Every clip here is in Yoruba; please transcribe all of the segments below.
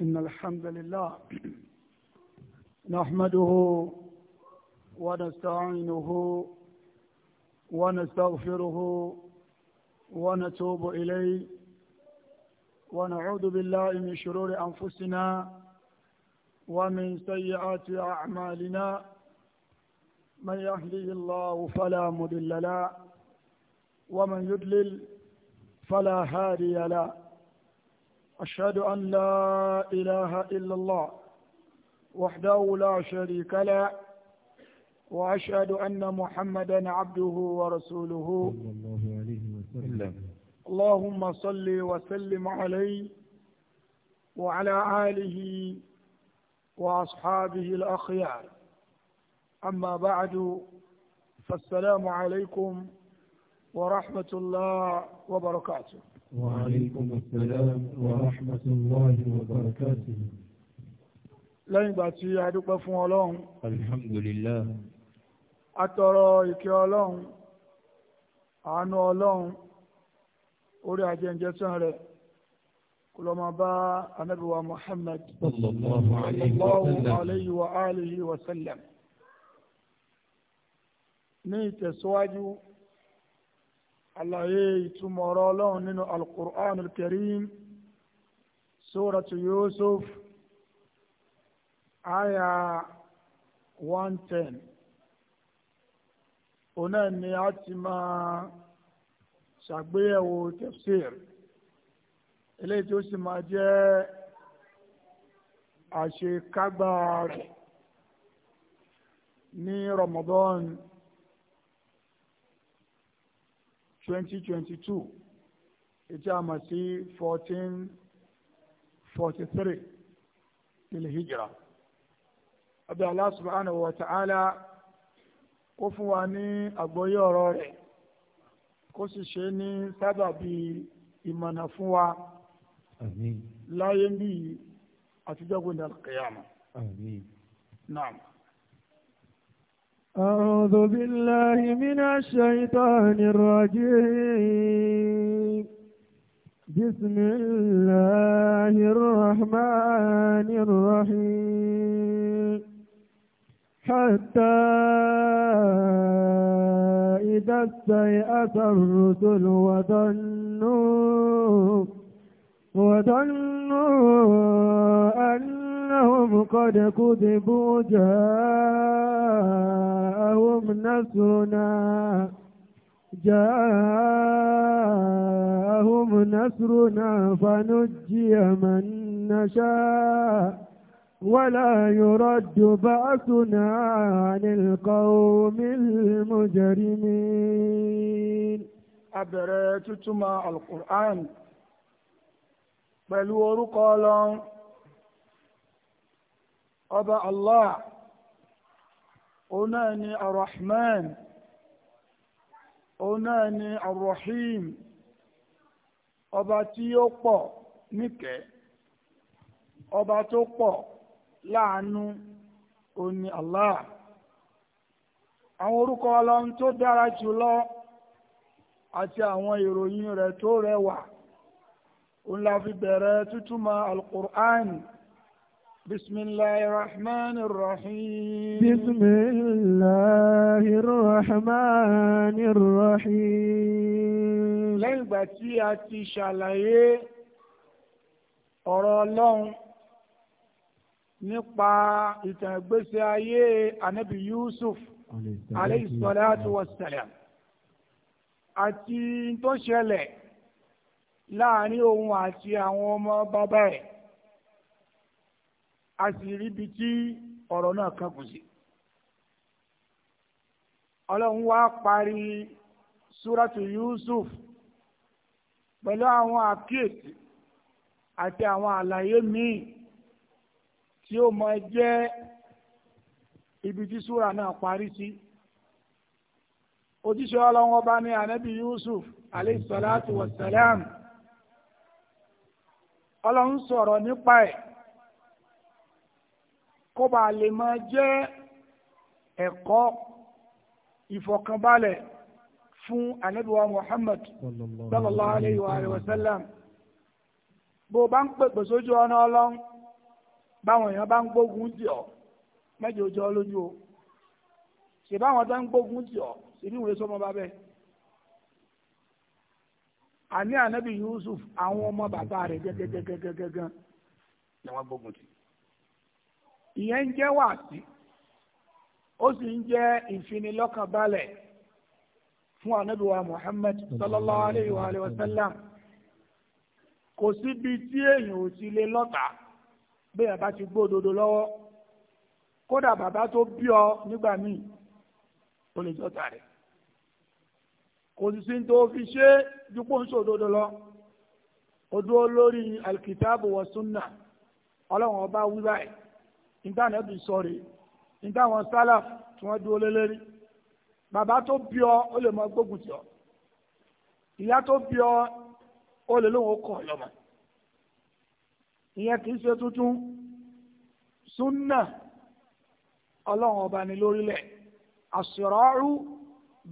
إن الحمد لله نحمده ونستعينه ونستغفره ونتوب إليه ونعوذ بالله من شرور أنفسنا ومن سيئات أعمالنا من يهده الله فلا مضل له ومن يضلل فلا هادي له أشهد أن لا إله إلا الله وحده لا شريك له وأشهد أن محمدا عبده ورسوله صلى الله عليه وسلم اللهم صل وسلم عليه وعلى آله وأصحابه الأخيار أما بعد فالسلام عليكم ورحمة الله وبركاته وعليكم السلام ورحمة الله وبركاته lẹ́yìn ìgbà tí a dúpẹ́ fún ọlọ́run alhamdulillah atọrọ ìkẹ́ ọlọ́run àánú ọlọ́run orí ajẹ́njẹ́sán rẹ̀ kó lọ máa bá anábìwá muhammad sallallahu alayhi wa alihi wa sallam ní ìtẹ̀síwájú àlàyé ìtumọ̀ ọ̀rọ̀ ọlọ́run nínú alukur'an alkarim suratu yusuf aya one ten òun náà ni a ti máa ṣàgbéyẹ̀wò tafsir eléyìí tó sì máa jẹ́ àṣekágbá ní ramadan. 2022, twenty two ètí a mọ̀ sí fourteen forty three abẹ́ Allah subhanahu wa ta'ala kó fún wa ní àgbọ́yé ọ̀rọ̀ rẹ̀ kó sì ṣe ní sábàbí ìmọ̀nà fún wa láyé ń bí àtijọ́ Naam. أعوذ بالله من الشيطان الرجيم بسم الله الرحمن الرحيم حتى إذا استيأس الرسل وظنوا وظنوا أن إنهم قد كذبوا جاءهم نصرنا جاءهم نصرنا فنجي من نشاء ولا يرد بأسنا عن القوم المجرمين أبرأت القرآن بل ورقالا ọba allah òun náà ni arrahman òun náà ni arrahim ọba tí ó pọ̀ níkẹ́ ọba tó pọ̀ láàánú òun allah àwọn orúkọ ọlọ́run tó dára jùlọ àti àwọn ìròyìn rẹ̀ tó rẹwà òun la fi bẹ̀rẹ̀ tútúmọ̀ alukur'ani. بسم الله الرحمن الرحيم بسم الله الرحمن الرحيم lẹ́yìn ìgbà tí a ti ṣàlàyé ọ̀rọ̀ ọlọ́run nípa ìtàn ìgbésí ayé anabi yusuf alayhi salatu wassalam àti tó ṣẹlẹ̀ láàrin òun àti àwọn ọmọ bàbá rẹ̀. a sì ríbi tí ọ̀rọ̀ náà kan kù sí. ọlọ́run wá parí súrátù Yusuf pẹ̀lú àwọn àkíyèsí àti àwọn àlàyé míì tí ó mọ jẹ́ ibi tí súra náà parí sí. ojúṣe ọlọ́run ọba ní Anabi Yusuf wa wasalam ọlọ́run sọ̀rọ̀ nípa ẹ̀. kọba lè máa jẹ́ ẹ̀kọ́ ìfọ̀kànbalẹ̀ fún anabiwa muhammad sallallahu alayhi wa sallam bó o bá ń pèpè sójú ọ̀nà ọlọ́run báwọn èèyàn bá ń gbógun tì ọ́ mẹ́jọ ojú ọ lójú o ṣèbáwọn tó ń gbógun tì ọ́ ṣèbí ìwé sọmọ bá bẹ́ẹ̀ àní ànábì yusuf àwọn ọmọ bàbá rẹ̀ gẹ́gẹ́gẹ́gẹ́gẹ́gẹ́ ni wọ́n gbógun tì í. ìyẹn ń jẹ́ wàásí ó sì ń jẹ́ ìfinilọ́kànbalẹ̀ fún anábìwá Muhammad sallallahu alayhi wa alayhi wa sallam kò tí èèyàn ò ti lè lọ́tà bẹ́ẹ̀ bá ti gbo lọ́wọ́ kódà bàbá tó bí ọ nígbà míì ó lè jọ́ta rẹ̀ kò sì sí tó fi alkitabu wa sunna ọlọ́run ọba nígbà nẹ́bí sọ̀rọ̀ nígbà wọn sálà tí wọ́n dúró lé lérí bàbá tó bí ọ ó lè mọ gbógun tì ọ ìyá tó bí ọ ó lè lóun ó kọ̀ lọ́mọ ìyẹn kì í ṣe tuntun súnà ọlọ́run ọba ni lórílẹ̀ àṣìrọ́rù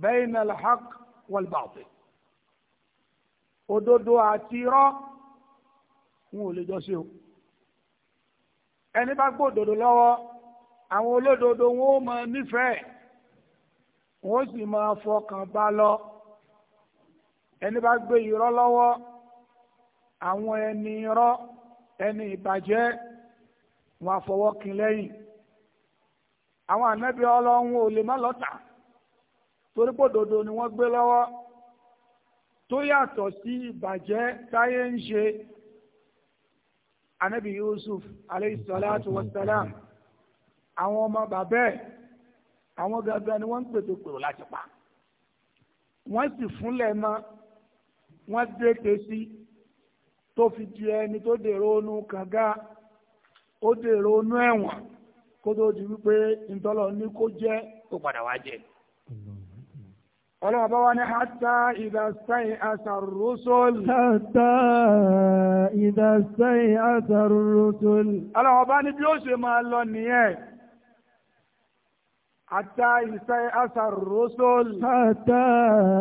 bayna al-haqq òdodo àti irọ́ wọn ò lè jọ ṣe o ẹni bá gbòdodo lọ́wọ́ àwọn olódodo wọn ó máa nífẹ̀ẹ́ wọn ó sì máa fọkàn bá lọ ẹni bá gbé irọ́ lọ́wọ́ àwọn ẹni irọ́ ẹni ìbàjẹ́ wọn àfọwọ́ kin lẹ́yìn àwọn ànábì ọlọ́run ò lè má lọ́tà torí gbòdodo ni wọ́n gbé lọ́wọ́ tó yàtọ̀ sí ìbàjẹ́ táyé ń ṣe anabi yusuf aleyhi salatu wa salam àwọn ọmọ bàbá ẹ̀ àwọn gangan ni wọ́n ń pètè pèrò láti pa wọ́n sì fúnlẹ̀ mọ́ wọ́n dètè sí tó fi di ẹni tó dèrò onú kànga ó dèrò onú ẹ̀wọ̀n kó tó di wípé ntọ́lọ́ ní kó jẹ́ kó padà wá jẹ́. قال بوان حتى إذا استيأس الرسل حتى إذا استيأس الرسل قال أبوان بيوش ما اللوني حتى إذا استيأس الرسل حتى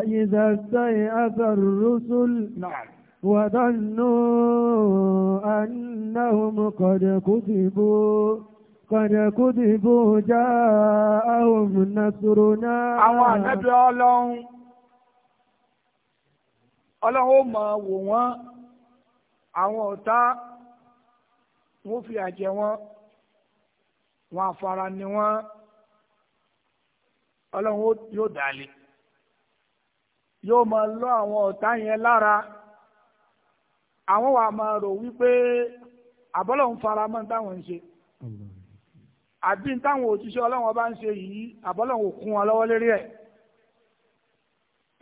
إذا استيأس الرسل نعم وظنوا أنهم قد كذبوا Kọ̀dà kú ti bó já àwọn nàṣòro náà. Àwọn ànábì ọlọ́run, ọlọ́run ó mọ̀ wò wọ́n, àwọn ọ̀tá wọ́n fi àjẹ wọn, wọn àfara ni wọ́n, ọlọ́run yóò dálé. Yóò máa lọ àwọn ọ̀tá yẹn lára àwọn wà máa rò wípé àbọ́lọ̀ ń fara mọ́ táwọn ń ṣe. àbí táwọn òṣìṣẹ́ ọlọ́wọ́n bá ń ṣe yìí àbọ́lọ́wọ́ kún wọn lọ́wọ́ lérí ẹ̀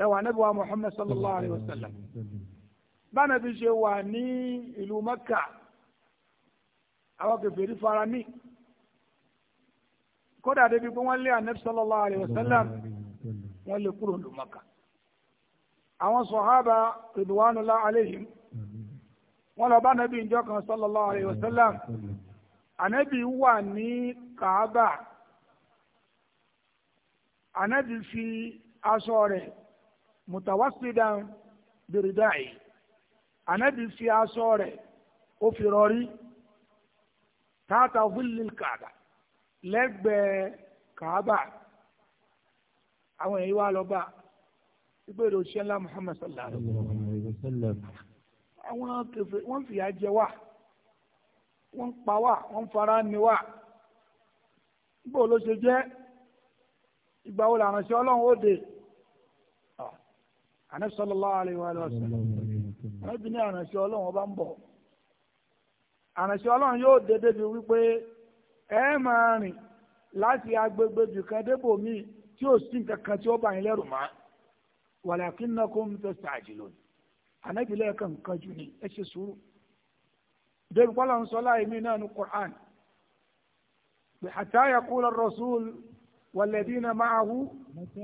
ẹwà níbi wa Muhammad sallallahu alayhi wa sallam báwọn ẹbí ṣe wà ní ìlú Mẹ́kà àwọn kèfèrí fara mí kódà débi pé wọ́n lé anabi sallallahu alayhi wa sallam wọ́n lè kúrò ní Mẹ́kà àwọn sọ̀hábà ridwanullahi alayhim wọ́n lọ bá nàbí ìjọ kan sallallahu alayhi wa sallam ànábì wà ní kàábà ànábì fi aṣọ rẹ̀ mutawasidan biridai ànábì fi aṣọ rẹ̀ ó fi rọrí tààtà húlìl kàábà lẹ́gbẹ̀ẹ́ kàábà àwọn èyí wá lọ bá ìgbèrè òṣìṣẹ́ ńlá sallallahu alayhi wa sallam àwọn kẹfẹ wọn fìyà jẹ wá. wọ́n ń pa wá wọ́n ń fara ni wá bó ló ṣe jẹ́ ìgbà wo làwọn ṣe ọlọ́run ó dé Ànábì sallallahu alaihi wa sallam ànábì ní àránṣẹ́ ọlọ́run ọba ń bọ̀ àránṣẹ́ ọlọ́run yóò dé débi wípé ẹ máa rìn láti agbègbè jùkan débò míì tí ó sì kankan tí ó bá yín lẹ́rù mọ́ walakinnakum tastajilun ànábì jù ní ẹ débi kọ́lá ń sọ láì mí náà ní Qur'an pé hatta yaqula ar-rasul walladhina ma'ahu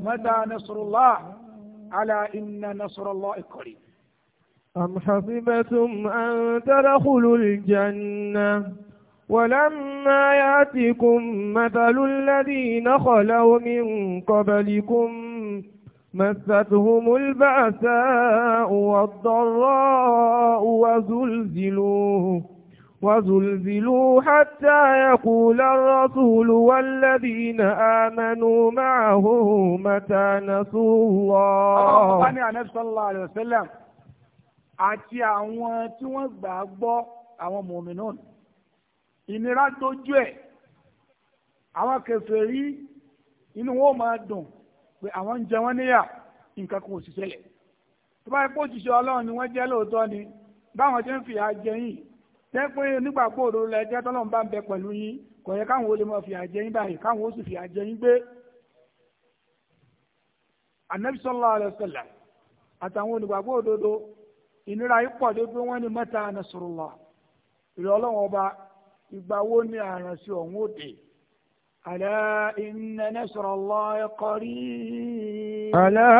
mata nasrullah ala inna nasrullahi qarib. am hasibatum an tadkhulul janna. ولما ياتكم مثل الذين خلوا من قبلكم مستهم البأساء والضراء وزلزلوا وزلزلوا حتى يقول الرسول والذين آمنوا معه متى نسوا الله ọ̀pọ̀ ní ànábì sallallahu alayhi wa sallam àti àwọn tí wọ́n gbà gbọ́ àwọn mòmìnàn ìnira dojú ẹ̀ àwọn kèfèrí inú wọn máa dùn pé àwọn ń jẹ wọ́n níyà nǹkan kan ò sì ṣẹlẹ̀ tó bá yẹ kó òṣìṣẹ́ ọlọ́run ni wọ́n jẹ́ lóòótọ́ ni báwọn ṣe ń fìyà jẹ yìí tẹ́ pé onígbàgbọ́ òdodo lẹ́jẹ́ tọ́lọ́run bá ń bẹ pẹ̀lú yín kò yẹ káwọn olè máa fi jẹ yín báyìí káwọn ó sì fi jẹ yín gbé. anabi sallallahu alaihi wasallam àtàwọn onígbàgbọ́ òdodo ìnira yìí pọ̀ débi wọ́n ní mata nasrullah ìrọ̀lọ́wọ́n ọba ìgbà wo ni àrànṣe ọ̀hún òde ألا إن نصر الله قريب ألا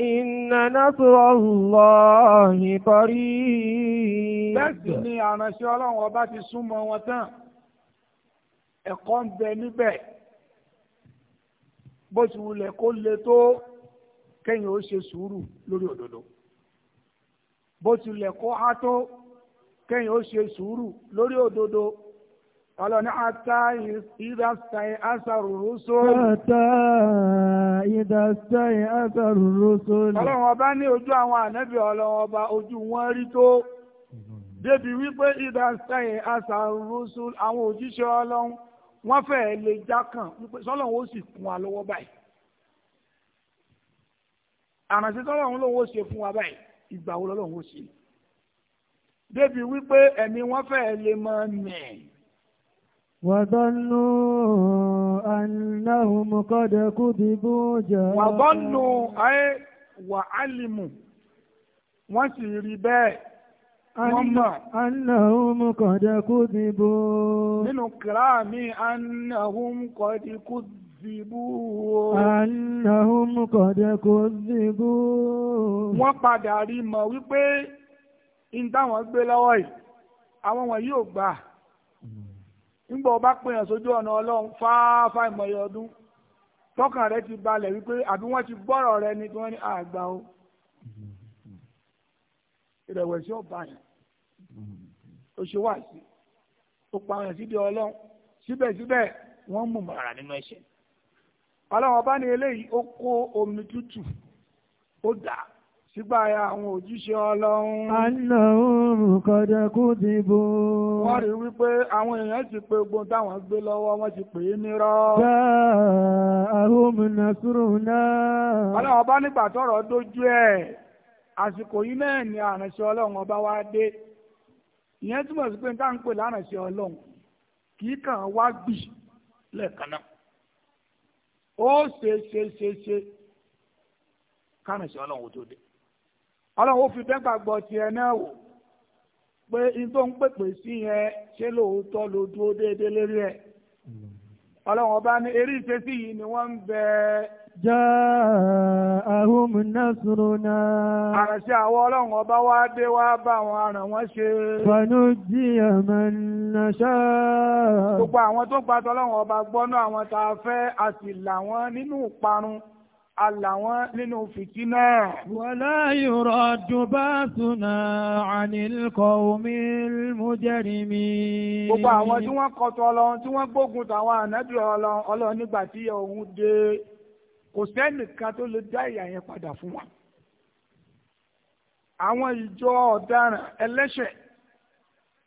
إن نصر الله قريب bẹ́ẹ̀ ni àránṣẹ́ ọlọ́run ọba ti súnmọ́ wọn tán ẹ̀kọ́ ń bẹ níbẹ̀ bó ti wulẹ̀ kó le tó kẹ́yìn ó ṣe sùúrù lórí òdodo bó ti wulẹ̀ kó há tó kẹ́yìn ó ṣe sùúrù lórí òdodo ọlọ́ni ata ìdásẹ̀ asàrùrúsọ. ata ìdásẹ̀ asàrùrúsọ. ọlọ́run ọba ní ojú àwọn ànábì ọlọ́run ọba ojú wọn rí tó débi wípé ìdásẹ̀ asàrùrúsọ àwọn òjíṣẹ́ ọlọ́run wọ́n fẹ́ẹ́ lè já kàn wípé sọ́lọ́run ó sì kún wa lọ́wọ́ báyìí. àrànṣẹ́ sọ́lọ́run lòun ó ṣe fún wa báyìí ìgbà wo lọ́lọ́run ó ṣe. débi wípé ẹ̀mí wọ́n fẹ́ẹ́ lè máa mẹ̀ẹ́. وظنوا أنهم قد كذبوا جاء وظنوا أي وعلموا وسيري بيه Annahum kọ̀dẹ̀ kú dìbò. Nínú kìrá mi, Annahum kọ̀dẹ̀ kú dìbò. Annahum kọ̀dẹ̀ kú dìbò. Wọ́n padà rí mọ̀ wípé, in táwọn gbé lọ́wọ́ yìí, àwọn wọ̀nyí ò gbà nígbà ọba pèèyàn sójú ọ̀nà ọlọ́run fáfá ìmọ̀ye ọdún tọkàn rẹ ti balẹ̀ wípé àbí wọ́n ti gbọ́rọ̀ rẹ ni tí wọ́n ní àgbà o ìrẹ̀wẹ̀sì ọba yẹn ó ṣe wá sí ó parun ìsídìí ọlọ́run síbẹ̀síbẹ̀ wọ́n mú màrà nínú ẹ̀ṣẹ̀ ọlọ́run ọba ní eléyìí ó kó omi tútù ó dà á sígbàyà àwọn òjíṣẹ́ ọlọ́run. Àná oòrùn kọjá kó ti bò. Wọ́n rí wípé àwọn èèyàn ti pé ogun táwọn gbé lọ́wọ́ wọ́n ti pè é nírọ́. Bá àhómìnà sùrù náà. Ọlọ́run ọba nígbà tọ̀rọ̀ dójú ẹ̀. Àsìkò yìí náà ni àránṣẹ́ ọlọ́run ọba wá dé. Ìyẹn túmọ̀ sí pé ní táwọn ń pè láránṣẹ́ ọlọ́run kì í kàn wá gbì lẹ́ẹ̀kan náà. Ó ṣe ṣe ṣe ṣe kárànṣẹ́ ọlọ́run tó dé ọlọ́run ó fi dẹ́gbàgbọ́ tiẹ̀ náà wò pé n tó ń pèpè sí yẹn ṣé lóòótọ́ ló dúró déédéé lérí ẹ̀ ọlọ́run ọba ní eré ìṣesí yìí ni wọ́n ń bẹ. Ja'ahum nasruna. Àrànṣẹ́ àwọn ọlọ́run ọba wá dé wá bá wọn àràn wọ́n ṣe. Fanujjiya man nasha. Gbogbo àwọn tó gbàtọ́ ọlọ́run ọba gbọ́nú àwọn tá a fẹ́ a sì là wọ́n nínú ìparun aláwọn nínú fìtí náà. Wọ́lá yóò dùbá súnà ànílkọ̀ omi mújẹ́rìmí. Gbogbo àwọn tí wọ́n kọtọ̀ ọlọ́run tí wọ́n gbógun tàwọn ànájú ọlọ́run nígbà tí òun dé kò sẹ́nìkan tó lè dá ìyà yẹn padà fún wa. Àwọn ìjọ ọ̀daràn ẹlẹ́ṣẹ̀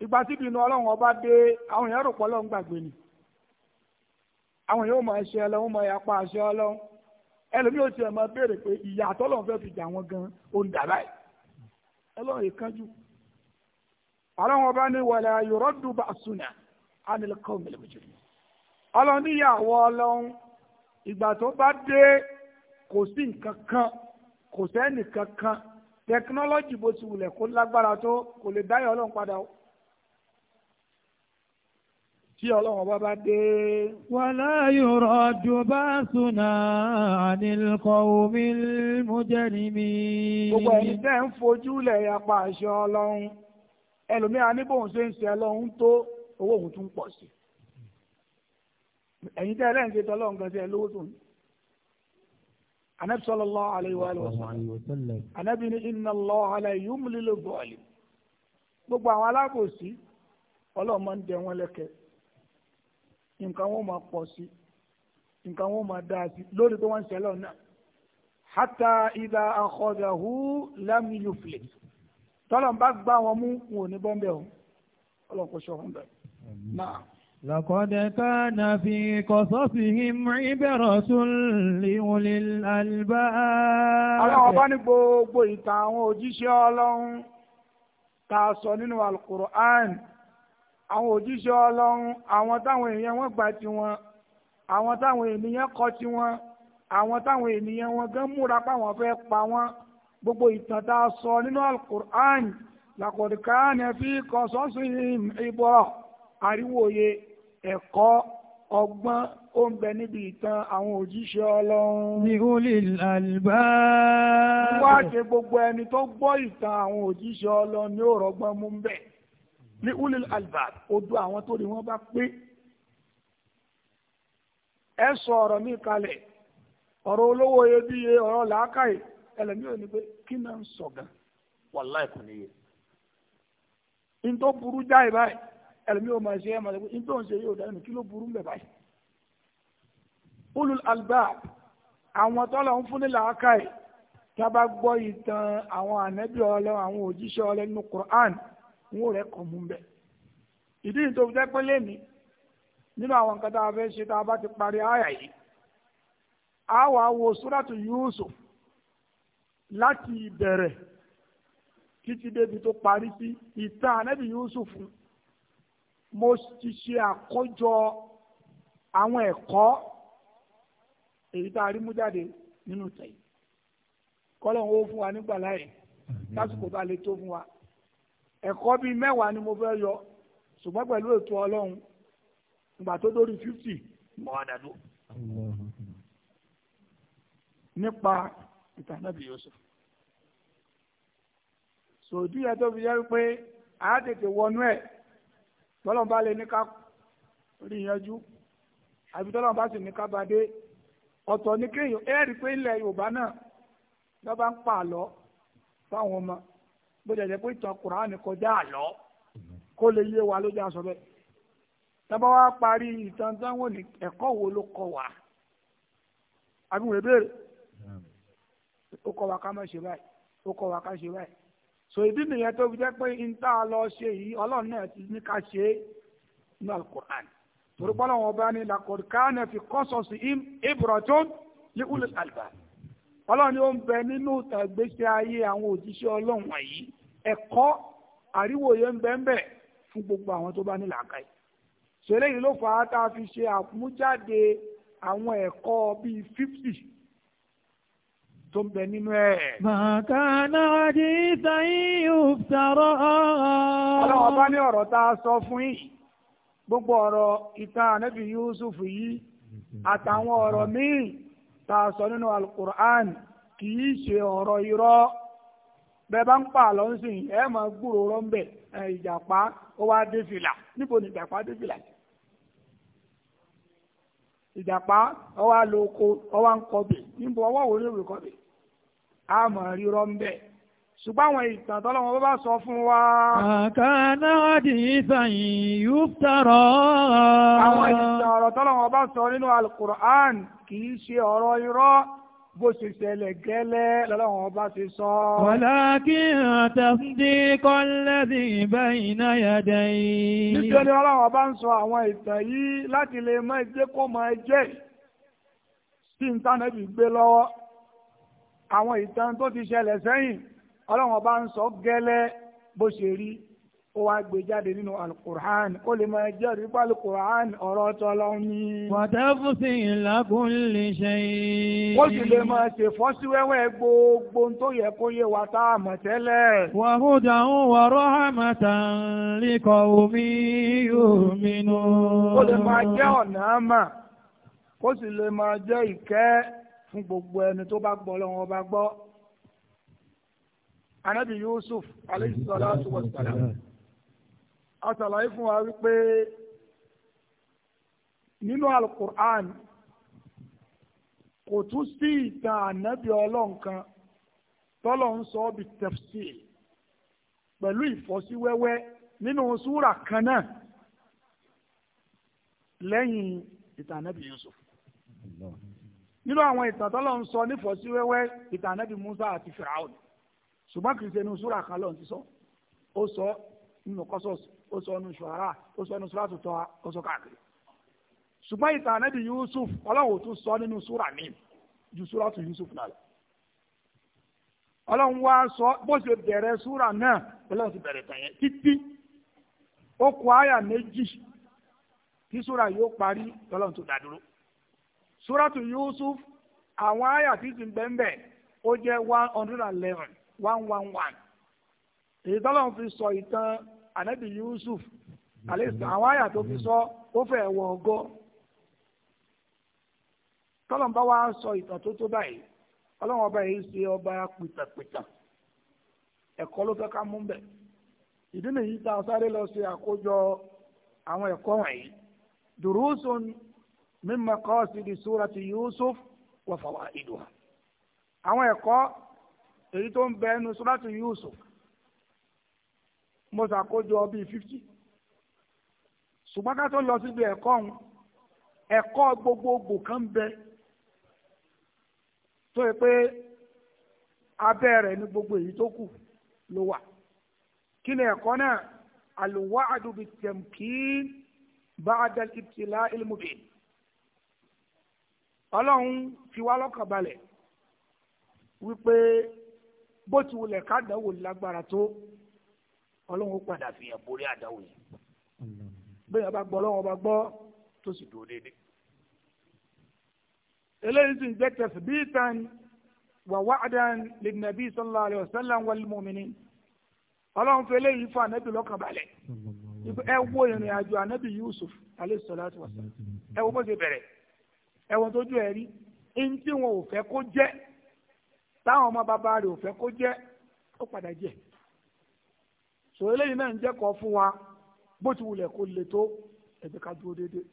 ìgbà tí ìbínú ọlọ́run ọba dé àwọn èèyàn rò pọ̀ ọlọ́run gbàgbé ni. Àwọn èèyàn ò mọ̀ ẹ̀ṣẹ̀ ọlọ́run mọ̀ ẹ̀yà pa àṣẹ ọlọ́run ẹlòmíì ò tiẹ̀ máa béèrè pé ìyà àtọ́lọ́run fẹ́ fi jà wọn gan òun dà báyìí ọlọ́run ìkanjú. àwọn ọba ní wàlẹ̀ ayọ̀rọ̀ dùbà sunà ánilẹ́kọ̀ọ́ mẹlẹ́mẹjọ. ọlọ́run níyàwó ọlọ́run ìgbà tó bá dé kò sí nǹkan kan kò sẹ́nì kankan tẹkinọ́lọ́jì bó ti wulẹ̀ kó lágbára tó kò lè dáyọ̀ ọlọ́run padà o tí ọlọ́run bá bá dé. wàlá yòrò jùbá súnà ànilkọ̀ omi mújẹ́rìmí. gbogbo ẹni tẹ́ ń fojú lẹ̀ yapa àṣẹ ọlọ́run ẹlòmíà ní bóun ṣe ń ṣe ọlọ́run tó owó òun tún pọ̀ sí. ẹ̀yin tẹ́ ẹlẹ́yìn ṣe tọ́lọ́run gan sí ẹ lówó tó ní. anabi sallallahu alayhi wa sallam anabi ni inna allaha la yumlilu zalim gbogbo àwọn alábòsí ọlọ́run máa ń dẹ wọn lẹ́kẹ̀ẹ́ nǹkan wọn máa pọ̀ sí nǹkan wọn máa dáa sí lórí pé wọ́n ń ṣẹlẹ̀ náà hata ìdá àkọ́dàhù lámìlúflẹ̀ tọ́lọ̀ bá gbá wọn mú wọn ò ní bọ́m̀bẹ̀ o ọlọ́kọ̀ ṣọ́ fún bẹ́ẹ̀ náà. لقد كان في قصصهم عبرة لأولي الألباب. àwọn àwọn òjíṣẹ́ ọlọ́run àwọn táwọn èèyàn wọn gbà tiwọn àwọn táwọn ènìyàn kọ tiwọn àwọn táwọn ènìyàn wọn gan múra páwọn fẹ́ pa wọn gbogbo ìtàn tá a sọ nínú alukur'an làkòdìkàánì fi kọsọ́sìn ìbọ̀ àríwòye ẹ̀kọ́ ọgbọ́n ó ń bẹ níbi ìtàn àwọn òjíṣẹ́ ọlọ́run. ní olè àlùbá. wọ́n á ṣe gbogbo ẹni tó gbọ́ ìtàn àwọn òjíṣẹ́ ọlọ́run ní òrọ̀gbọ́n mú bẹ́ẹ̀ ní ulil albab odò àwọn tó rí wọn bá pé ẹ sọ ọ̀rọ̀ mi kalẹ̀ ọ̀rọ̀ olówó iyebíye ọ̀rọ̀ làákàyè ẹlẹmíọ ni pé kí náà ń sọ gan wàláì kò níye n tó burú jáì báyìí ẹlẹmíọ máa ṣe é máa ṣe pé n tó ń ṣe yóò dáhùn kí ló burú mbẹ báyìí ulul albab àwọn tọ́lọ̀ ń fún ní làákàyè tí a bá gbọ́ ìtàn àwọn ànẹ́bí ọlọ́run àwọn òjíṣẹ́ ọlọ́run nínú Qur'an n ó rẹ kàn mú bẹ ìdí yìí tó fi jẹ́ pé lẹ́ni nínú àwọn nǹkan tá a fẹ́ ṣe tá a bá ti parí àyà yìí a wà wo suratu Yusuf láti ìbẹ̀rẹ̀ títí débi tó parí sí ìtàn ànábì Yusuf mo ti ṣe àkójọ àwọn ẹ̀kọ́ èyí tá a rí mú jáde nínú tẹ̀yìn kọ́lọ́hún ó fún wa nígbà láyè lásìkò tá lè tó fún wa ẹ̀kọ́ bíi mẹ́wàá ni mo fẹ́ yọ ṣùgbọ́n pẹ̀lú ètò ọlọ́run ìgbà tó dórí fifty mọ́ àdàdo nípa ìtànàbí Yusuf sòdí ẹ tó fi jẹ́ pé a tètè wọnú ẹ̀ tọ́lọ́n bá lè ní ká rí yanjú àbí tọ́lọ́n bá sì ní ká bá dé ọ̀tọ̀ ní kéèyàn ẹ̀rí pé ilẹ̀ Yorùbá náà lọ́ba ń pààlọ́ fáwọn ọmọ bó jẹ́ jẹ́ pé ìtàn kùránì kọjá àlọ́ kó lè yé wa ló jẹ́ aṣọ bẹ́ẹ̀. tábà wá parí ìtàn táwọn ní ẹ̀kọ́ wo ló kọ wá àbí wọ́n béèrè ó kọ wá ká má ṣe báyìí ó kọ wá ká ṣe báyìí. sọ ìdí nìyẹn tó fi jẹ́ pé n tá a lọ ṣe yìí ọlọ́run náà ti ní ká ṣe é ní alukur'an torí pé ọlọ́run ọba ní laqad kana fi qasasi ibratun li ulil albab ọlọ́run ni ó ń bẹ nínú ìtàgbésí ayé àwọn òjíṣẹ́ ọlọ́run wọ̀nyí ẹkọ àríwòye ń bẹ́ẹ̀ fún gbogbo àwọn tó bá ní làákàyè so eléyìí ló fà á tá a fi ṣe àmújáde àwọn ẹkọ bíi fifty tó ń bẹ nínú maka Màkànà di sáyìn òfìsàrọ̀. Ọlọ́wọ́ bá ní ọ̀rọ̀ tá a sọ fún yìí. Gbogbo ọ̀rọ̀ ìtàn ànábì Yusuf yìí àtàwọn ọ̀rọ̀ míì tá a sọ nínú al kì í ṣe ọ̀rọ̀ irọ́. bẹ́ẹ̀ bá ń pa àlọ́ ń sìn ẹ máa gbúrò rọ́ńbẹ̀ ìjàpá ó wá dé fìlà níbo ni ìjàpá dé fìlà ìjàpá ó wá lọ oko ó wá ń kọbè níbo ọwọ́ wo ló rè kọbè á máa rí rọ́ńbẹ̀ ṣùgbọ́n àwọn ìtàn tọ́lọ́ wọn bá sọ fún wa. àkànná àdì ìsàyìn yóò tọrọ. àwọn ìtàn ọ̀rọ̀ tọ́lọ́ wọn bá sọ nínú alukur'an kì í ṣe ọ̀rọ̀ irọ́. bó ṣe ṣẹlẹ̀ gẹ́lẹ́ lọ́lọ́run ọba ṣe sọ. walakin tasdiqal ladhi bayna yadayhi. nítorí ọlọ́run ọba ń sọ àwọn ìtàn yìí láti lè mọ ẹjẹ́ kó mọ ẹjẹ́ sí ìtànẹ́bì gbé lọ́wọ́ àwọn ìtàn tó ti ṣẹlẹ̀ sẹ́yìn ọlọ́run ọba ń sọ gẹ́lẹ́ bó ṣe rí ó wá gbé jáde nínú alukur'an kó lè máa jẹ́rìí pé alukur'an ọ̀rọ̀ t'Ọlọ́run ni. wàtẹ́fù sí ìlàkùn lè ṣe é. ó sì lè máa ṣe fọ́síwẹ́wẹ́ gbogbo tó yẹ kó yé wa tá a mọ̀ tẹ́lẹ̀. wàhúdà ń wọ̀rọ̀ àmàtà líkọ̀ omi yóò mìnú. ó lè máa jẹ́ ọ̀nà àmà kó sì lè máa jẹ́ ìkẹ́ fún gbogbo ẹni tó bá gbọ́ lọ́wọ́ bá gbọ́. Ànábì Yusuf alayhi salatu wa salam a ṣàlàyé fún wa wípé nínú alukur'an kò tún sí ìtàn ànábì ọlọ́run kan tọ́lọ̀ ń sọ bí tafsir pẹ̀lú ìfọ́síwẹ́wẹ́ nínú súrà kan náà lẹ́yìn ìtàn ànábì Yusuf nínú àwọn ìtàn tọ́lọ̀ ń sọ nífọ̀síwẹ́wẹ́ ìtàn ànábì Musa àti Firaun ṣùgbọ́n kìí ṣe inú súrà kan lọ́n ti sọ ó sọ nínú Qasas ó sọ ọ́nù ṣùhárà ṣùgbọ́n ìtàn Yusuf ọlọ́run ò tún sọ nínú ju Yusuf náà lọ. ọlọ́run wá sọ bó ṣe bẹ̀rẹ̀ súrà náà ọlọ́run ti bẹ̀rẹ̀ tàn yẹn títí ó kọ àyà méjì tí súrà yóò parí ọlọ́run tó Yusuf àwọn àyà tí ti bẹ́ẹ̀ bẹ́ẹ̀ ó jẹ́ one hundred and eleven one one one èyí tọ́lọ́run fi sọ ìtàn anabi yusuf àwọn àyà tó fi sọ ó fẹ́ wọ ọgọ́ tọ́lọ̀mbá wa sọ ìtàn tó tó báyìí ọlọ́run ọba yìí ṣe ọba pìtàpìtà ẹ̀kọ́ ló fẹ́ ká mú bẹ̀ ìdí nìyí tá a sáré lọ ṣe àkójọ àwọn ẹ̀kọ́ wọ̀nyí durusun di maqasidi surati yusuf wafawa fawaiduha àwọn ẹ̀kọ́ èyí tó ń bẹ ẹnu surati yusuf mo ṣàkójọ bíi fifty ṣùgbọ́n ká tó lọ síbi ẹ̀kọ́ ọ̀hún ẹ̀kọ́ gbogbogbò kan bẹ tó yẹ pé abẹ́ rẹ̀ ní gbogbo èyí tó kù ló wà kí ni ẹ̀kọ́ náà alwa'du bitamkin ba'da al-ibtila'il mubin ọlọ́run fi wá lọ́kàn balẹ̀ wípé bó ti wulẹ̀ ká dánwò lágbára tó ọlọ́run padà fi hàn borí àdáwò yẹn bẹ́ẹ̀ yẹn bá gbọ́ ọlọ́run ọba gbọ́ tó sì dúró déédéé eléyìí sì ń jẹ́ tẹ̀síbíìtàn wà wáàdàn lè nàbí sallallahu alaihi wasallam wal mu'minin ọlọ́run fẹ́ eléyìí fún anábì lọ́kàn balẹ̀ ẹ wo ìrìn àjò anábì Yusuf alaihi salatu wasallam ẹ wo bó ṣe bẹ̀rẹ̀ ẹ wo tójú ẹ rí ẹni tí wọn ò fẹ́ kó jẹ́ táwọn ọmọ bàbá rẹ̀ ò fẹ́ kó jẹ́ ó padà jẹ́ so eléyìí náà ń jẹ́kọ̀ọ́ fún wa bó ti wulẹ̀ kó le tó ẹ̀jẹ̀ ká dúró déédéé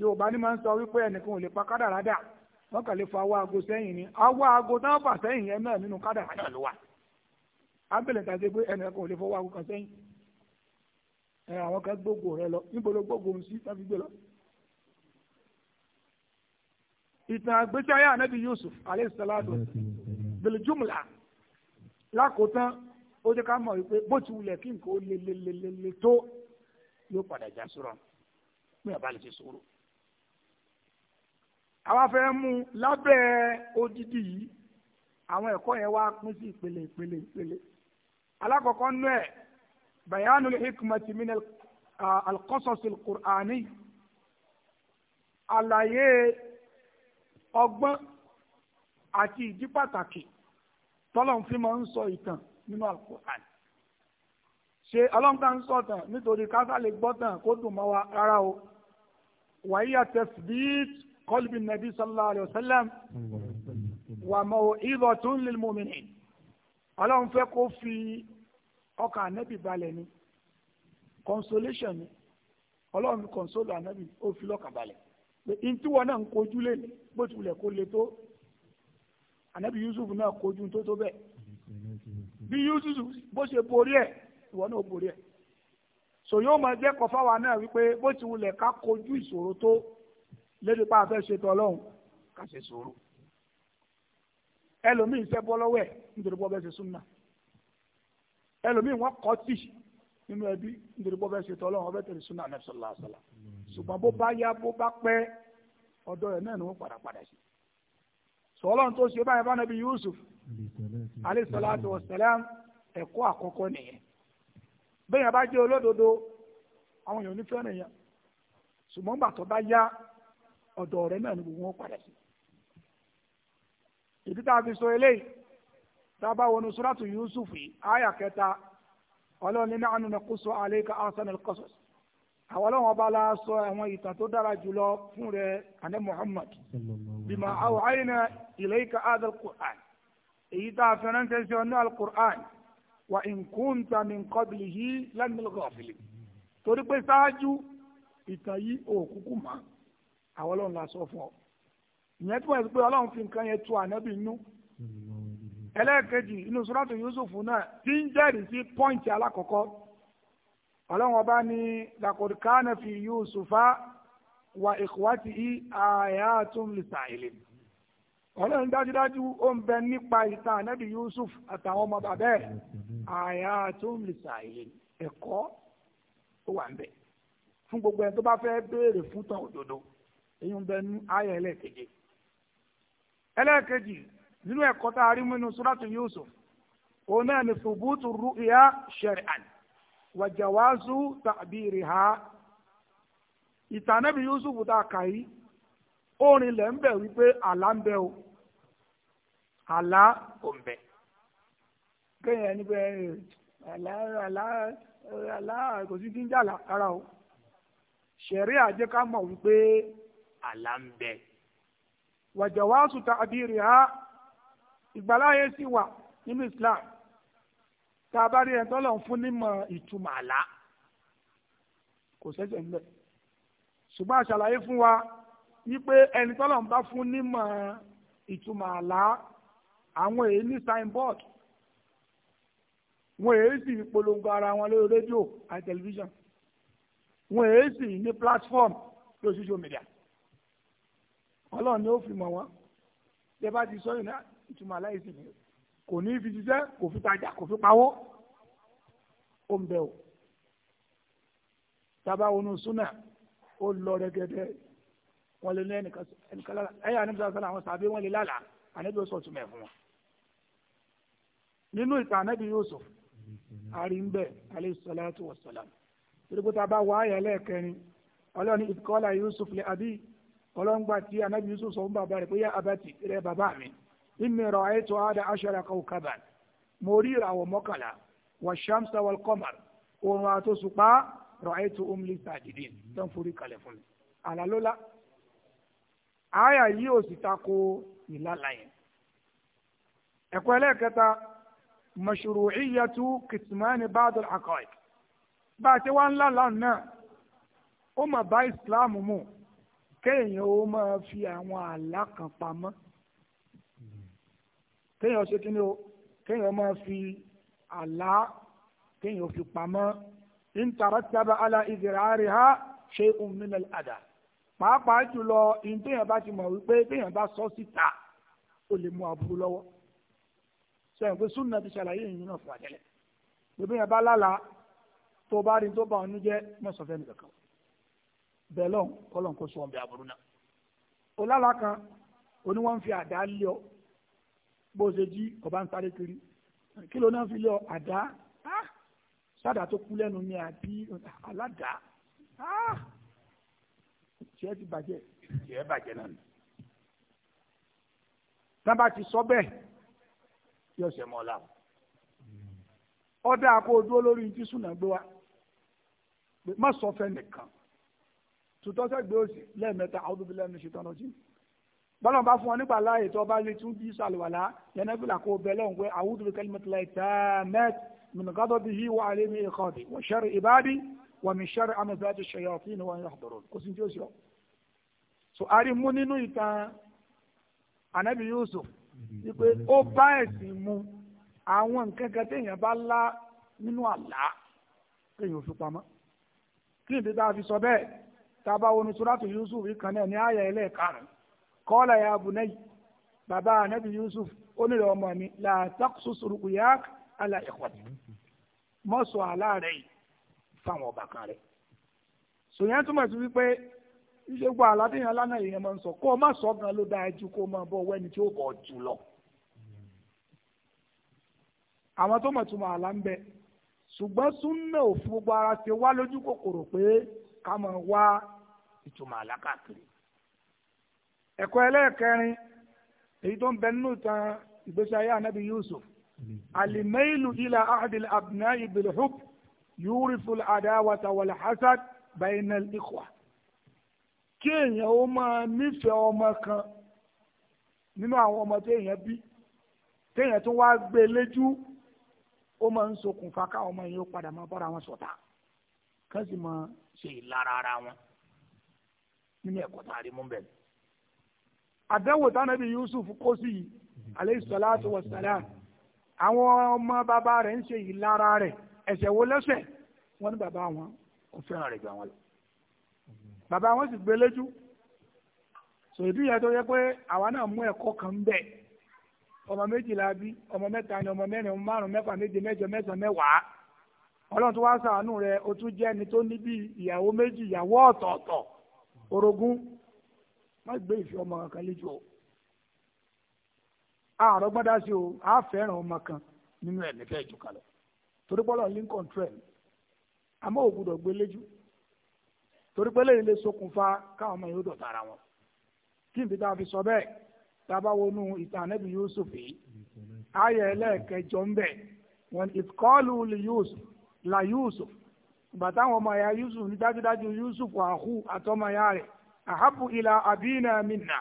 yorùbá ni máa ń sọ wípé ẹnìkan ò lè pa kádàrá dà wọ́n kàn lè fa awọ aago sẹ́yìn ni awọ aago tí wọ́n fà sẹ́yìn yẹn náà nínú kádàrá náà ló wà ábẹ̀lẹ̀ tàbí pé ẹnìkan ò lè fọwọ́ aago kan sẹ́yìn ẹ àwọn kan gbogbo rẹ lọ níbo ló gbogbo sí tàbí gbé lọ. ìtàn àgbésí ayé ànábì Yusuf alayhi salatu bilijumla lákòótán ó jẹ́ ká mọ̀ wípé bó ti wulẹ̀ kí nǹkan ó le le le le le tó yóò padà já sọ̀rọ̀ pé ọba lè ṣe sòrò. àwa fẹ́ mú lábẹ́ odidi yìí àwọn ẹ̀kọ́ yẹn wá pín sí ìpele ìpele ìpele. alákọ̀ọ́kọ́ nú ẹ̀ bayanul hikmati min al qurani àlàyé ọgbọ́n àti ìdí pàtàkì tọ́lọ́n fi máa ń sọ ìtàn nínú àlùkùránì ṣe ọlọ́nkà ń sọ̀tàn nítorí káfá lè gbọ́tàn kó dùn mọ́ wa rárá o wàyíyà tẹ̀síbíìt kọ́lùbí nàbí sallallahu alayhi wa sallam wà mọ́ o ìbọ̀ tún lil mu'minin ọlọ́run fẹ́ kó fi ọkàn ànábì balẹ̀ ni consolation ni ọlọ́run console ànábì ó fi lọ́kàn balẹ̀ pé ntúwọ náà ń kojú lé bó tilẹ̀ kó le tó ànábì Yusuf náà kojú tó tó bẹ́ẹ̀ bí Yúsùfù bó ṣe borí ẹ̀ ìwọ náà borí ẹ̀ sò yóò máa jẹ́ kọ́ fáwa náà wípé bó ti wulẹ̀ ká kojú ìṣòro tó lédè pa àfẹ́ ṣètò ọlọ́run ká ṣe sòrò ẹlòmíín ṣẹ́ bọ́ lọ́wọ́ ẹ̀ nítorí bọ́ bẹ́ẹ̀ ṣe súnmọ́ ẹlòmíín wọ́n kọ́ tì nínú ẹbí nítorí bọ́ bẹ́ẹ̀ ṣètò ọlọ́run ọbẹ̀ tẹ̀lé súnmọ́ àná ṣọlá ṣọlá ṣùgbọ́n bó bá yá bó bá pẹ́ ọ̀dọ́ rẹ̀ náà ni wọ́n padà padà sí sọlọ́n tó ṣe báyìí bá Yusuf alayhi salatu ẹ̀kọ́ àkọ́kọ́ nìyẹn bẹ́ẹ̀ yẹn bá jẹ́ olódodo àwọn èèyàn onífẹ́ nìyẹn ṣùgbọ́n bàtọ́ bá yá ọ̀dọ̀ ta náà ni gbogbo wọn padà sí ìdí tá a fi sọ eléyìí tá a bá àwọn ọlọ́run sọ àwọn ìtàn tó dára jùlọ fún rẹ muhammad bima awhayna ilayka hadha al-qur'an èyí tá a fẹ́ràn al-qur'an wa in kunta min qablihi torí pé sáájú ìtàn yìí ò kúkú mọ́ àwọn ọlọ́run la sọ fún ọ ìyẹn tí wọ́n ti pé fi nǹkan yẹn yusuf náà ti ń jẹ́rìí sí ọlọ́run ọba ní laqad fi yusufa wa ikhwatihi ayatun lisa'ilin ọlọ́run dájúdájú ó ń bẹ nípa ìtàn ànábì yusuf àtàwọn ọmọ bàbá ẹ̀ ayatun lisa'ilin ẹ̀kọ́ ó wà ń bẹ fún gbogbo ẹni tó bá fẹ́ béèrè fún tán òdodo èyí ń bẹ ní ayé ẹlẹ́ẹ̀keje ẹlẹ́ẹ̀kejì nínú ẹ̀kọ́ tá a rí mú inú suratu yusuf òun náà ní thubutu ru'ya shar'an Wajawazu tàbíìrì ha ìtànẹ́bí Yusuf tá a kà yí orin lẹ̀ ń bẹ̀ wípé àlá ń bẹ o àlá ò ń bẹ kéèyàn ẹni pé àlá àlá àlá kò sí jíjà ara o ṣẹ̀rí àjẹká mọ̀ wípé àlá ń bẹ wàjàwáṣú tàbíìrì ha ìgbàláyé sì wà nínú Islam tá a bá rí ẹni tọ́lọ̀ ń fún nímọ̀ ìtumọ̀ àlá kò sẹ́sẹ̀ ńlẹ̀ ṣùgbọ́n àṣàlàyé fún wa wípé ẹni tọ́lọ̀ ń bá fún nímọ̀ ìtumọ̀ àlá àwọn èyí ní signboard wọn èyí sì polongo ara wọn lórí rédíò àti tẹlifíṣàn wọn èyí sì ní platform lórí social media ọlọ́run ni ó fi mọ̀ wọ́n bí ẹ bá ti sọ ìtumọ̀ àlá yìí sì nìyẹn kò ní fi ṣiṣẹ́ kò fi tajà kò fi pawó ó ń bẹ o tábà wọnú súnà ó lọ rẹgẹdẹ wọn lè ẹnìkan lára ẹyà anábìsọ sọlá àwọn sàbí wọn lè lálàá anábì sọ tún fún wọn nínú ìtàn anábì Yusuf àríńbẹ alayhi salatu wassalam torí pé tábà wọ àyà lẹ́ẹ̀kẹrin ọlọ́ni ìkọ́lá Yusuf lè àbí ọlọ́ngbà tí anábì Yusuf sọ fún bàbá rẹ̀ pé yá abati rẹ̀ bàbá mi inni ra'aytu ada ashara kawkaban mo rí ìràwọ̀ mọ́kànlá wa shamsa wal qamar òun àtòṣùpá ra'aytu umli sajidin tó ń forí kalẹ̀ fún mi àlàlólá àyà yìí ò sì tako ìlàlà yẹn ẹ̀kọ́ ẹlẹ́ẹ̀kẹta mashru'iyyatu kitmani ba'd al-haqa'iq bá a ti wá ńlá lánàá ó mà bá ìsìláàmù mu kéèyàn ó máa fi àwọn àlá kan pamọ́ kéèyàn ṣe kíni o kéèyàn máa fi àlá kéèyàn fi pamọ́ ìntàrọ́tàbà àlà ìdìrárì ha ṣe òmìnira àdá pàápàá jùlọ ìntẹ́yàn bá ti mọ̀ wípé téèyàn bá sọ síta ó lè mú aburú lọ́wọ́ sẹ́yìn pé súnà ti ṣàlàyé ìyìn náà fún àtẹ́lẹ̀ gbogbo yẹn bá lálàá tó bá rí tó bá ọ̀nú jẹ́ mọ̀sánfẹ́ nìkan kan bẹ́ẹ̀ lọ́n kọ́lọ́n kó sọ ọ̀bẹ aburú náà ó lálàá kan oníwọ̀n fi àdá lé ọ bó ṣe jí ọba ń sáré kiri kí ló náà fi lé ọ àdá sádà tó kú lẹ́nu ni àbí aládàá tiẹ̀ ti bàjẹ́ tiẹ̀ bàjẹ́ náà ni. tábà ti sọ bẹ́ẹ̀ yóò ṣe mọ́ ọ́lá o. ọ̀dà kó o dúró lórí ní tíṣù náà gbé wa má sọ fẹ́ nìkan tutọ́sẹ̀ gbé òsì lẹ́ẹ̀mẹ́ta àwọn obìnrin lẹ́nu ṣe tán lọ́jọ́ yìí bọ́lá bá fún ọ nígbà láàyè tó bá lè tún bí sàlùwàlá yẹnẹ́fìlà kó bẹ lọ́hùn pé àwùjọ bí kẹ́lí mẹ́tìlá ìta mẹ́t mìnàgádọ́ bí yí wà lé mi ìkọ́ ti wọ́n ṣẹ́rì ìbáàdì wọ́n mi ṣẹ́rì amẹ́fẹ́ ti ṣẹ̀yọ̀ fún ìnáwó yóò dọ̀rọ̀ kó sì ń tí ó sọ. so ari rí mú nínú ìtàn anabi Yusuf wípé ó bá ẹ̀sìn mu àwọn nǹkan kan téèyàn bá lá nínú àlá téèyàn ò fi kọ́lá ya bunayi bàbá anabi yusuf onírè ọmọ mi la taqsus ya ala ikhwati mọ́sọ̀ aláàrẹ̀ yìí fáwọn ọba kan rẹ̀ sòyìn túmọ̀ sí wípé iṣẹ́ gbọ́ aládéyàn lánàá èèyàn máa ń sọ kó o má sọ gan ló dáa ju kó o máa bọ̀ tí ó bọ̀ jù lọ. àwọn tó mọ̀ túmọ̀ àlá ń bẹ ṣùgbọ́n òfin gbogbo ara ṣe wá lójú kòkòrò pé ká máa wá ìtumọ̀ àlá káàkiri. ẹ̀kọ́ ẹlẹ́ẹ̀kẹrin èyí tó ń bẹ nínú ìtàn ìgbésí ayé anabi yusuf alimailu ila ahadil abnai bilhub yurifu adawata wal hasad bainal ikhwa kí èèyàn ó máa nífẹ̀ẹ́ ọmọ kan nínú àwọn ọmọ tó èèyàn bí téèyàn tó wá gbé e léjú ó máa ń ṣokùnfà káwọn ọmọ yẹn ó padà máa bára wọn ṣọ̀tá kán sì máa ṣe ìlara ara wọn nínú ẹ̀kọ́ tá mú bẹ́ẹ̀ àdánwò tánàbí Yusuf kó sí yìí aleyhi salatu wa salam àwọn ọmọ bàbá rẹ̀ ń ṣe ìlara rẹ̀ ẹ̀ṣẹ̀ wo lẹ́ṣẹ̀ wọ́n ní bàbá wọn kò fẹ́ràn rẹ̀ jù àwọn lọ bàbá wọn sì gbé lójú sòdí yẹn tó yẹ pé àwa náà mú ẹ̀kọ́ kan bẹ̀ ọmọ méjìlá bí ọmọ mẹ́ta ni ọmọ mẹ́rin ọmọ márùn mẹ́fà méje mẹ́jọ mẹ́sàn mẹ́wàá ọlọ́run tó wá ṣàánú rẹ̀ o tún jẹ́ ẹni tó ní bí ìyàwó méjì ìyàwó ọ̀tọ̀ọ̀tọ̀ orogún má gbé ìfẹ́ ọmọ kankan lójú o àárọ̀ gbọ́dá sí o á fẹ́ràn ọmọ kan nínú ẹ̀mí fẹ́ jù kalẹ̀ torí lincoln trail àmọ́ ò gbọ́dọ̀ gbé lójú torí pé lẹ́yìn lè ṣokùnfà káwọn ọmọ yóò wọn kí n bí tá a fi sọ bẹ́ẹ̀ tá a bá wọnú ìtàn Ànábì Yusuf yìí ayẹ ẹlẹ́ẹ̀kẹjọ ń bẹ̀ wọn ìkọlù li Yusuf la Yusuf bàtà àwọn ọmọ ya Yusuf ní dájúdájú Yusuf àhú àtọmọ ya rẹ̀ Ahabu ila àbínà minna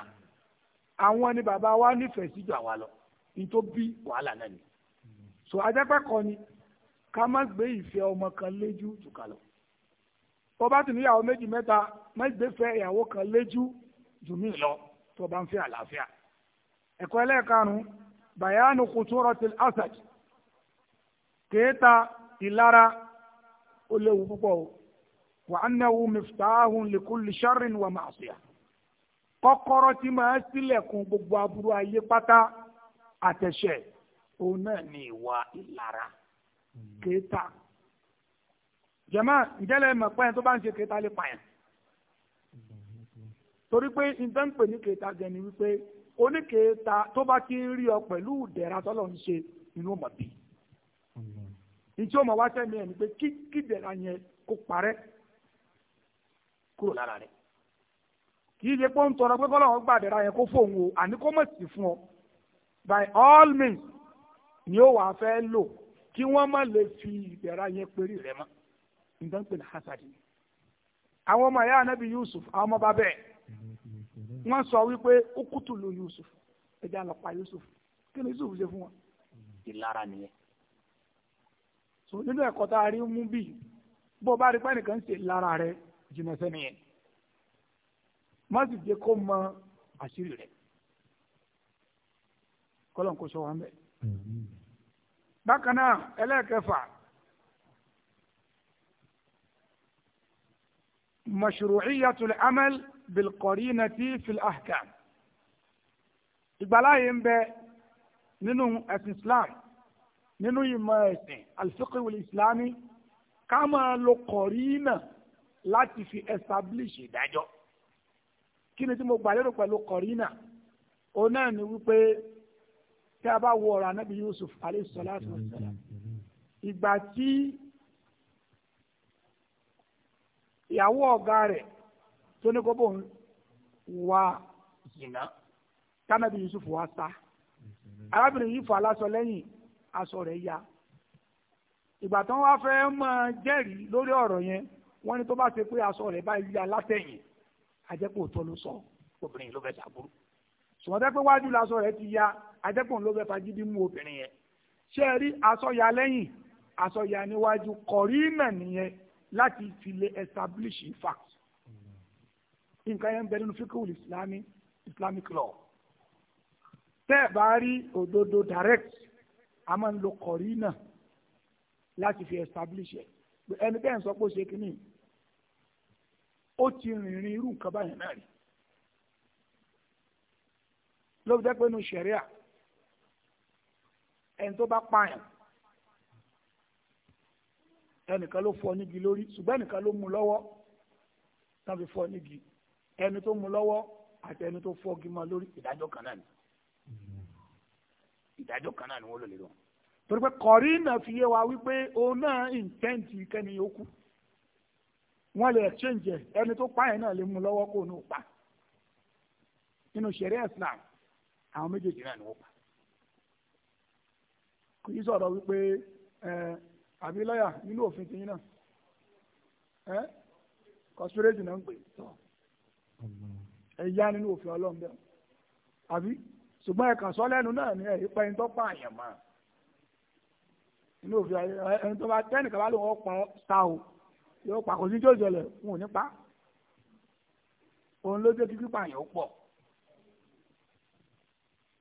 àwọn ni bàbá wa nífẹ̀ẹ́ sí jù àwa lọ ní tó bí wàhálà náà ni so ajẹ́pẹ́ kọ́ ni ká má gbé ìfẹ́ ọmọ kan léjú jùkà lọ tó bá ti níyàwó méjì mẹ́ta má gbé fẹ́ ìyàwó kan léjú jù mí lọ tó bá ń fẹ́ àlàáfíà ẹ̀kọ́ ẹlẹ́ẹ̀karùn-ún bayanu khuturatil asad kéèta ìlara ó léwu púpọ̀ o وأنه مفتاح لكل شر ومعصية kọ́kọ́rọ́ tí máa ṣílẹ̀kùn gbogbo aburú ayé pátá àtẹ̀ṣẹ̀ òun náà ni ìwà ìlara kéta jẹ̀mọ́ ìjẹ́lẹ̀ mọ̀ pẹ́yìn tó bá ń ṣe kéta lè pààyàn torí pé nǹkan pè ní kéta gẹ̀ wípé oníkéta tó bá ti ń rí ọ pẹ̀lú ìdẹ̀ra tọ́lọ̀ ń ṣe inú ọmọ bíi ìjọ ọmọ wa sẹ́mi ẹ̀ ni pé kí kí ìdẹ̀ra yẹn kó parẹ́ kúrò lára rẹ̀ kì í ṣe pé ó ń tọrọ pé kọ́lọ́wọ́ gbàdúrà yẹn kó fóun o àní kó ọ by all means ni ó wàá fẹ́ lò kí wọ́n má lè fi ìbẹ̀rẹ̀ yẹn péré rẹ̀ mọ́ nǹkan pè ní hasadi àwọn ọmọ anabi Yusuf àwọn ọmọ bàbá wọ́n sọ wípé ó Yusuf Yusuf kí Yusuf ṣe fún wọn ìlara nìyẹn so nínú ẹ̀kọ́ tá a rí mú bíi bó jìnnà sẹ́ni yẹn má sì jẹ́ kó mọ àṣírí rẹ̀ kọ́lọ̀ kó sọ wọn bẹ́ẹ̀. bákan náà ẹlẹ́ẹ̀kẹfà mashru'iyatul amal bilqarinati fil ahkam ìgbàláyé ń bẹ nínú ẹ̀sìn islam nínú ìmọ̀ ẹ̀sìn alfiqi islami ká máa lo kọ̀rínà láti fi establish ìdájọ́ kí ni tí mo gbà lérò pẹ̀lú kọ̀rínà òun náà ni wípé tí a bá wo ọ̀rọ̀ anábì Yusuf alayhi salatu wa salam ìgbà tí ìyàwó ọ̀gá rẹ̀ tó ní kó bóun wá zina tánábì Yusuf wá sá arábìnrin yìí fọ aláṣọ lẹ́yìn aṣọ rẹ̀ ya ìgbà tí wọ́n wá fẹ́ máa jẹ́rìí lórí ọ̀rọ̀ yẹn wọ́n ní tó bá ṣe pé aṣọ rẹ̀ bá ilé alátẹ̀yìn ajẹ́pọ̀ tó ló sọ obìnrin yìí ló fẹ́ sàbúrú ṣùgbọ́n tẹ́ pé wájú laṣọ rẹ̀ ti ya ajẹ́pọ̀ ló fẹ́ fagídí mú obìnrin yẹn ṣé ẹ rí aṣọ ya lẹ́yìn aṣọ ya níwájú kọ̀rí mẹ̀ nìyẹn láti fi lè establish fact nǹkan yẹn ń bẹ nínú fíkúl islami islamic law tẹ́ ẹ̀ bá rí òdodo direct a máa ń lo kọ̀rí náà láti fi establish ẹ̀ ẹni bẹ́ẹ̀ ń sọ pé ó ṣe kínní ó ti rìnrìn irú nǹkan báyìí náà rí lóbi jẹ́ pé nu ṣẹ̀ríà ẹni tó bá pààyàn ẹnìkan ló fọ nígi lórí ṣùgbọ́n ẹnìkan ló mú lọ́wọ́ tán fi fọ nígi ẹni tó mú lọ́wọ́ àti ẹni tó fọ́gi mọ́ lórí ìdájọ́ kan náà ni ìdájọ́ kan náà ni wọ́n lò lè lọ. torí pé kọ̀rí náà fi yé wa wípé òun náà ìǹtẹ́ǹtì kẹ́ni wọ́n lè ẹni tó pààyàn náà lè mú lọ́wọ́ kó ní òpa nínú ṣẹ̀ríà Islam àwọn méjèèjì náà ni kò yí sọ̀rọ̀ wípé àbí lọ́yà nínú òfin náà ẹ conspiracy náà ń pè tọ́ nínú òfin ọlọ́run bẹ́ẹ̀ àbí ṣùgbọ́n lẹ́nu náà pẹ́yìn tó mọ́ òfin yóò pa kò sí tí ó jẹlẹ̀ wọn ò ní pa òun ló dé kíkí pààyàn pọ̀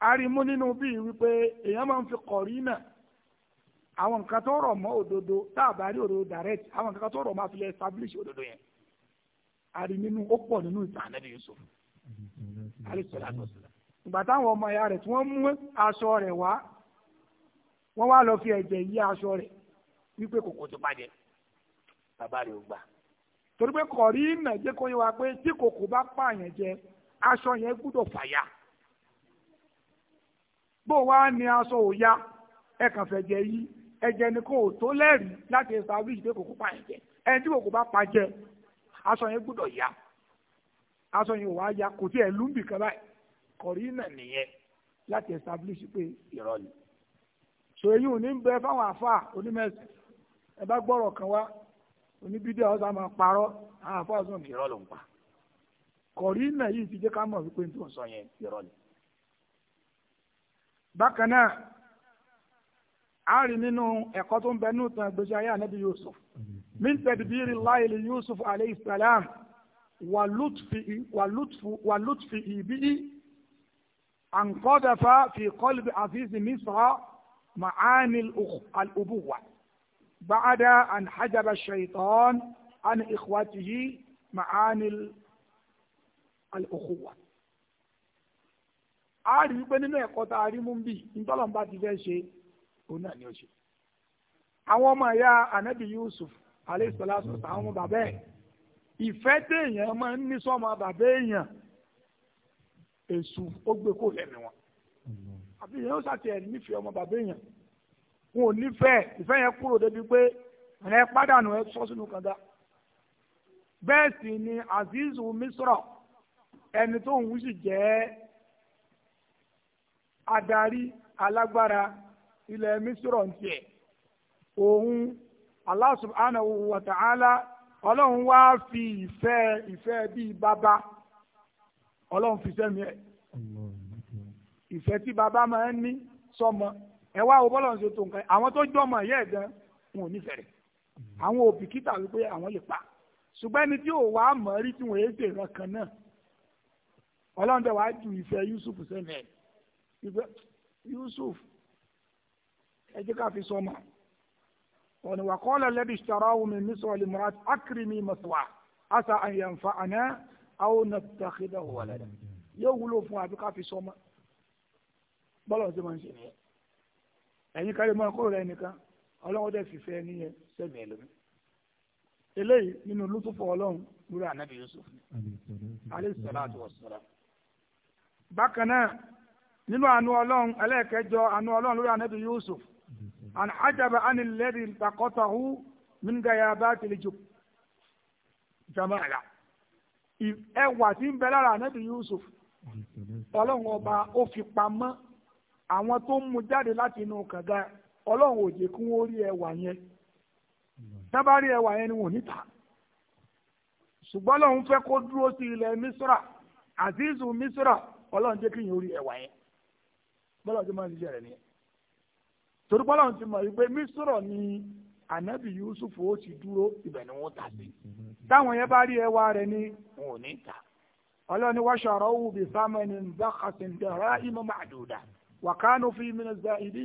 arimu nínú bíi wípé èèyàn máa ń fi kọ̀rí náà àwọn nǹkan tó rọ̀ mọ́ òdodo tá a bá rí òdodo direct àwọn nǹkan tó rọ̀ mọ́ àfilẹ̀ establish òdodo yẹn ari nínú ó pọ̀ nínú ìtàn ànábì Yusuf alisala àtọ̀sílà ìgbà táwọn ọmọ ẹ̀yà rẹ̀ tí wọ́n mú aṣọ rẹ̀ wá wọ́n wá lọ fi ẹ̀jẹ̀ yí aṣọ rẹ̀ wípé kòkòtò bàjẹ́ bàbá rẹ̀ ò gbà. torí pé kọ̀rí nà jẹ́ kó yẹ wa pé tí kòkó bá pààyàn jẹ aṣọ yẹn gbúdọ̀ fàyà. bó wá ní aṣọ ò ẹ kàn fẹ́ jẹ yí ẹ̀jẹ̀ ni kò tó lẹ́rìí láti establish pé kòkó pààyàn jẹ ẹni tí kòkó bá pa jẹ aṣọ yẹn gbúdọ̀ ya aṣọ yẹn ò wá ya kò tí ẹ̀ lùmbì kan báyìí kọ̀rí nà nìyẹn láti establish pé ìrọ̀lì so èyí ò ní bẹ fáwọn àfa onímẹ̀sì ẹ bá gbọ́rọ̀ kan wá oníbídé ọ̀sán máa parọ́ àwọn afọ́sùn ìrọ̀ ló ń pa kọ̀rí nà yìí ti jẹ́ ká mọ̀ wípé tó ń sọ yẹn ìrọ̀ ni. bákan náà a rí nínú ẹ̀kọ́ tó ń bẹ ní ìtàn ìgbésí ayé ànábì Yusuf min tadbiri Allahi li Yusuf alayhi salam wa lutfi ibi an qadafa fi qalbi azizi Misra ma'ani al-ubuwa. بعد أن حجب الشيطان عن إخوته معاني الأخوة a wípé nínú ẹ̀kọ́ tá a rí mú bí ntọ́lọ́mbà ti fẹ́ ṣe òun náà ni ó ṣe. àwọn ọmọ ẹ̀yà anabi yusuf aleyhisalaam àwọn ọmọ bàbá ẹ̀ ìfẹ́ téèyàn máa ń ní sọ́mọ bàbá èèyàn èṣù ó gbé kó lẹ́nu wọn. àbí èèyàn ó ṣàtìyàn nífẹ̀ẹ́ ọmọ bàbá èèyàn wọn ò nífẹ̀ẹ́ ìfẹ́ yẹn kúrò débi pé ẹ̀ pàdánù ẹ sọ sínú kànga bẹ́ẹ̀ sì ni azizu misra ẹni tó ń wúsì jẹ́ adarí alágbára ilẹ̀ misra ń tiẹ̀ òun Allah subhanahu wa ta'ala ọlọ́run wá fi ìfẹ́ ìfẹ́ bíi bàbá ọlọ́run fi sẹ́mi ẹ̀ ìfẹ́ tí bàbá máa ń ní sọmọ. So ẹ wá wo bọ́lọ̀ ń ṣe tó nǹkan àwọn tó jọmọ ẹ̀yẹ́ ẹ̀ gan wọn ò nífẹ̀ẹ́ rẹ̀ àwọn òbíkítà wípé àwọn lè pa ṣùgbọ́n ẹni tí ò wá mọ̀ rí tí wọ́n yé ṣe ìran kan náà ọlọ́run wàá ju ìfẹ́ Yusuf sẹ́nu ẹ̀ ìfẹ́ Yusuf ẹ jẹ́ ká fi sọmọ ọ̀nà wà kọ́ lẹ́lẹ́bí ṣàrọ̀ omi mi sọ lè mọ́ra akérèmí mọ̀tòwà àṣà àyànfà àná àwọn nàbìtàkìdà wọ̀lẹ́dà yóò wúlò fún àbíká fi sọmọ bọ́lọ̀ ṣe máa ń ṣe nìyẹn. ẹ̀yin kárí mọ́ kó rẹ nìkan ọlọ́run dẹ̀ fìfẹ́ ẹni sẹ́mi ẹlòmí eléyìí nínú lùtùfọ̀ ọlọ́run lórí ànábì Yusuf alayhi salatu wassalam bákan náà nínú àánú ọlọ́run ẹlẹ́ẹ̀kẹjọ àánú ọlọ́run lórí ànábì Yusuf ajaba bá ẹwà tí ń bẹ lára Yusuf ọlọ́run ọba ó fi àwọn tó ń mu jáde láti inú kànga ọlọ́run òjè kí wọ́n rí ẹwà yẹn tábà rí ẹwà yẹn ni wọn ò níta ṣùgbọ́n lọ́run fẹ́ kó dúró sí ilẹ̀ misra azizu misra ọlọ́run jẹ́ kí yẹn rí ẹwà yẹn bọ́lá ti máa ń ṣiṣẹ́ rẹ̀ nìyẹn torí bọ́lá ti mọ̀ wípé misra ni anabi yusuf ó ti dúró ibẹ̀ ni wọ́n tà sí táwọn yẹn bá rí ẹwà rẹ̀ ni wọn ò ní ta ọlọ́run ni wọ́n ṣọ̀rọ̀ wù bí sámẹ́ni Wakano fi mìíràn zá ìdí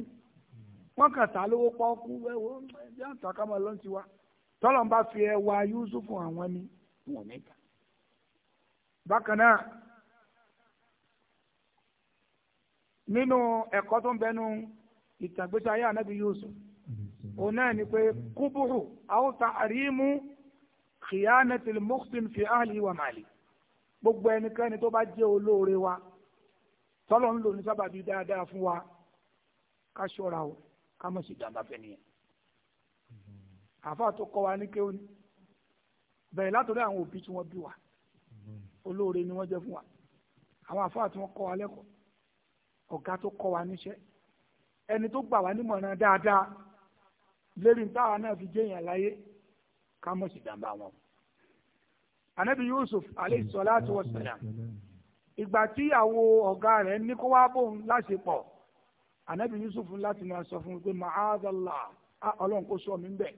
wọn kàn tà lówó pọ́ọ́kú ẹ̀wọ̀ ẹ̀jẹ̀ àtàkàmọ́ ló ń tiwa tọ́lọ́n bá fi ẹwà Yúsúfù àwọn ni wọn níta. bákan náà nínú ẹ̀kọ́ tó ń bẹnu ìtàgbésí ayé ànábi Yúsúf òun náà ni pé kúbùrù àwòtá àrímú kìyànẹ́tìlì mọ́kùtìn fi áhàlì wà màlì gbogbo ẹnikẹ́ni tó bá jẹ́ olóore wa tọ́lọ̀ ń lò ní sábàbí dáadáa fún wa ká ṣọ́ra o ká mọ̀ sí dàgbà fẹ́niyàn. àfa tó kọ́ wa ní kéwòn bẹ̀rẹ̀ látọ̀dọ̀ àwọn òbí tí wọ́n bí wa olóore ni wọ́n jẹ́ fún wa àwọn àfa tí wọ́n kọ́ wa lẹ́kọ̀ọ́ ọ̀gá tó kọ́ wa níṣẹ́ ẹni tó gbà wá nímọ̀ràn dáadáa lérí táwa náà fi jẹ́yìn àláyé ká mọ̀ sí dàgbà wọn. anabi yusuf aleyhi salatu wa salam ìgbà tí ìyàwó ọ̀gá rẹ̀ ní kó wá bóun láṣepọ̀ ànábì yusuf láti máa sọ fún un pé ma'azala ọlọ́run kò sọ mí bẹ́ẹ̀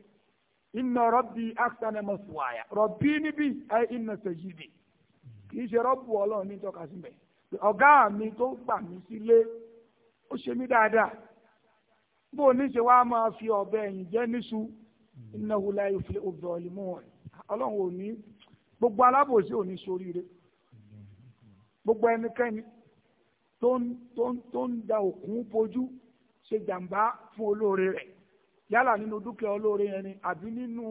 inna rabbi ahsana maswaya rabbi níbí ẹ inna sajidi kì í ṣe rọ́bù ọlọ́run ní tọ́ka sí bẹ́ẹ̀ ọ̀gá mi tó gbà mí sílé ó ṣe mí dáadáa bó o ní ṣe wá máa fi ọ̀bẹ ẹ̀yìn jẹ́ níṣu innahu la yuflihu zalimun ọlọ́run ò ní gbogbo alábòsí ò ní ṣoríire gbogbo ẹnikẹ́ni tó ń tó ń tó ń da òkun pojú ṣe jàǹbá fún olóore rẹ̀ yálà nínú dúkìá olóore yẹn ni àbí nínú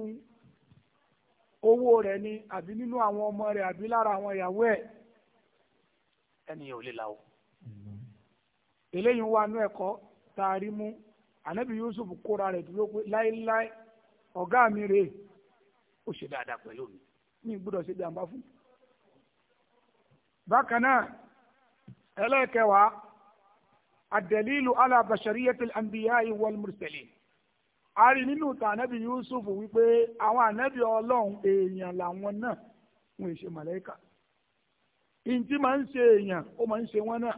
owó rẹ̀ ni àbí nínú àwọn ọmọ rẹ̀ àbí lára àwọn ìyàwó ẹ̀ ẹnìyàn ò lè la o. eléyìí ń wá inú ẹ̀kọ́ tá a rí mú ànábì Yusuf kóra rẹ̀ dúró pé láéláé ọ̀gá mi rèé ó ṣe dáadáa pẹ̀lú mi mi gbọ́dọ̀ ṣe jàǹbá fún mi naa náà ẹlẹ́ẹ̀kẹwàá àdẹ̀lílù alábàṣẹ̀ríyẹ́tì àǹbíyáì wọlmùsẹ̀lẹ̀ a rí nínú ìtàn ànábì Yusuf wípé àwọn ànábì ọlọ́run èèyàn làwọn náà wọn èṣe màlẹ́kà ìǹtí máa ń ṣe èèyàn ó máa ń ṣe wọn náà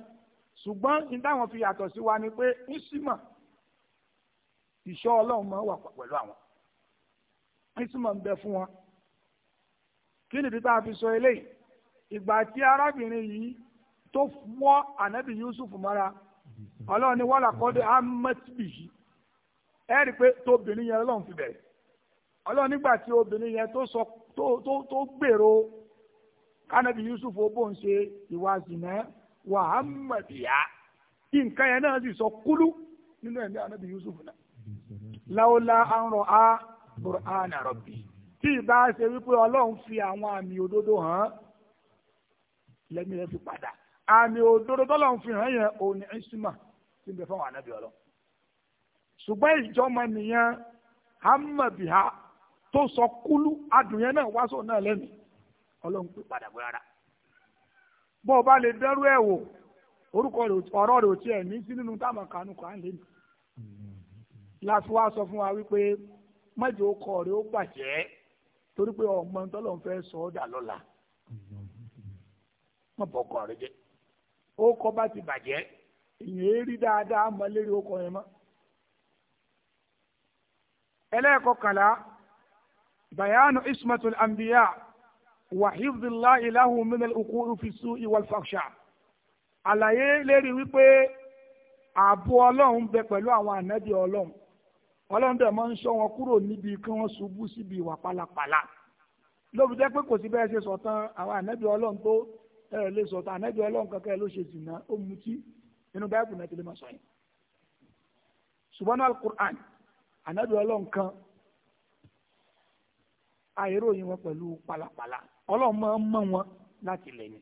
ṣùgbọ́n ìdáwọn fi yàtọ̀ sí wa ni pé ń símà ìṣọ́ ọlọ́run máa wà pẹ̀lú àwọn a fi sọ eléyìí ìgbà tí arábìnrin yìí tó wọ́ ànábì Yusuf mọ́ra ọlọ́run ni wọ́n làkọ́dé amẹ́tìbì yìí ẹ rí i pé tóbìnrin yẹn fi bẹ̀rẹ̀ ọlọ́run nígbà tí obìnrin yẹn tó sọ tó tó gbèrò kánábì Yusuf ó ṣe ìwà zìnà wà á kí nǹkan yẹn náà sì sọ kúlú nínú ẹ̀mí ànábì Yusuf náà láwọlá àrùn a bùrọ̀ ànà rọ̀bì tí ìbá ṣe wípé ọlọ́run lẹ́mí rẹ̀ fi padà àmì òdodo tọ́lọ̀ ń fi hàn yẹn òní ìsúmà tí ń bẹ fáwọn ànábì ọlọ́ ṣùgbọ́n ìjọmọ nìyẹn hamabiha tó sọ kúlú adùn yẹn náà wáṣọ náà lẹ́mí ọlọ́run pè padà bọ́ rárá bó o bá lè dẹ́rú ẹ̀ wò orúkọ ọ̀rọ̀ rẹ̀ ò tiẹ̀ ní sí nínú táwọn kanú kan lé ní láti wá sọ fún wa wípé mọ́jọ́ ọkọ rẹ̀ ó bàjẹ́ torí pé ọmọ tọ́lọ́ fẹ́ má bọ ọkọ rẹ jẹ ọkọ bá ti bàjẹ́ èyàn èrí dáadáa mọ lérí ọkọ yẹn mọ. ẹlẹ́ẹ̀kọkànlá bayanu ismatul anbiya wa hifdillah ilahu minal ukuru fi su'i wal faksha àlàyé lérí wípé ààbò ọlọ́run bẹ pẹ̀lú àwọn ànábì ọlọ́run ọlọ́run dẹ̀ máa ń sọ wọn kúrò níbi kí wọ́n ṣubú síbi ìwà pálapàla lóbi jẹ́ pé kò sí bẹ́ẹ̀ ṣe sọ̀tàn àwọn ànábì ọlọ́run tó ẹ lè sọ tá ọlọ́run kankan ló ṣe zìnà ó nínú báyìí náà ti sọ yẹn ṣùgbọ́n alukur'an ọlọ́run kan wọn pẹ̀lú pàlàpàlà ọlọ́run máa ń mọ̀ wọn láti lẹ̀ ni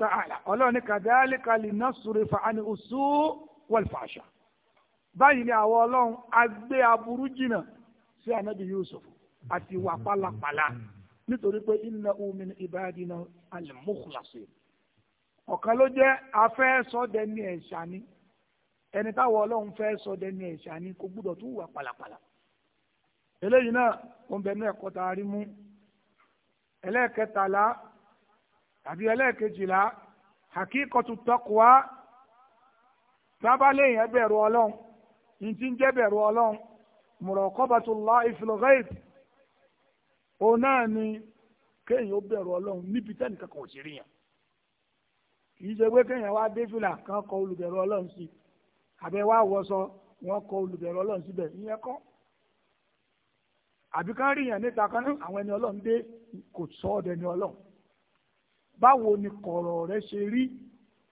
ta ala ọlọ́run ní fa báyìí ni àwọn ọlọ́run agbé aburú jìnnà sí nítorí pé inna min ibadina al-mukhlasin ọ̀kan ló jẹ́ afẹ́ sọ́dẹ̀ni ẹ̀ṣà ni ẹni táwọn ọlọ́run fẹ́ sọ́dẹ̀ni ẹ̀ṣà ni kò gbúdọ̀ tún wà pàlàpàlà eléyìí náà ó ń bẹ ní ẹ̀kọ́ tá a rí mú ẹlẹ́ẹ̀kẹtàlá tàbí ẹlẹ́ẹ̀kejìlá hakíkọ̀tù taqwa tábàlẹ̀ yẹn bẹ̀rù ọlọ́run ní bẹ̀rù ọlọ́run muraqabatullahi fil O náà ni kéèyàn ó bẹ̀rù ọlọ́run níbi tẹ́nì kankan ò sí rí yàn kì í ṣe pé kéèyàn wá dé fìlà kan kọ olùbẹ̀rù ọlọ́run sí àbẹ wá wọṣọ wọn kọ olùbẹ̀rù ọlọ́run síbẹ̀ ìyẹn kọ́ àbí ká rí yàn níta kan àwọn ẹni ọlọ́run dé kò sọ ọ́ dẹni ọlọ́run báwo ni kọ̀rọ̀ rẹ ṣe rí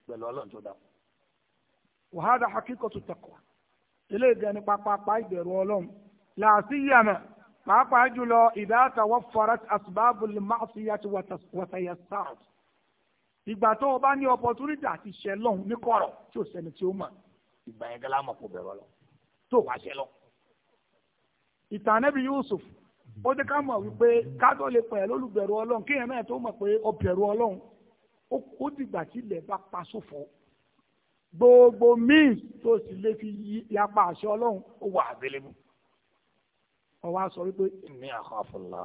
pẹ̀lú ọlọ́run tó dá wàhálà tẹ̀kọ̀ eléyìí dẹni pápápá pàápàá jùlọ ìdá tawaffarat asbabul ma'siyati watayassart ìgbà tó o bá ní opportunity àti ṣẹ lọ́hùn ní kọ̀rọ̀ tí ò sẹ́ni tí ó mọ̀ ìgbà yẹn gẹ́lá mọ̀ kó bẹ̀rọ lọ tó o bá ṣẹ lọ. ìtàn Ànábì Yusuf ó dé ká mọ̀ wípé ká tó lè pẹ̀lú lólùbẹ̀rù Ọlọ́run kéèyàn náà tó mọ̀ pé ó bẹ̀rù Ọlọ́run ó dìgbà tí ilẹ̀ bá pa sófo gbogbo míì tó sì lè fi yapa àṣẹ Ọlọ́run ó wà available ọwa a sọ wípé èmi àkọ́fọ́lá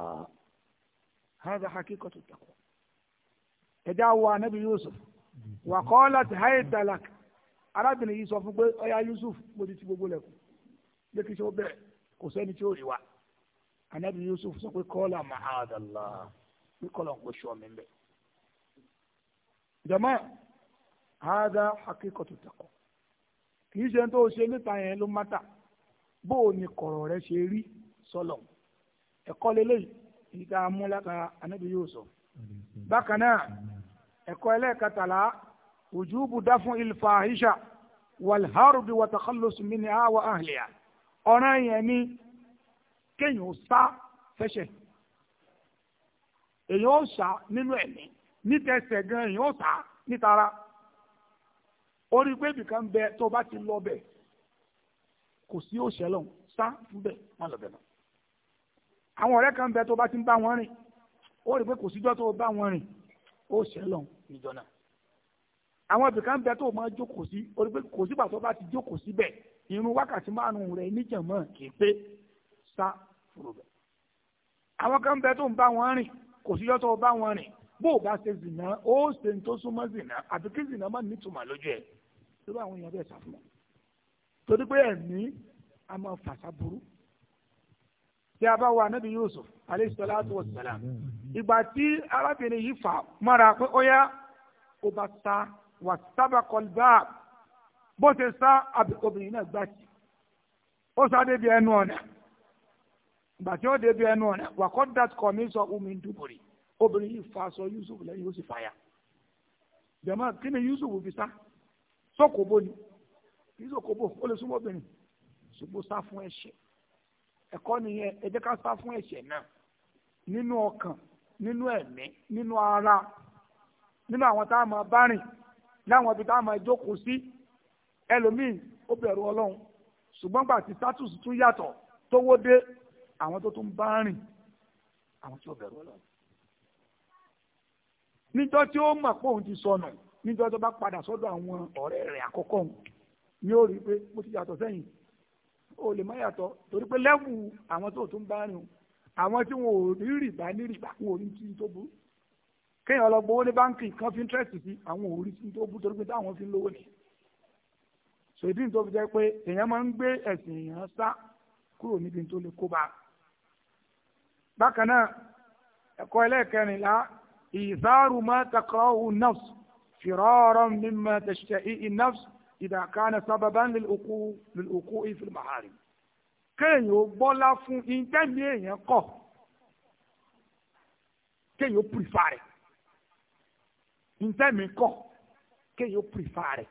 hàdà hakíkọ́ tó takọ̀ ẹ̀dá anabi Yusuf wà kọ́ láti hayé dalak arábìnrin yìí sọ fún pé ọya Yusuf mo ti ti gbogbo lẹ́kùn pé kí ṣe ó bẹ̀rẹ̀ kò sẹ́ni tí ó rí wa anabi Yusuf sọ pé kọ́lá mahadala pé la ń jama hakíkọ́ tó tó ṣe níta yẹn ló bó o ní kọ̀rọ̀ rẹ ṣe rí sọlọ ẹ̀kọ́ lélẹyìí èyí tá a mú lákàrà anábì yóò sọ bákan náà ẹ̀kọ́ ẹlẹ́ẹ̀kẹtàlá wujubu dáfún ilfahisha walharubi watakalus minha wa ahliya ọ̀ràn yẹn ni kéèyàn ó sá fẹ́ṣẹ̀ èyàn ó sá nínú ẹ̀mí nítẹsẹ̀ gan èyàn ó sá nítara orí pé ibìkan bẹ tó bá ti lọ bẹ kò sí òṣèlú sá fún bẹ má lọ bẹ náà àwọn ọ̀rẹ́ kan bẹ tó bá ti ń bá wọn rìn ó rí i pé kò síjọ́ tó bá wọn rìn ó ṣẹlọ̀ níjọ náà àwọn ibì kan bẹ tó máa jókòó sí ó rí i pé kò sígbà tó bá ti jókòó síbẹ̀ irun wákàtí márùn-ún rẹ̀ níjàmọ́ kì í pé sá fúru bẹ̀ àwọn kan bẹ tó ń bá wọn rìn kò síjọ́ tó bá wọn rìn bó o bá ṣe zìnà ó ṣe ń tó súnmọ́ zìnà àbí kí zìnà má nítumọ̀ lójú ẹ̀ torí àwọn èèyàn bẹ́ẹ̀ sá fún tí a bá wà nábì Yusuf alayhi salatu wa salam mm. ìgbà tí arábìnrin yìí fà mọ́ra pé ó yá ó bá sa wà sábà kọlbà bó ṣe sá obìnrin náà gbà tí ó sá débi ẹnu ọ̀nà ìgbà tí ó débi ẹnu ọ̀nà wà kọ́ dat kọ́ sọ omi dúbòrì obìnrin yìí fa aṣọ Yusuf lẹ́yìn ó sì fàyà jẹ̀mọ́ kí ni Yusuf fi sá sókòbó ni kì í ó lè súnmọ́ obìnrin ṣùgbọ́n sá fún ẹ̀ṣẹ̀ ẹ̀kọ́ nìyẹn ẹ jẹ́ ká sá fún ẹ̀ṣẹ̀ náà nínú ọkàn nínú ẹ̀mí nínú ara nínú àwọn tá a máa bá rìn láwọn ibi tá a máa jókòó sí ẹlòmíì ó bẹ̀rù ọlọ́run ṣùgbọ́n gbà tí status tún yàtọ̀ tówó dé àwọn tó tún bá rìn àwọn tí ó bẹ̀rù ọlọ́run níjọ́ tí ó mọ̀ pé òun ti sọnù níjọ́ tó bá padà sọ́dọ̀ àwọn ọ̀rẹ́ rẹ̀ àkọ́kọ́ ni ó rí i pé mo ti yàtọ̀ sẹ́yìn o lè má yàtọ̀ torí pé lẹ́wù àwọn tó tún bá rìn àwọn tí wọn ò rí rìbá ní rìbá wọn ò rí tí tó burú kéèyàn lọ gbowó ní báńkì kan fi interest sí àwọn ò rí tí tó burú torí pé táwọn fi ń lówó ni ṣèdí tó fi jẹ́ pé èèyàn máa ń gbé ẹ̀sìn èèyàn sá kúrò níbi tó lè kóbá bákan náà ẹ̀kọ́ ẹlẹ́ẹ̀kẹrìnlá ìsáàrù máa إذا كان سببا للوقوع للوقوع في المحارم kéèyàn ó gbọ́lá fún ìtẹ́mi èèyàn kọ̀ kéèyàn ó pìrìfà rẹ̀ ìtẹ́mi kọ̀ kéèyàn ó pìrìfà rẹ̀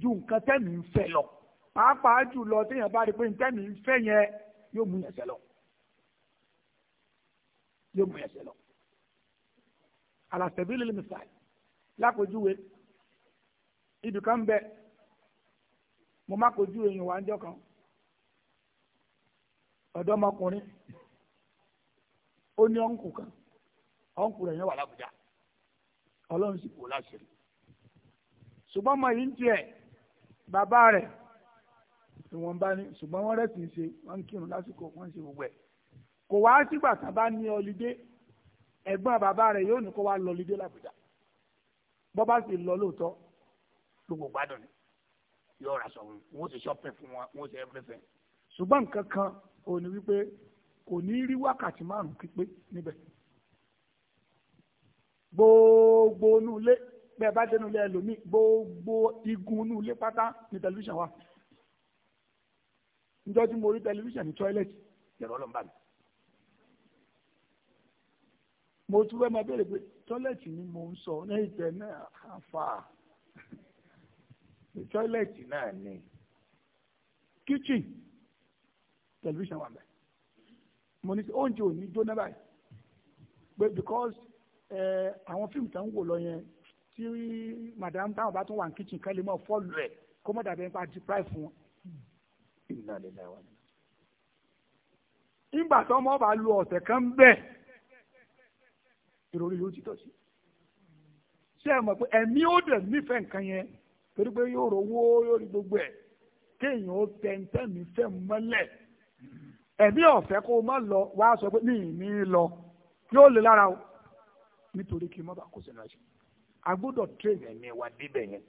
ju nǹkan tẹ́mi ń fẹ́ lọ pàápàá jùlọ téèyàn bá rí i pé ìtẹ́mi ń fẹ́ yẹn yóò mú yẹn sẹ́ lọ yóò mú yẹn sẹ́ lọ alàtẹ̀bí lè lè mi fà lápèjúwe ibìkan bẹ́ẹ̀ mo má kojú èèyàn wá ń jọ kan ọ̀dọ́mọkùnrin ó ní ọ̀nkù kan ọ̀nkù rẹ̀ yẹn wà lábùjá ọlọ́run sì kú láṣìírí ṣùgbọ́n ọmọ yìí ń tiẹ̀ bàbá rẹ̀ ìwọ̀nba ni ṣùgbọ́n wọ́n rẹ̀ sì ń ṣe wọ́n ń kírun lásìkò wọ́n ń ṣe gbogbo ẹ̀ kò wá sígbà tá a bá ní ọlídé ẹ̀gbọ́n bàbá rẹ̀ yóò ní kó wá lọ ọlídé làbújá bọ́ bá sì lọ lóòótọ́ gbogbo gbádùn ni yóò ra sọ wọn wọn sì ṣọpẹ fún wọn wọn sì ẹfẹfẹ ṣùgbọ́n nǹkan kan ò ní wípé kò ní rí wákàtí márùn pípé níbẹ̀ gbogbo inú ilé bẹ́ẹ̀ bá dénú ilé ẹlòmíì gbogbo igun inú ilé pátá ní tẹlifíṣàn wa níjọ́ tí mo rí tẹlifíṣàn ní tọ́ílẹ̀tì yẹ̀rọ ọlọ́mbà mi mo tún fẹ́ máa béèrè pé tọ́ílẹ̀tì ni mo ń sọ ní ìtẹ̀ náà àfà tọ́ílẹ̀tì náà ni kíchìn tẹlifíṣàn wà bẹ́ẹ̀ mo ní oúnjẹ ò ní jóná báyìí pé because àwọn fíìmù tó ń wò lọ yẹn tí madam táwọn bá tún wà ní kíchìn kẹ́lẹ́ mọ́ fọ́ọ̀lù ẹ̀ kó mọ́ dàbí nípa deprive fún wọn. ìgbà tó ọmọ bá lu ọ̀sẹ̀ kan bẹ́ẹ̀ ìròrí ló ti tọ̀ sí. ṣé ẹ mọ̀ pé ẹ̀mí ó dẹ̀ nífẹ̀ẹ́ nǹkan yẹn torí pé yóò rówó yóò rí gbogbo ẹ̀ kéèyàn ó tẹ ntẹ́mi fẹ́ mọ́lẹ̀ ẹ̀mí ọ̀fẹ́ kó o má lọ wá sọ pé ní ìní lọ yóò lè lára o nítorí kí n má bàa kó sínú àṣẹ a gbọ́dọ̀ train ẹ̀mí wa débẹ̀ yẹn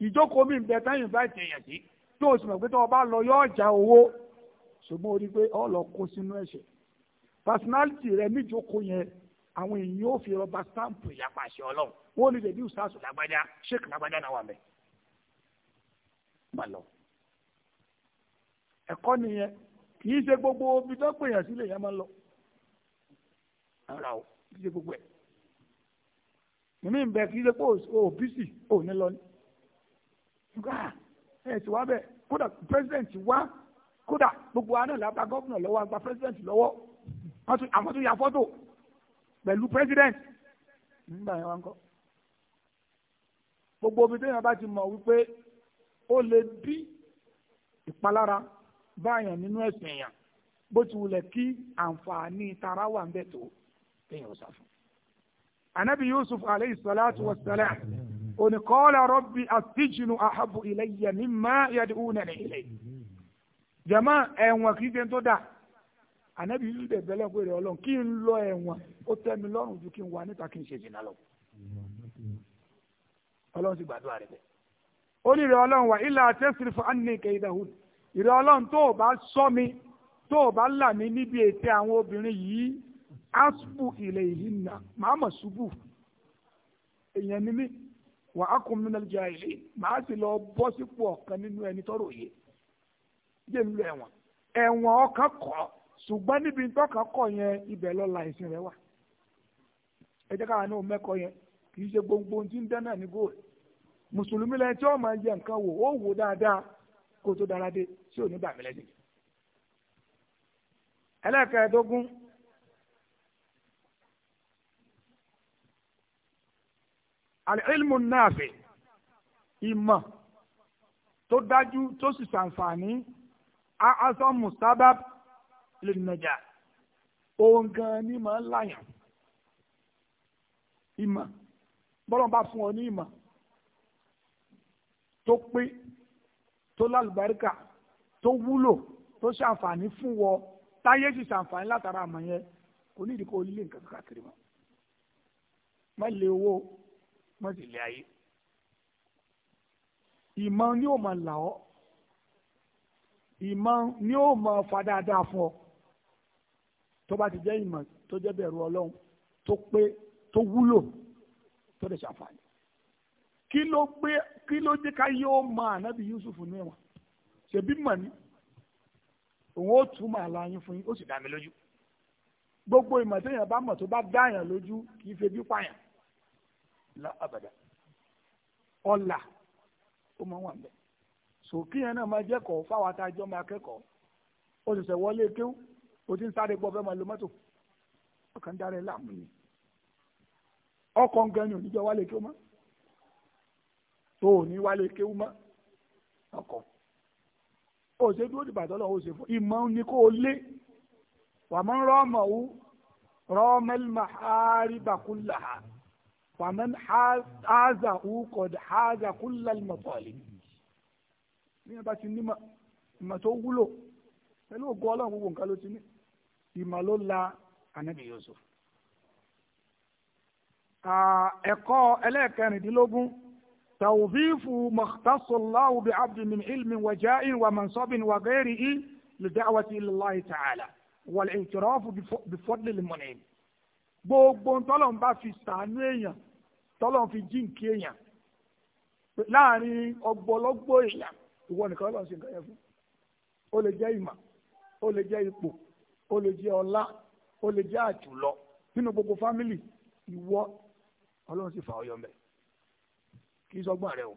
ìjókòó mi bẹ táyìn bá ti yàn sí tó o sì mọ̀ pé tó o bá lọ yóò já owó ṣùgbọ́n o rí i pé ọ lọ kó sínú ẹ̀ṣẹ̀ personality rẹ níjókòó yẹn àwọn èèyàn ò fi rọba stamp ìyapa àṣẹ ọlọ́run wọn ò ní lè bí ìsàsù lágbájá sheik lágbájá náà wà mẹ́ẹ̀ mà lọ ẹ̀kọ́ nìyẹn kì í ṣe gbogbo omi tó pè yàn sílẹ̀ yẹn máa lọ ara o kì í ṣe gbogbo ẹ̀ mímí ń bẹ kì í ṣe pé òbí sì ò ní lọ ní nígbà ẹ̀ ti wá bẹ̀ kódà pírẹsidẹ̀ntì wá kódà gbogbo àná làbá gọ́vùnà lọ́wọ́ àgbà pírẹsidẹ̀ntì lọ́wọ́ àwọn tó fọ́tò pẹ̀lú president nígbà yẹn wá ń kọ́. gbogbo omi tó yẹn bá ti mọ̀ wípé ó lè bí ìpalára báyàn nínú ẹ̀sìn èèyàn bó ti wulẹ̀ kí àǹfààní tara wà ń bẹ̀ tó téèyàn sá fún. anabi yusuf salatu wa salam oni qala rabbi ahabu ile mimma yad'unani ilayhi. jama ẹ̀wọ̀n kì í ṣe tó dà anabi yusuf dẹ̀ bẹ́lẹ̀ pé rẹ̀ ọlọ́run kí n lọ ẹ̀wọ̀n ó tẹ́ mi lọ́rùn ju kí n wà níta n ṣe ó ní ọlọ́run wà ilà àtẹ́sìrìfù ànìkè ìdàhùn ìrẹ̀ ọlọ́run tó o bá sọ mi tó o bá là mí níbi ètè àwọn obìnrin yìí asubu ilẹ̀ yìí nà màá mọ̀ ṣubú èèyàn ni mí wà á kún nínú ìjà ìlú màá sì lọ bọ́ sípò ọ̀kan nínú ẹni tọ́rọ̀ yìí jẹ́ mi lọ ẹ̀wọ̀n ẹ̀wọ̀n ọkàn ṣùgbọ́n níbi tọ́kàn gbogbo ohun tí ń ní mùsùlùmí lẹni tí ó máa yẹ nǹkan wò ó wò dáadáa kó tó dára dé tí ò ní bàmí lẹ́sìn. ẹlẹ́kẹ̀ẹ́dógún alilmu naafi ìmọ̀ tó dájú tó sì ṣàǹfààní asan musabab lè nàjà òun gan ni màá láyàn ìmọ̀ bọ́lá bá fún ọ ní ìmọ̀ tó pé tó lálùbáríkà tó wúlò tó ṣàǹfààní fún wọ táyé sì ṣàǹfààní látara àmọ́ yẹn kò ní ìdíkọ onílé nǹkan káàkiri mọ́ má lè owó má sì lè ayé ìmọ̀ ni ó máa là ọ́ ìmọ̀ ni ó máa fa dáadáa fún ọ tó bá ti jẹ́ ìmọ̀ tó jẹ́ bẹ̀rù ọlọ́run tó pé tó wúlò tó lè ṣàǹfààní kí ló gbé kí ló jẹ́ ká yóò mọ ànábì Yusuf ní ẹ̀wọ̀n ṣèbí mọ̀ ní òun ó tún màá la yín fún yín ó sì dá mi lójú gbogbo ìmọ̀ téèyàn bá mọ̀ tó bá dá yàn lójú kì í febi pààyàn la abàdà ọ̀là ó máa wà ń bẹ̀ sòkè yẹn náà máa jẹ́kọ̀ọ́ fáwọn atajọ́ máa kẹ́kọ̀ọ́ ó sì sẹ̀ wọlé kéwú ó ti ń sáré gbọ́ fẹ́ máa lo mọ́tò ọkàn dára ẹ̀ láàmú ni ọkọ̀ ń gẹnu òníjọ́ wálé kéwú máa tó o ní wálé kéwú mọ́ ọkọ̀ o ṣe dúró dìgbà tó lọ́wọ́ o ṣe fún ìmọ̀ ni kó o lé wàmọ́ rọ́ọ̀mọ̀ wú rọ́ọ̀mẹ́lì mahari bakula ha wàmọ́ haza wú kọ̀dà haza kula mọ̀tọ́lì ní ẹ bá ti ní ìmọ̀ tó wúlò pẹ̀lú ògo ọlọ́run gbogbo nǹkan ló ti ní ìmọ̀ ló la anabi Yusuf ẹ̀kọ́ ẹlẹ́ẹ̀kẹrìndínlógún توظيف ما اختص الله بعبد من علم وجاء ومنصب وغيره لدعوة إلى الله تعالى والاعتراف بفضل المنعم gbogbo tọ́lọ́n bá fi sàánú èèyàn tọ́lọ́n fi jíǹkí èèyàn láàrin ọgbọlọgbọ èèyàn ìwọ nìkan lọ́n ṣe nǹkan yẹn fún ó lè jẹ́ ìmọ̀ ó lè jẹ́ ipò ó lè jẹ́ ọlá ó lè jẹ́ àjùlọ nínú gbogbo fámìlì ìwọ ọlọ́run sì fà ọ́ yọ kì í sọgbọ́n rẹ o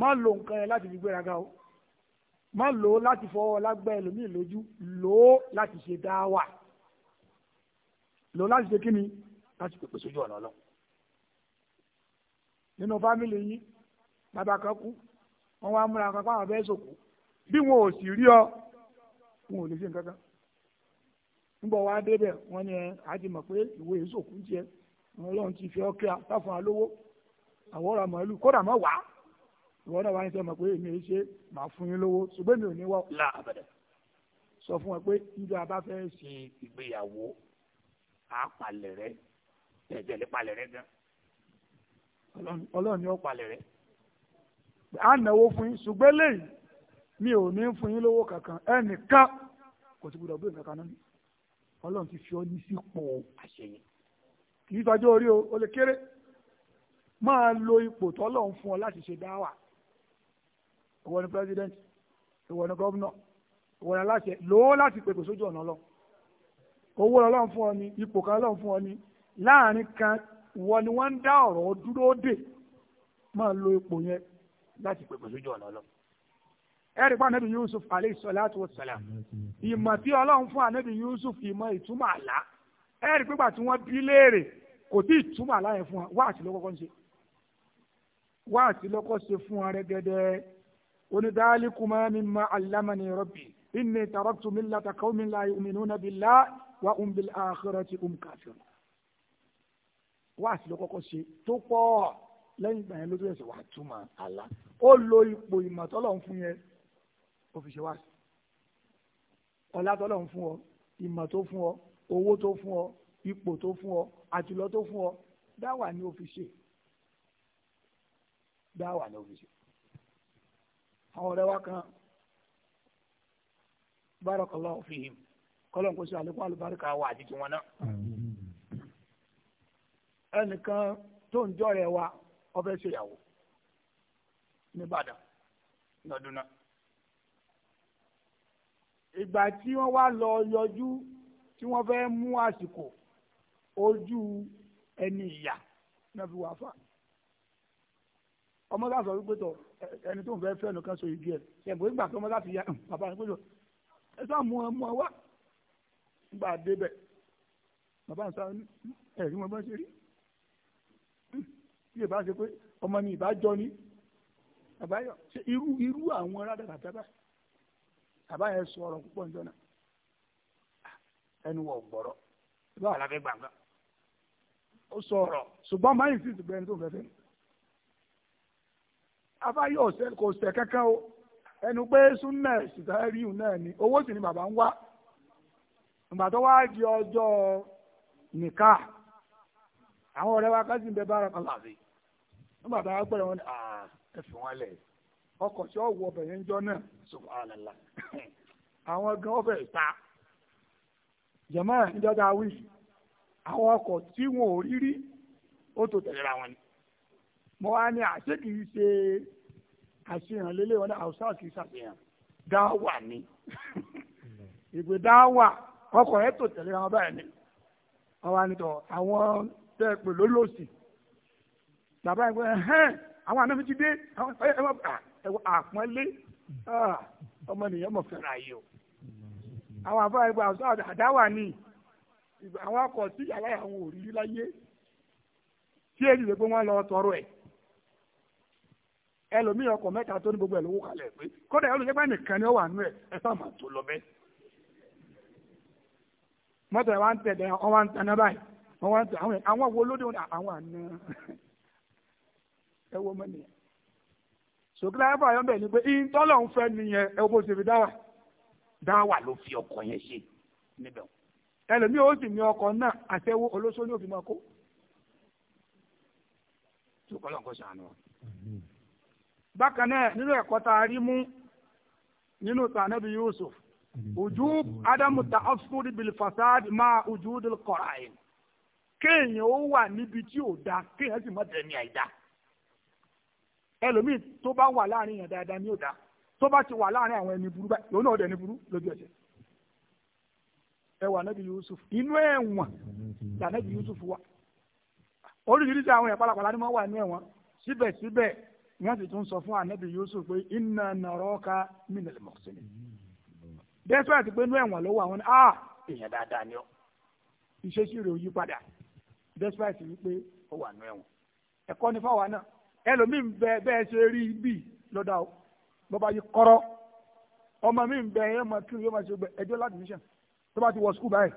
má lo nǹkan yẹn láti fi gbéraga o má lo láti fọwọ́ lágbá ẹlòmíì lójú lò ó láti ṣe dáwà lò ó láti ṣe kíni láti pèpè sójú ọ̀nà ọlọ́run nínú fámìlì yín bàbá kan kú wọn wá múra kan fáwọn abẹ́ sòkú bí wọn ò sì rí ọ wọn ò lè ṣe nǹkan kan nígbà wá débẹ̀ wọ́n ní ẹ àti mọ̀ pé ìwé èso kú jẹ ọlọ́run ti fi ọ́ kíá táfọn alówó àwọn ọ̀rọ̀ màálù kódà mọ́ wá ìwọ náà wá ní sọ ma pé èmi ò ṣe màá fún yín lówó ṣùgbọ́n mi ò ní wọ́ là sọ fún wọn pé níbi a ṣe ìgbéyàwó àpalẹ̀ rẹ tẹ̀tẹ̀lẹ̀ palẹ̀ rẹ gan ọlọ́ọ̀ni ó rẹ à ń náwó fún yín ṣùgbọ́n lẹ́yìn mi ò ní fún yín lówó kankan ẹnìkan kò ti gbọdọ̀ gbé nǹkan náà ọlọ́run ti fi ọ ní sípò àṣẹ kì í sọjọ́ orí o ó lè kéré máa lo ipò tọ́lọ̀ ń fún ọ láti ṣe dáwà ìwọ ni president ìwọ ni governor ìwọ ni aláṣẹ lòó láti pèpè sójú ọ̀nà lọ owó ọlọ́run fún ọ ni ipò kan ọlọ́run fún ọ ni láàrin kan ìwọ ni wọ́n ń dá ọ̀rọ̀ dúró dè máa lo ipò yẹn láti pèpè sójú ọ̀nà lọ ẹ̀rí pa anabi yusuf alayhi salatu wa salam ìmọ̀ tí ọlọ́run fún anabi yusuf ìmọ̀ ìtumọ̀ àlá ẹ̀rí pípa tí wọ́n bí léèrè kò tí ìtumọ̀ àlá yẹn fún wa wá àti ń ṣe wáàsí lọ́kọ́ ṣe fún wa rẹ́gẹ́dẹ́ onídàálíkùmá mimma allamani rabbi inni taraktu millata qaumin la yu'minuna billahi wa hum bil akhirati hum kafirun. wáàsí lọ́kọ́kọ́ ṣe tó pọ̀ lẹ́yìn ìgbà yẹn ló tó yẹ sọ wàá túmọ̀ àlá ó lo ipò ìmọ̀tọ́lọ̀ ń fún yẹn ó fi ṣe wáàsí ọlá tọ́lọ̀ ń fún ọ ìmọ̀ tó fún ọ owó tó fún ọ ipò tó fún ọ àtìlọ́ tó fún ọ dáwà ni ó fi ṣe dáwà ló fi ṣe àwọn ọ̀rẹ́ wa kan barakallahu fihim kọ́lọ́n kò sí àlékún àlùbáríkà wa àti tiwọn náà ẹnìkan tó ń jọ́rẹ̀ wa ó fẹ́ ṣèyàwó nìbàdàn lọ́dún náà ìgbà tí wọ́n wá lọ yọjú tí wọ́n fẹ́ mú àsìkò ojú ẹni ìyà náà fi wá fáà ọmọ ká sọ wípé tọ ẹni tó ń fẹ́ fẹ́ nìkan so igi ẹ̀ ṣẹ̀bù ìgbà tó ọmọ ká ti ya bàbá rẹ̀ péjọ ẹ sá mú ọ mú ọ wá gbà débẹ̀ bàbá ń sá ẹ̀rí wọn bá ṣe rí hmm, bí ìbá ṣe pé ọmọ mi ìbá jọ ni bàbá yọ ṣe irú irú àwọn rádàrà tẹ́lẹ̀ bàbá yẹn sọ ọ̀rọ̀ púpọ̀ níjọ náà ẹnu wọ̀ gbọ̀rọ̀ báwo la fẹ́ gbàgbà ó sọ ọ̀rọ̀ ṣùgbọ́n máyì sí ìtùgbẹ́ni tó ń fẹ́ fẹ́ mi afáyọ̀ ọ̀sẹ̀ kò sẹ̀ kankan o ẹnu pé súnà ṣùgbọ́n ríù náà ni owó sì ni bàbá ń wá ìgbà tó wá di ọjọ́ nìka àwọn ọ̀rẹ́ wa kásìn bẹ bára kan láàbì nígbà tó wá pẹ̀lú wọn ni ẹ fi wọn lẹ̀ ọkọ̀ tí ó wọ ọbẹ̀ yẹn jọ náà subhanallah àwọn gan ọbẹ̀ ta jẹ̀mọ́ ìjọba wí àwọn ọkọ̀ tí wọn ò rí rí ó tó tẹ̀lé ra wọn ni mo wá ní àṣé ah, kì í ṣe àṣehàn lélẹ̀ wọn ní àwùsá ah, kì í ṣàṣehàn dáwà ni ìgbè dáwà ọkọ̀ ẹ̀ tó tẹ̀lé báyìí ni wọn wá nítọ̀ àwọn tẹ́ ẹ pè lólòsì bàbá ẹ̀ pé ẹ̀hẹ́n àwọn àná fi ti dé àpọ́nlé ah, ọmọ nìyẹn mọ̀ fẹ́ràn ayé o àwọn àbá ẹgbẹ́ àwùjọ àdáwà ni àwọn akọ̀ sí yàrá àwọn òrí láyé tí èyí lè gbé wọn lọ tọrọ ẹ̀ ẹlòmíì ọkọ̀ mẹ́ta tó ní gbogbo ẹ̀ lówó kalẹ̀ pé kọ́dà olùjẹ́pẹ́ nìkan ni ó wà nú ẹ̀ ẹ sá máa tó lọ bẹ́ẹ̀. mọ́tò ẹ̀ wá ń tẹ̀lé wọ́n wá ń taná báyìí wọ́n wá ń tẹ̀ àwọn wo lóde wọn àwọn àna ẹ wo mọ́ nìyẹn. sòkìlá ẹ̀fọ́ ayọ́mbẹ̀ ni pé ìtọ́lọ̀ ń fẹ́ nìyẹn ẹ bó ṣe fi dáwà dáwà ló fi ọkọ̀ yẹn ṣe níbẹ̀ ẹlòmíì ó sì ní ọkọ̀ náà àtẹwó olóṣó ní òfin máa kó. sòkìlá ọkọ̀ ṣàánú bákan náà nínú ẹ̀kọ́ tá a rí mú nínú tànàbí Yusuf ujub adamu ta'affud bil fasad ma ujudil qara'in kéèyàn ó wà níbi tí ò da kéèyàn sì má tẹ̀mí àìda ẹlòmíì tó bá wà láàrin yẹn dáadáa ní ó da tó bá ti wà láàrin àwọn ẹni burú báyìí lòun náà ó burú lójú ẹsẹ̀ ẹwà nàbí Yusuf inú ẹ̀wọ̀n lànàbí Yusuf wà oríṣiríṣi àwọn ẹ̀pàlàpàlà ni wọ́n wà ní ẹ̀wọ̀n síbẹ̀síbẹ̀ wọ́n sì tún sọ fún anabi yusuf pé inna naraka minal muhsinin dẹ́sọ́ àti pé inú ẹ̀wọ̀n ló wà àwọn a ah, èèyàn dáadáa ni ọ́ ìṣesí rẹ̀ ò yí padà dẹ́sọ́ àti wípé ó wà nú ẹ̀wọ̀n ẹ̀kọ́ ni fáwa náà ẹlòmíín bẹ bẹ́ẹ̀ ṣe rí bí lọ́dà ó bọ́ba yìí kọ́rọ́ ọmọ mi bẹ ẹ máa kí yóò máa ṣe gbẹ ẹjọ́ láti níṣẹ́ tó bá ti wọ skul báyìí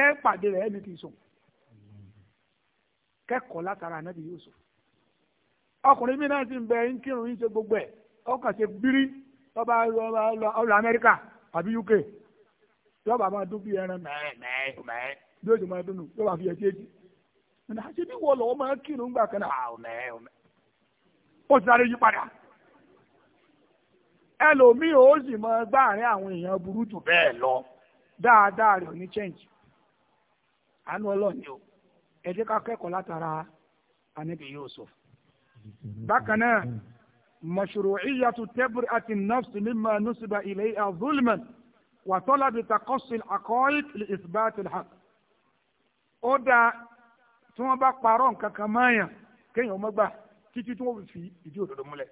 ẹ pàdé rẹ̀ ẹni kì í sùn kẹ́kọ̀ọ́ látara ànábì Yúsúfù ọkùnrin mi náà sì ń bẹ ń kírun ṣe gbogbo ẹ̀ ọkàn ṣe bírí lọ́ba ọlọ uk yọba máa dún ẹran bí ó ṣe máa dún nù yọba fi ǹda ṣe bí máa kírun gbà kan náà mẹ́ẹ̀ mẹ́ẹ̀ ó ti sáré yí padà ẹlòmíì ó sì máa gbá àárín àwọn èèyàn burú jù lọ dáadáa ní àánú ọlọ́ọ̀ni o ẹ jẹ́ ká kẹ́kọ̀ọ́ bákan náà mashru'iyyatu tabri'ati an-nafs mimma nusiba ilayha zulman wa talabi taqassi al-haqa'iq li ithbat al-haqq. ó dáa tí wọ́n bá parọ́ nǹkan kan máyàn kéèyàn má gbà títí tí wọ́n fi ìdí òdodo múlẹ̀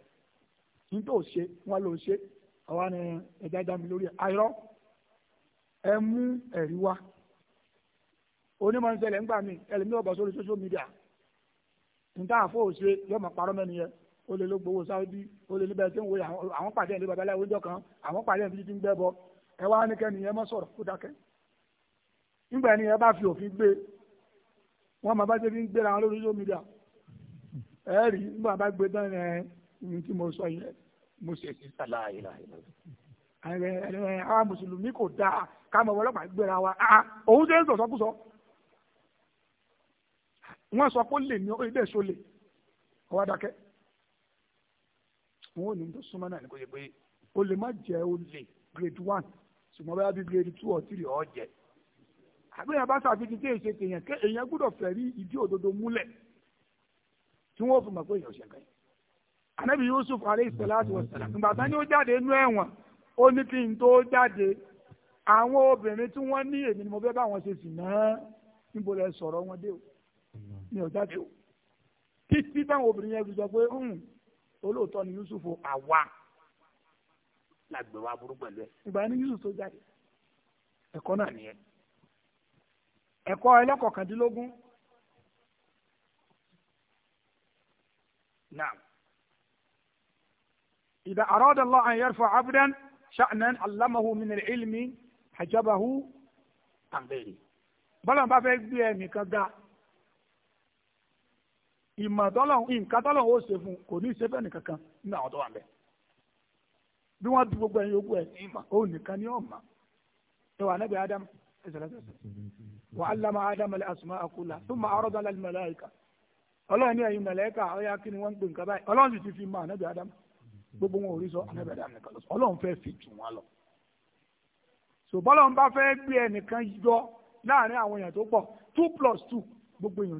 nítorí ò ṣe wọ́n lọ ṣe àwa ni ẹja dá mi lórí àìrọ́ ẹ mú ẹ̀rí wá onímọ̀ ń ńgbà mí ẹlẹ́mi ọ̀bọ̀ sórí social media níta àfọ òṣè yọmọ parọ́ mẹ́ni yẹn ó lè ló gbowó sáwọ́dí ó lè níbẹ̀ tí ń wo àwọn pàdé ìlú babaláwo ìjọ kan àwọn pàdé ìlú ti ń gbẹ́ bọ ẹ wá ní kẹ́ni yẹn mọ́ sọ̀rọ̀ kó dákẹ́ nígbà ẹni yẹn bá fi òfin gbé wọn máa bá ṣe fi ń gbéra wọn lórí social media ẹ rí nígbà bá gbé tán ẹ ní tí mo sọ yẹn mo ṣe sí sàlàyé láyé àwọn mùsùlùmí kò dáa ká mọ̀ gbéra wa ah, òun ṣe ń sọ̀sọ́kùsọ wọ́n sọ pé ó lè ní ó ilé ìṣó lè ọwọ́ dákẹ́ wọn ò ní tó súnmọ́ náà ní kò yẹ pé o lè má jẹ́ o lè grade one ṣùgbọ́n bá bí grade two or three ọ̀ jẹ́ àgbẹ̀yìn bá ṣàfihàn tí èsè tèèyàn ké èèyàn gbúdọ̀ fẹ́ rí ìdí òdodo múlẹ̀ tí wọ́n fi mọ̀ pé èèyàn ṣẹ̀gbẹ́ anabi yusuf alayhi salatu wa salam ìgbà jáde inú ẹ̀wọ̀n ó ní kí n tó jáde àwọn obìnrin tí wọ́n ní èmi ni mo fẹ́ bá wọn ṣe sì náà níbo lẹ sọ̀rọ̀ wọn dé o ni ọ̀já dé o títí táwọn obìnrin yẹn fi sọ pé hmm, olóòótọ́ ni Yusuf àwa làgbè wa burú pẹ̀lú ẹ̀ ìgbà ni Yusuf tó jáde ẹ̀kọ́ náà nìyẹn ẹ̀kọ́ ẹlẹ́kọ̀ọ́kàndínlógún náà ìdá àròdà lọ àyè ẹ̀fọ́ abdan sha'nan allamahu min al-ilmi hajabahu àmbèrè bọ́lá bá fẹ́ gbé ẹnìkan ga ìmọ̀tọ́lọ́hún ìǹkatọ́lọ́hún ó ṣe fún kò ní í ṣe nìkankan nínú àwọn tó wà bẹ́ẹ̀ bí wọ́n ti gbogbo ẹ̀yin ogún ẹ̀ ìmọ̀ òun nìkan ni ọ̀ma ẹ wà nẹ́bẹ̀ ádámù ẹsẹ̀ lẹ́sẹ̀ wà á lámà ádámù lẹ́ àsùnmọ́ àkúlà tó máa ọ̀rọ̀ dá lálẹ́ màláíkà ọlọ́run ní ẹ̀yin màláíkà ni wọ́n ń gbé nǹkan báyìí ọlọ́run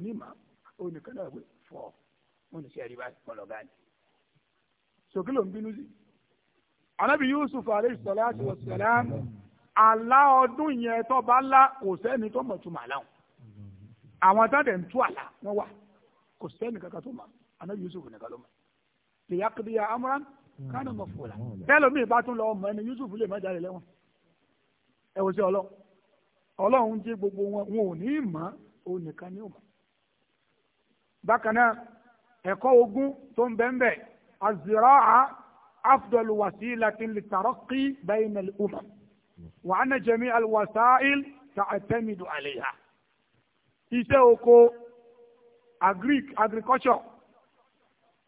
fi fi fọ́ wọn ṣe rí báyìí kọ́ lọ́gá ni. sòkè ló ń bínú sí. anábì yusuf alayhi salatu wa salam àlá ọdún yẹn tó bá lá kò sẹ́ni tó mọ̀ tuma àlá wọn. àwọn táde ń tú àlá wọn wà kò sẹ́ni kankan tó mọ̀ anábì yusuf nìkan ló mọ̀. lèyà kiri ya amúran kánà mọ̀ fòlà. bẹ́ẹ̀ lómi ìbá tún lọ ọmọ ẹni yusuf lè má jáde lẹ́wọ̀n. ẹ wò sí ọlọ́run ọlọ́run jẹ́ gbogbo wọn wọn ò ní ì mọ̀ ọ́ nìkan ní ò mọ̀ bákan náà ẹ̀kọ́ ogún tó ń bẹ́ẹ̀ bẹ́ẹ̀ azira'a afdal wasilatin litaraqi bayna al-umam wa anna jami al-wasa'il ta'tamidu alayha iṣẹ́ oko agric agriculture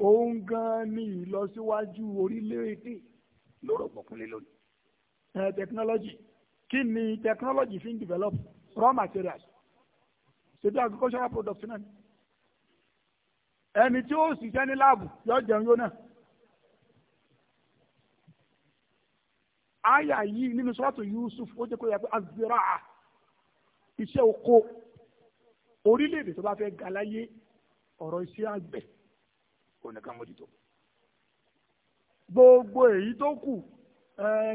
òun gan ni ìlọsíwájú orílẹ̀-èdè lóró gbọ̀kúnlé lónìí ẹ̀ technology kí ni technology fi ń develop raw materials ṣe bí agricultural products náà ni ẹni tí ó sì jẹ́ ní láàbù yọ jẹun yóná. àyà yìí nínú sọ́ọ̀tù Yusuf ó jẹ́ kó yẹ pé azira'a iṣẹ́ oko orílẹ̀-èdè tó bá fẹ́ ga láyé ọ̀rọ̀ iṣẹ́ àgbẹ̀ kò ní ká mójútó. gbogbo èyí tó kù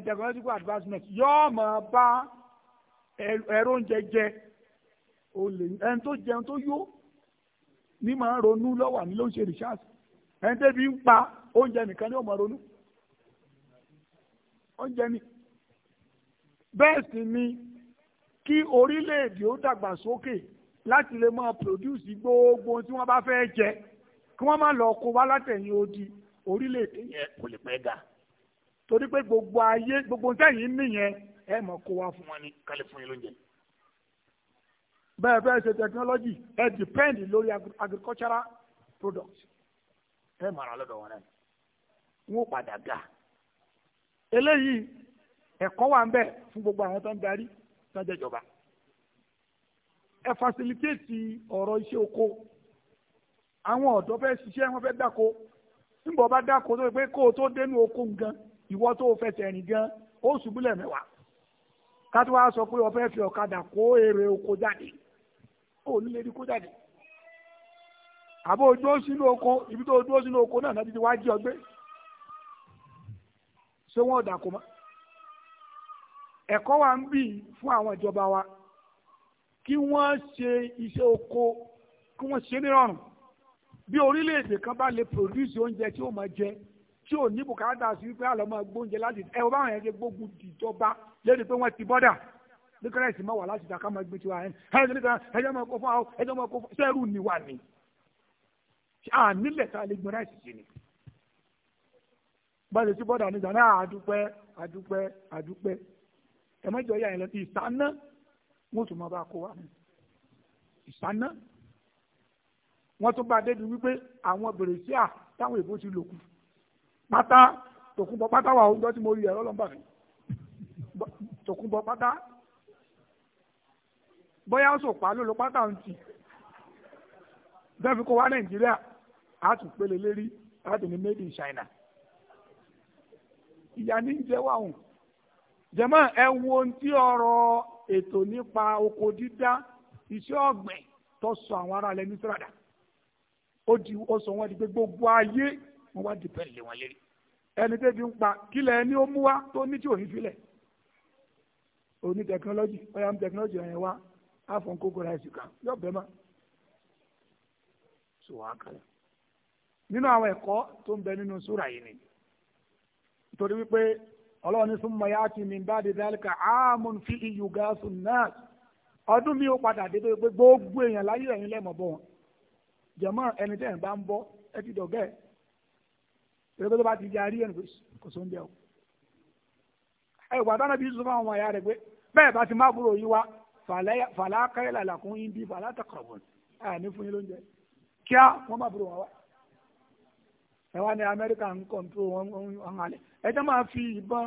technological advancement yóò máa bá ẹ̀rọ oúnjẹ jẹ ẹni tó jẹun tó yó ní máa ronú lọ́wọ́ àmì ló ń ṣe rìṣáàsì ẹni tẹ́bi ń pa oúnjẹ nìkan ní ó ronú oúnjẹ ni bẹ́ẹ̀ sì ni kí orílẹ̀-èdè ó dàgbàsókè láti lè máa pòdúsì gbogbo tí wọ́n bá fẹ́ jẹ kí wọ́n má lọ kó wá látẹ̀yìn odi orílẹ̀-èdè yẹn kò lè pẹ́ ga torí pé gbogbo ayé gbogbo tẹ̀yìn nìyẹn ẹ máa kó wá fún wọn ní kálífóònù lóúnjẹ yìí. bẹ́ẹ̀ bẹ́ẹ̀ ṣe technology ẹ depend lórí agricultural product ẹ mara lọ́dọ̀ wọn náà padà ga eléyìí ẹ̀kọ́ ń bẹ̀ fún gbogbo àwọn tó ń darí tó jẹjọba ẹ facilitate ọ̀rọ̀ iṣẹ́ oko àwọn ọ̀dọ́ fẹ́ ṣiṣẹ́ wọn fẹ́ dáko nígbà bá dáko tó pé kó o oko nǹkan ìwọ tó o gan ó ká tó wá sọ pé o fẹ́ fi ọ̀kadà kó èrè oko jáde òní lè rí kó jáde àbó dúró sínú oko ibi tó dúró sínú oko náà láti ti wá jí ọgbẹ́ ṣé wọ́n dà kó mọ́ ẹ̀kọ́ wa ń bì fún àwọn ìjọba wa kí wọ́n ṣe iṣẹ́ oko kí wọ́n ṣe nírọ̀rùn bí orílẹ̀-èdè kan bá lè produce oúnjẹ tí ó máa jẹ tí ò ní bùkátà sí pé àlọ́ máa gbóúnjẹ láti ẹ̀ wọ́n báwọn yẹn ṣe gbógun dìjọba lórí pé wọ́n ti bọ́dà bí kẹrẹsì máa wà láti ìjà ká máa gbé tiwa ẹ ẹ ní kan ẹjọ máa kó fún àwọn ẹjọ máa kó fún sẹrù ni wà ní. à nílẹ̀ tá a lè gbin ráìsì sí ni. bá a lè ti bọ́dà nígbà náà àdúpẹ́ àdúpẹ́ àdúpẹ́ ẹ má jọ yà yẹn lọ ìsáná wọn tún máa bá a kó wa ìsáná wọn tún bá a débi wípé àwọn bèrèsíà táwọn èèbó ti lò kù pátá tòkúnbọ pátá wà ó tí mo rí ẹ̀rọ lọ́nbà mi tòkúnbọ pátá bóyá ó sòpá ló lo pátá ń tì bẹ́ẹ̀ kó wá nàìjíríà á tún pélé lérí láti ní made in China ìyá ní ń jẹ́ wàhùn jẹ́mọ́ ẹ wo ohun tí ọ̀rọ̀ ètò nípa oko dídá iṣẹ́ ọ̀gbìn tó sọ àwọn ará alẹ́ ní síràdà ó di ó sọ wọn di pé gbogbo ayé wọn wá di pẹ̀lẹ́ wọn lérí ẹni tẹ́bi ń pa kílẹ̀ ẹni ó mú wá tó ní tí ò ní filẹ̀ oní tẹkinọ́lọ́jì ọ̀yà tẹkinọ́lọ́jì ọ̀yà wá á fún kókó ráìsì kan yóò bẹ́ẹ̀ má so wàá kalẹ̀ nínú àwọn ẹ̀kọ́ tó ń bẹ nínú súrà yìí ni nítorí wípé ọlọ́run ní summa ya'ti min ba'di dhalika 'amun fihi yughāthu n-nās ọdún mi ò padà dé tó pé gbogbo èèyàn láyé ẹ̀yìn lẹ́mọ̀ bọ̀ wọn jẹ̀mọ́ ẹni tẹ̀ ń bá ń bọ́ ẹ ti dọ̀gẹ́ ẹ̀ tó bá ti di arí ẹ̀nu kò sóun jẹ́ o. ẹ wà dáná bí sọ fún àwọn ọmọ ìyá rẹ pé bẹ́ẹ̀ bá ti má búrò yí wá fàlà kẹrẹlà làkún yín bí fàlà taqrabun àní ah, fún yín lóúnjẹ kíá wọn bá burú wọn wá ẹ wá ní amẹ́ríkà ń kọ̀ǹtró wọn ń halẹ̀ ẹ jẹ́ máa fi ìbọn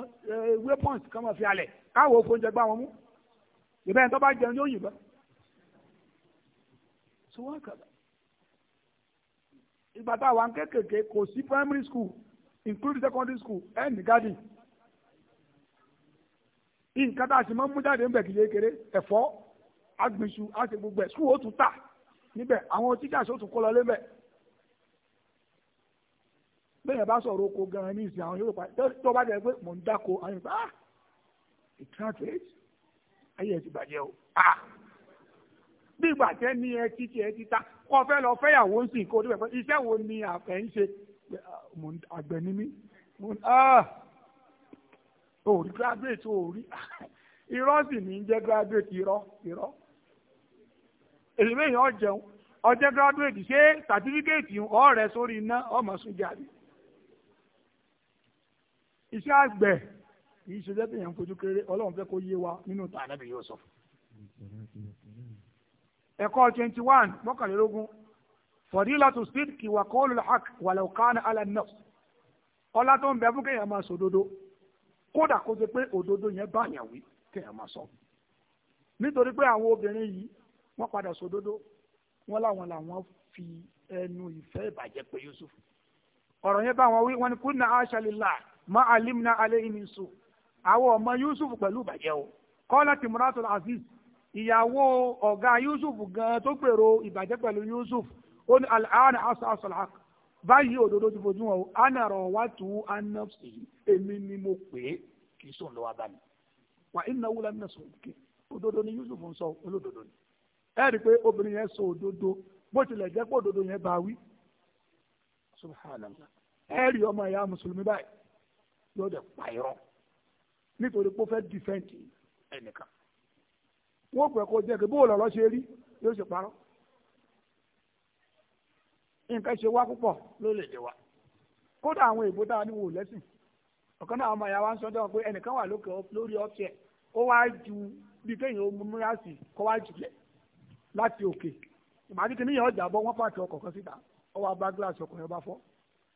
weapons kan máa fi halẹ̀ káwọ́ oúnjẹ gbá wọn mú ìbẹ́ tó bá jẹun yóò yìnbọn tí wọ́n kàdà ìgbà táwọn kéékèèké kò sí primary school including secondary school ẹ̀ ní garden nǹkan tá a sì máa ń mú jáde ń bẹ̀ kì í kéré ẹ̀fọ́ agbèsù àti gbogbo ẹ̀ sùn ó tún tà níbẹ̀ àwọn tíjà sì ó tún kó lọ lébẹ̀ bẹ́ẹ̀ bá sọ̀rọ̀ oko gan-an ní ìsìn àwọn yóò pa tó bá jẹ́ pé mò ń dáko àwọn ìgbà ah it translates ayé ẹ ti bàjẹ́ o ah bí ìgbà tẹ́ ní ẹ títí ẹ títa kọ́ fẹ́ lọ fẹ́yàwó sìn kó o débẹ̀ pé iṣẹ́ wo ni àfẹ́ ń ṣe ah, àgbẹ̀ ní mí ah ò rí graduate ò rí irọ́ sì ní jẹ́ graduate irọ́ irọ́ èyí lẹ́yìn ọ̀jẹun ọjẹ́ graduate ṣé certificate ọ̀rẹ́ sórí iná ọmọ sún jáde iṣẹ́ àgbẹ̀ kì í ṣe jẹ́ tèèyàn fojú kéré ọlọ́run fẹ́ kó yé wa nínú ìtàn ànábì yóò sọ. ẹ̀kọ́ twenty one mọ́kànlélógún fadilatu sidqi wa qawlul haqq walau kana ala nafs ọlá tó ń bẹ fún kéèyàn máa sòdodo. So kódà kó ṣe pé òdodo yẹn báyàn wí kéèyàn máa sọ nítorí pé àwọn obìnrin yìí wọ́n padà sòdodo wọ́n láwọn làwọn fi ẹnu ìfẹ́ ìbàjẹ́ pé Yusuf ọ̀rọ̀ yẹn bá wọn wí wọ́n ní kúnà aṣàlélà má alimna alẹ́ ìmísù àwọn ọmọ Yusuf pẹ̀lú ìbàjẹ́ o kọlá tìmúrátù aziz ìyàwó ọ̀gá Yusuf gan tó gbèrò ìbàjẹ́ pẹ̀lú Yusuf ó ní alhàn asalak báyìí òdodo ti fojú wọn o anarọ̀ wàtú anọ́ọ̀sì èmi ni mo pè é kì í sóun lọ́wọ́ bá mi wà ìnà wúlá mi náà sọ òkè òdodo ni Yusuf ń sọ olódodo ni ẹ rí i pé obìnrin yẹn sọ òdodo bó tilẹ̀ jẹ́ pé òdodo yẹn bá wí subhanallah ẹ rí ọmọ ìyá mùsùlùmí báyìí yóò dẹ̀ pa irọ́ nítorí pé ó fẹ́ dìfẹ́ǹtì ẹnìkan wọ́n pẹ̀ kó jẹ́ kí bó lọ́rọ́ ṣe rí yóò ṣe parọ́ nǹkan ṣe wá púpọ̀ ló lè dé wa kódà àwọn èèbó dáa ní wò lẹ́sìn ọ̀kan náà ọmọ ìyá wa ń sọ dọ́wọ́ pé ẹnìkan wà lókè lórí ọ̀fẹ́ ó wá ju bíi kéèyàn ó mú múrasì kó wá jùlẹ̀ láti òkè ìmàdí kìíní yẹn ọjà bọ́ wọ́n pàtó ọkọ̀ kan síta ó wá bá gíláàsì ọkọ̀ yẹn bá fọ́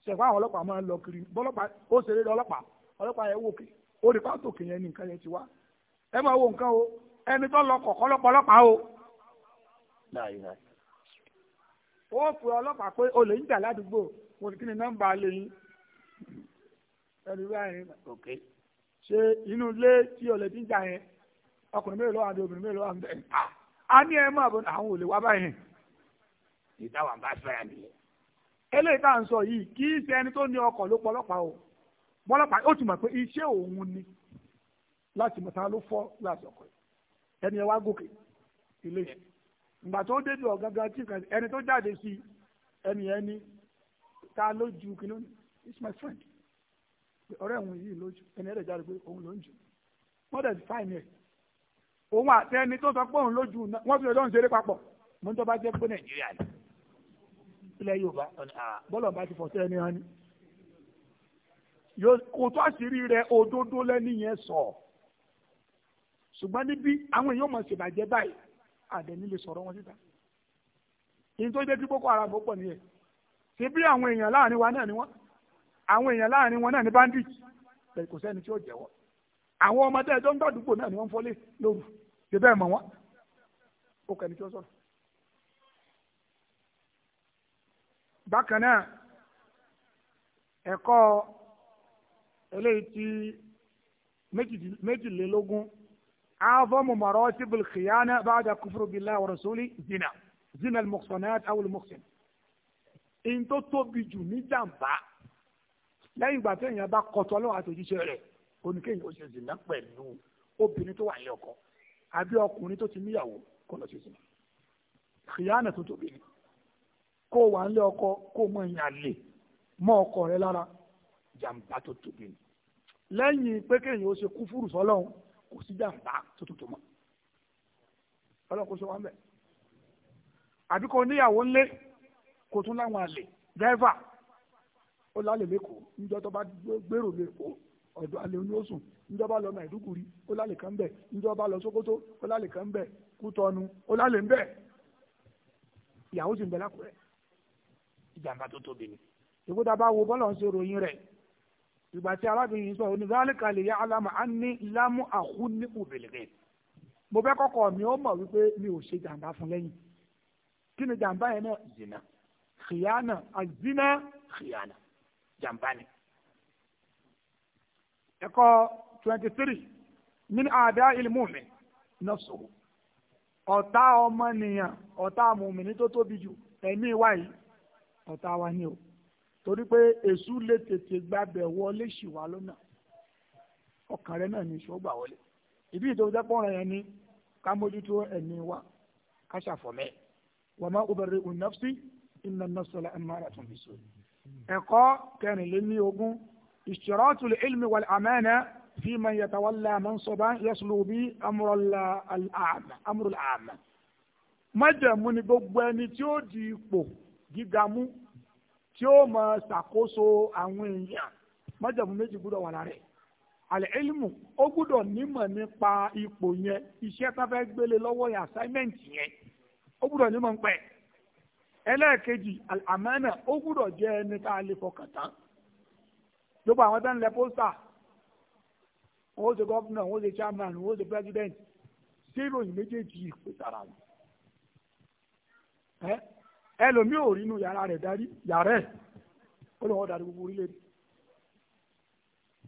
ṣẹ̀fọ́ àwọn ọlọ́pàá lọ kiri ó ṣeré ọlọ́pàá ọlọ́pàá yẹn wò kè ó rí kè yẹn ní nǹkan yẹn ti wá ẹ máa wo nǹkan o ẹni tó lọ kọ̀ọ̀kọ́ lọ́pọ̀ o. ó ẹni báyìí òkè ṣe inú ilé tí ọ̀lẹ́ ti ń jà yẹn ọkùnrin mélòó àti obìnrin mélòó a ní ẹ máa bọ àwọn ò lè wá báyìí ìtawà bá fẹ́ra nìyẹn eléyìí tá à ń sọ yìí kì í ṣe ẹni tó ní o pé òun ni láti ló láti ẹni gòkè ilé yẹn ìgbà tó ta ló ju ọ̀rẹ́ òun yìí ló jù ẹni ẹ̀rẹ̀ jáde pé òun ló ń jù wọ́n dẹ̀ fáìn ẹ̀ òun àti ẹni tó sọ pé òun ló jù wọ́n fi ọjọ́ ń ṣeré papọ̀ mo ń tọ́ bá jẹ́ pé nàìjíríà ni ilẹ̀ yorùbá bọ́lọ̀ bá ti fọ̀tẹ́ ẹni hàn ni kò tó àṣírí rẹ̀ òdodo lẹ́ni yẹn sọ ṣùgbọ́n níbi àwọn èèyàn mọ̀ ṣèbàjẹ́ báyìí àdẹ̀ni lè sọ̀rọ̀ wọn síta ní tó jẹ́ kí boko haram ó pọ̀ nìyẹn ṣe bí àwọn èèyàn láàrin wa náà ni wọ́n àwọn èèyàn láàrin wọn náà ní bandit bẹ́ẹ̀ kò sẹ́ni tí ó jẹ́wọ́ àwọn ọmọdé ẹjọ́ ń gbàdúgbò náà ni wọ́n ń fọ́lé lóru ṣe bẹ́ẹ̀ mọ̀ wọ́n ó kẹ́ni tí ó sọ̀rọ̀. bákan náà ẹ̀kọ́ eléyìí ti méjìlélógún أعظم مراتب الخيانة بعد كفر بالله ورسوله زنا زنا المحصنات أو المحسن إن تطبجوا نجنبا lẹ́yìn ìgbà tí èèyàn bá kọtọ́ lọ́wọ́ àtòjíṣẹ́ rẹ̀ oníkéyìn ó ṣe zìnà pẹ̀lú obìnrin tó wà ní ọkọ àbí ọkùnrin tó ti níyàwó kó lọ ṣe zìnà kìyànà tó tóbi ni kó wà ń lé ọkọ kó mọ ìyàn lè mọ ọkọ rẹ lára jàǹbá tó tóbi ni lẹ́yìn pé kéèyàn ó ṣe kúfúrú sọ́lọ́hún kò sí jàǹbá tó tuntun mọ́ ọlọ́run kò ṣe wá ń àbí kò níyàwó ńlé kò tún láwọn àlè dẹ́fà ó lálẹ́ lẹ́kọ̀ọ́ níjọ́ tó bá gbèrò lẹ́kọ̀ọ́ ọ̀dọ̀ alẹ́ oní oṣù níjọba lọ Maiduguri ó lálẹ́ kan bẹ̀ níjọba lọ Sokoto ó lálẹ́ kan bẹ̀ Kútọ́nu ó lálẹ́ ń bẹ̀ ìyàwó sì ń bẹ lákùrẹ́ ìjàmbá tó tóbi ni ìgbódà bá wo bọ́lá ń ṣe ròyìn rẹ̀ ìgbà tí arábìnrin sọ onígbàlẹ́kà lè yá alámà á ní lámú àhún ní òbèlèkè mo fẹ́ kọ́kọ́ mi ó mọ̀ wípé mi ò ṣe jàǹbá fún lẹ́yìn kí ni jàǹbá yẹn náà zina khiyana azina khiyana jàǹbá ni. 23 twenty three min àdá ilmùmí nọ́ọ̀sù ọ̀tá ọmọnìyàn ọ̀tá mùmìnì tó tóbi jù ẹ̀mí wa yìí ọ̀tá wa ni o torí pé èṣù lè tètè gbàbẹ̀ wọlé ṣì wá lọ́nà ọkàn rẹ náà ní ìṣó gbà wọlé ìdí ìtòwò jẹ́pọ̀ ọ̀ràn yẹn ni ká mójútó ẹ̀mí wa ká ṣàfọ̀mẹ́ wa ma ubari nafsi inna nafsa la ammaratun bisu ẹ̀kọ́ kẹrìnléní ogún ìṣòrọ́tù ilmi wal amana fi man yatawalla mansaban yaslu bi amúrò àmà májẹ̀mú ni gbogbo ẹni tí ó di ipò gíga mú tí ó ma ṣàkóso àwọn èèyàn májẹ̀mú méjì gbúdọ̀ wà lára ẹ̀ àlẹ́ẹ̀lìmù ó gbúdọ̀ nímọ̀ nípa ipò yẹn iṣẹ́ tá fẹ́ gbélé lọ́wọ́ yẹn assignment yẹn ó gbúdọ̀ ẹlẹ́ẹ̀kejì keji ó gbúdọ̀ jẹ́ ẹni tá a lè fọkàn tán gbogbo àwọn tó ń lẹ pósítà wọn ṣe gọ́fúnà ṣe chairman wọn ṣe president ṣé ìròyìn méjèèjì pé sára wọn ẹ ẹlòmíì ò rí inú yàrá rẹ̀ darí yàrá ẹ̀ ó lọ́wọ́ darí gbogbo orílẹ̀-èdè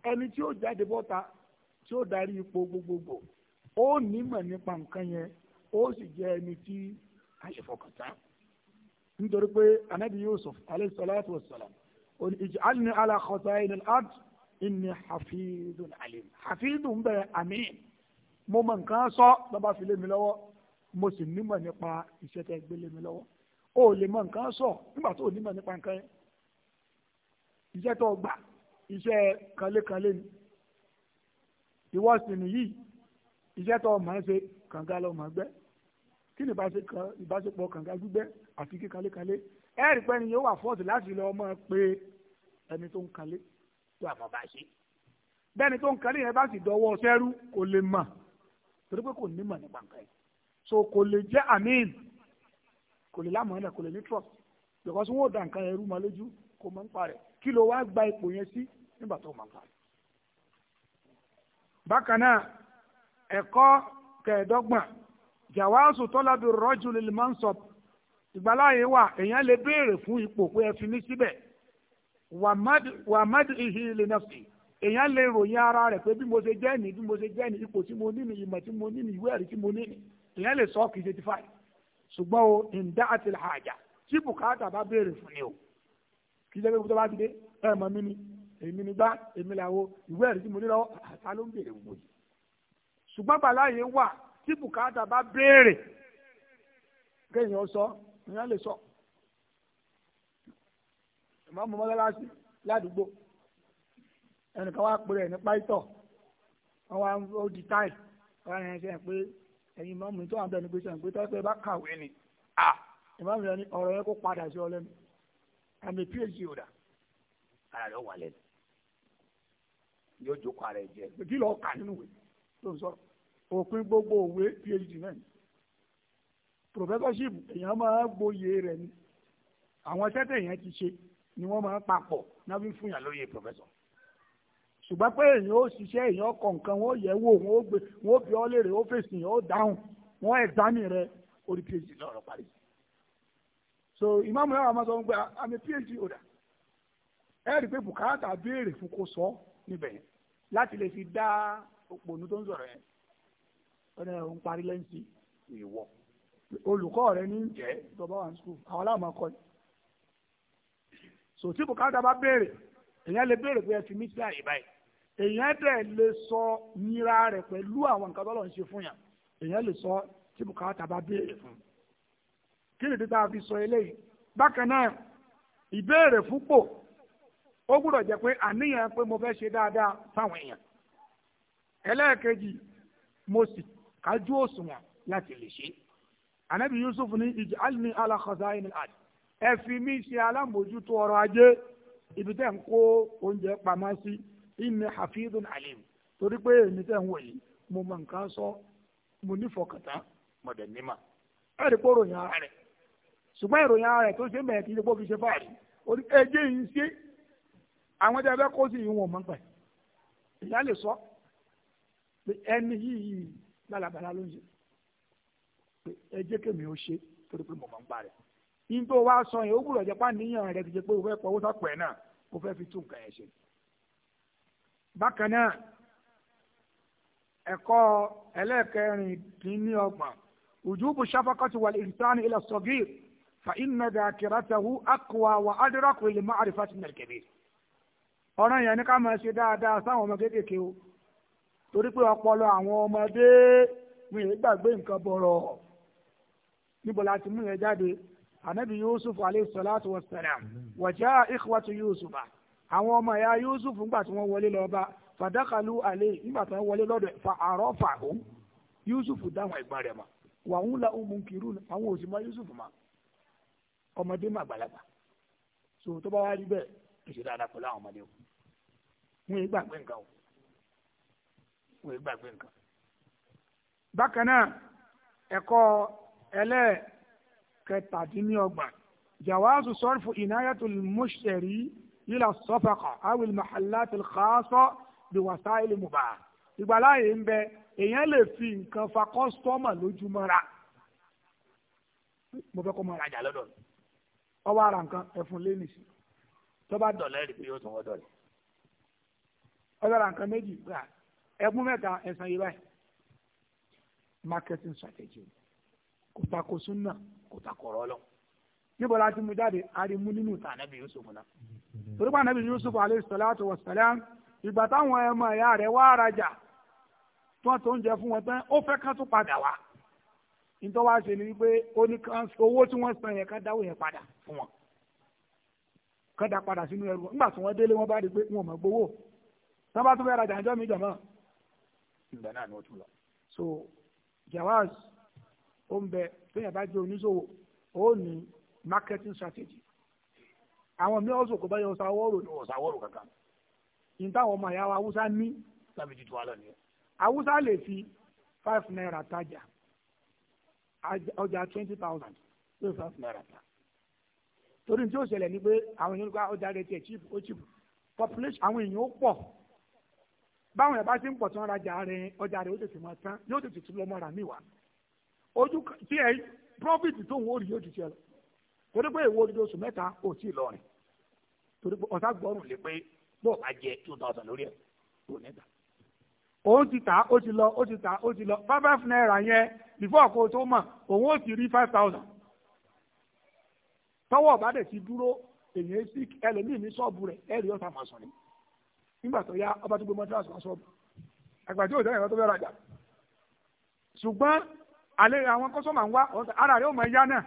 ẹni tí ó jáde bọ́ta tí ó darí ipò gbogbogbò ó nímọ̀ nípa nítorí pé anabi yusuf alayhi salatu wa salam ó ní ij'alni ala khaza'in al-ard inni hafizun alim hafizun bẹ́ẹ̀ amin mo mọ nǹkan sọ lọ́ba fi lé mi lọ́wọ́ mo sì nímọ̀ nípa iṣẹ́ tẹ́ gbé lé mi lọ́wọ́ o ò lè mọ nǹkan sọ nígbà tó o nímọ̀ nípa nǹkan yẹn iṣẹ́ tó o gbà iṣẹ́ kanlékanlé ni ìwọ sì nìyí iṣẹ́ tó o máa ṣe kànga lọ́ọ́ máa gbẹ́ kí ni ìbáṣepọ̀ kànga gbígbẹ́ àfi kí kalékalé ẹ̀rì pẹ́ ni yóò wà fọ́ọ̀tì láti lọ ọmọ pé ẹni tó ń kalé tó àmọ́ bá ṣe bẹ́ẹ̀ni tó ń kalé yẹn bá sì dọwọ́ sẹ́rú kò lè mà torí pé kò ní mà nípa nǹkan yìí so kò lè jẹ́ àmín kò lè lámọ̀ ẹ̀ kò lè ní trust because wọn ò da nǹkan ẹrú ma lójú kò máa ń parẹ́ kí ló wá gba ipò yẹn sí nígbà tó máa ń parẹ́. bákan náà ẹ̀kọ́ kẹẹ̀ẹ́dọ́gbọ̀n jàwáàsù tọ́lábì rọ́jù lil mansab ìgbàláyé wà èèyàn lè béèrè fún ipò pé ẹ fi mí síbẹ̀ wà mádì ìhì li nafsi èèyàn lè ròyìn ara rẹ̀ pé bí mo ṣe jẹ́ ní bí mo ṣe jẹ́ ní ipò tí mo ní ní ìmọ̀ tí mo ní ní ìwé ẹ̀rí tí mo ní ní èèyàn lè sọ kì í ṣe ti fà ṣùgbọ́n o ǹdá àti làjà tí bùkátà bá béèrè fún ni o kì í ṣe pé kó tó bá ti dé ẹ̀ mọ̀ mí ni èmi ni gbá èmi làwọ ìwé ẹ̀rí tí mo ní lọ́wọ́ àtàlóńgbèrè gbòòyì ṣùgbọ́n bàláyé wà tí bùkátà bá béèrè kéèyàn sọ èèyàn lè sọ ìmọ̀ọ́mù mọ́lẹ́láṣí ládùúgbò ẹnìkan wá pè rẹ̀ ní páìtọ̀ wọ́n wá ń di táì wọ́n yẹn ṣe pé ẹ̀yin ìmọ̀ọ́mù tó wà bẹ́ẹ̀ ni pé sọ̀rọ̀ pé tọ́jú pé bá kàwé ni ìmọ̀ọ́mù yẹn ni ọ̀rọ̀ yẹn kó padà sí ọ lẹ́nu àmì phd ọ̀dà ara rẹ̀ wà lẹ́nu yóò jókòó ara ẹ̀ jẹ́ kí lọ́ọ́ kà nínú ìwé tó ń sọ̀rọ̀ òpin gbogbo òwe phd náà ni professorship èèyàn máa gboyè rẹ̀ ni àwọn tẹ́tẹ̀ yẹn ti ṣe ni wọ́n máa papọ̀ náà fi fún yàn lóye professor ṣùgbọ́n pé èèyàn ó ṣiṣẹ́ èèyàn kọ̀ nǹkan wọ́n yẹ̀ wò wọ́n ó gbé wọ́n ó bí ọ́ léèrè ó fèsì yàn ó dáhùn wọ́n ẹ̀gbámì rẹ̀ orí phd lọ́rọ̀ parí so ìmáàmù náà máa sọ wọn pé àmì phd ọ̀dà ẹ rí i pé bùkátà béèrè fún kó sọ níbẹ̀ yẹn láti lè fi dá òpònú tó ń sọ̀rọ̀ yẹn ọ̀nà òun parí lẹ́ǹsì ìwọ olùkọ́ rẹ ní jẹ́ ìjọba wà ní àwọn aláàmọ́ kọ́ ni sòtí bùkátà bá béèrè èèyàn lè béèrè pé ẹ fi mí sí àyè báyìí èèyàn dẹ̀ sọ nira rẹ̀ pẹ̀lú àwọn nǹkan tọ́lọ̀ ń ṣe fún yàn èèyàn sọ tí bùkátà bá béèrè fún kí nìdí tá a fi sọ eléyìí bákan náà ìbéèrè fúnpò ó gbúdọ̀ jẹ́ pé àníyàn pé mo fẹ́ ṣe dáadáa fáwọn èèyàn ẹlẹ́ẹ̀kejì mo sì kájú òṣùwọ̀n láti lè ṣe. ànábì yusuf ní ij'alni ala khaza'inil ard ẹ fi mí ṣe alámòjútó ọrọ̀ ajé ibi tẹ́ ń kó oúnjẹ pamọ́ sí inni hafidun alim torí pé èmi tẹ́ ń wò mo mọ nǹkan sọ mo nífọkàtà ma. nímà ẹ̀rí pé ròyìn ara rẹ̀ ṣùgbọ́n ìròyìn ara rẹ̀ tó ṣe fi ṣe ẹjẹ́ yìí ṣe a kó sí ìwọ̀n mọ́ pẹ̀ ìyá lè sọ pé ẹni yìí bálabàlá ló ń ṣe ẹ jẹ́ kémi ó ṣe torí pé mo mọ̀ ń pa rẹ̀ yín tó wá sọ yẹn ó gbúdọ̀ jẹ́ pá níyàn rẹ̀ ti jẹ́ pé o fẹ́ pọ̀ owó sápò ẹ̀ náà o fẹ́ fi tún nǹkan yẹn ṣe. bákan náà ẹ̀kọ́ ẹlẹ́ẹ̀kẹrin dín ní ọgbọ̀n ojúbù ṣàfàkọ́tì wà ìrìsáni ilẹ̀ ọ̀ràn yẹn n'i ká máa ṣe dáadáa sáwọn ọmọ kéékèèké o torí pé ọpọlọ àwọn ọmọdé mi ì gbàgbé nǹkan bọ̀rọ̀ níbo la ti mú yẹn jáde anabi yusuf alayhi salatu wa salam wàjá ikhwatu yusuf àwọn ọmọ ẹ̀yà yusuf ńgbà tí wọ́n wọlé lọ́ba fàdákàlù alẹ́ nígbà tí wọ́n wọlé lọ́dọ̀ fa àárọ̀ fà ó yusuf dáhùn ẹ̀gbọ́n rẹ̀ mọ́ wà ń la ohun kìrú àwọn òsì mọ́ yusuf mọ́ ọmọdé má gbàlagbà so tó bá wá rí bẹ́ẹ̀ èsì dáadáa pẹ̀lú ọmọdé o wọ́n gbàgbé nǹkan o wọ́n gbàgbé nǹkan. bákan náà ẹ̀kọ́ ẹlẹ́ẹ̀kẹtàdínlọ́gbọ̀n jawaazu sọ́rfù ìnáyàtul mùsẹ̀rí ila sọ́fàkà awil mahalatul khaasa bi wasaili mubah. ìgbàláyè ń bẹ èèyàn lè fi nǹkan fa kọ́sítọ́mà lójúmọ́ra mo fẹ́ kọ́ mọ ìrajà lọ́dọ̀ mi ọwọ́ ara nǹkan ẹ̀fún lé nìsí tó bá pé yóò tún dọ̀lẹ́ ọwọ́ ara nǹkan méjì gbà ẹgbún mẹ́ta ẹ̀sán yìí báyìí marketing strategy kò takò súnà kò takò rọlọ níbo la ti mú jáde arimu nínú ìta anabi yusuf náà torí pé anabi yusuf alayhi salatu wa salam ìgbà táwọn ọmọ ẹ̀yà rẹ̀ wá arajà tí wọ́n tó ń jẹ fún wọn tán ó fẹ́ ká tún padà wá nítorí wá ṣe ni wípé owó tí wọ́n san yẹn ká dáwó yẹn padà fún wọn ká dá padà sínú ẹrù wọn nígbà tí wọ́n délé wọn bá rí i pé wọn ò mọ̀ gbowó tí wọ́n fẹ́ rajà ìjọ mi jọ̀ náà ìgbà náà ni so jawaz ó ń bẹ bẹ́ẹ̀ bá jẹ́ oníṣòwò ó ní marketing strategy àwọn mi ọ̀sọ̀ kò bá yọ ọ̀sàwọ́rò ní ọ̀sàwọ́rò kankan ní táwọn ọmọ ìyá wa ní fi five naira ọjà twenty thousand five naira ta torí tí ó ṣẹlẹ̀ ni pé àwọn population àwọn èèyàn ó báwọn ẹ̀bá ṣe ń pọ̀ tí wọ́n rajà rẹ̀ ọjà rẹ̀ ó tètè máa tán yóò tètè tún lọ́mọ rà míwá ojú tí ẹ profit tó ń wò rí yóò tètè lọ kò pé èwo odidi oṣù mẹ́ta ò tí ì lọrin torí pé ọ̀sá gbọ́rùn lé pé bó o bá jẹ two thousand lórí ẹ̀ kò ní ta òun ti ta ó ti lọ ó ti ta ó ti lọ five five naira yẹn before kó o tó mọ̀ òun ó ti rí five thousand tọwọ́ ọ̀bá dẹ̀ ti dúró èyí sí ẹlòmíì ní ṣọ́ọ̀bù rẹ̀ ẹ̀rí ọ̀sán màsán ni. nígbà tó yá ọba tó gbé mọ́tíráàsì wọn sọ́ọ̀bù ẹ̀rọ tó ṣùgbọ́n alẹ́ àwọn kọ́sọ́mà ń wá ara rẹ̀ mọ náà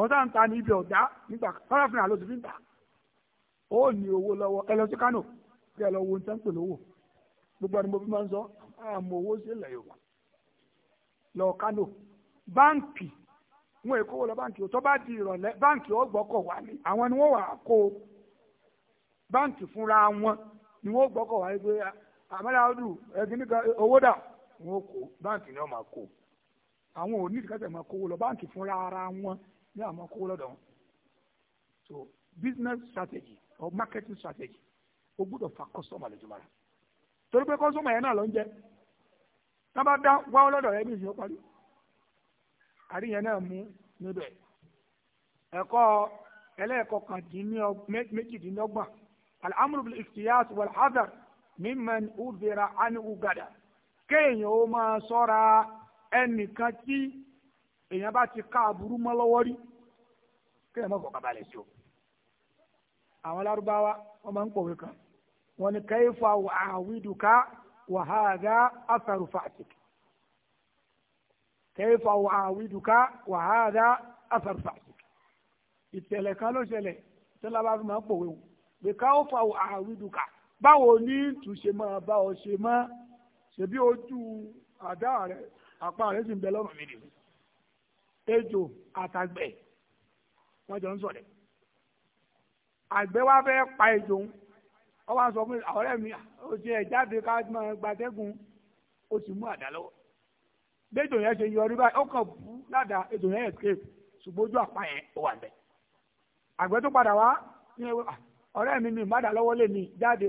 ọ̀tá ń ta ní ibi ọ̀dá nígbà àlọ́ ń ó ní owó lọ́wọ́ gbogbo ẹni mo fi máa ń sọ àmọ́ owó sí ilẹ̀ Yorùbá lọ Kánò báǹkì wọn èkó wọlé báǹkì tó bá di ìrọ̀lẹ́ báǹkì ó gbọ́kọ̀ ní àwọn ni wọ́n gbọ́kọ̀ wáyé pé àmàlà ọdún ẹ̀gbìn owó dà wọ́n kó báǹkì ni wọ́n máa kó àwọn máa kówó ara wọn ní àwọn kówó wọn so business strategy or marketing strategy o gbọ́dọ̀ fa customer lójúmọ́ rẹ̀ torí pé customer yẹn náà ló ń jẹ́ tá bá dá wáwọ́ bí ìṣòro parí náà mú الأمر بالافتياس والحذر ممن أذر عنه غدا kéèyàn ó máa ṣọ́ra ẹnìkan tí èèyàn bá ti ká aburú mọ́ lọ́wọ́ rí kéèyàn má fọkàn balẹ̀ sí o. àwọn lárúbáwá wọn máa ń pòwe kan wọn ni kẹ́hìfà àwìdùká wàhálà àfàrù fàtìk kẹ́hìfà àwìdùká wàhálà àfàrù fàtìk ìtẹ̀lẹ̀ kan ló ṣẹlẹ̀ tí wọ́n bá fi máa ń pòwe wò bìkà ó fa àwìdùkà báwo ní túnṣe máa bá ọ ṣe mọ́ ṣèbí ojú àdá rẹ àpá rẹ sì ń bẹ lọ́rùn mi nìyí ejò àtàgbẹ̀ wọ́n jọ ń sọ̀rọ̀ àgbẹ̀ wa fẹ́ pa ejò ń ọ wá sọ fún ọ̀rẹ́ mi ó ti ẹ̀ jáde ká máa gbatẹ́gùn ó sì mú àdá lọ́wọ́ bẹ́ẹ̀jọ yẹn ṣe yọrí báyìí ó kàn bú ládàá ejò yẹn escape ṣùgbọ́n ojú àpá yẹn ó wà bẹ́ẹ̀ àgbẹ̀ tó padà wá ní ẹwẹ́ ah, ọ̀rẹ́ mi mi mádà lọ́wọ́ lè mi jáde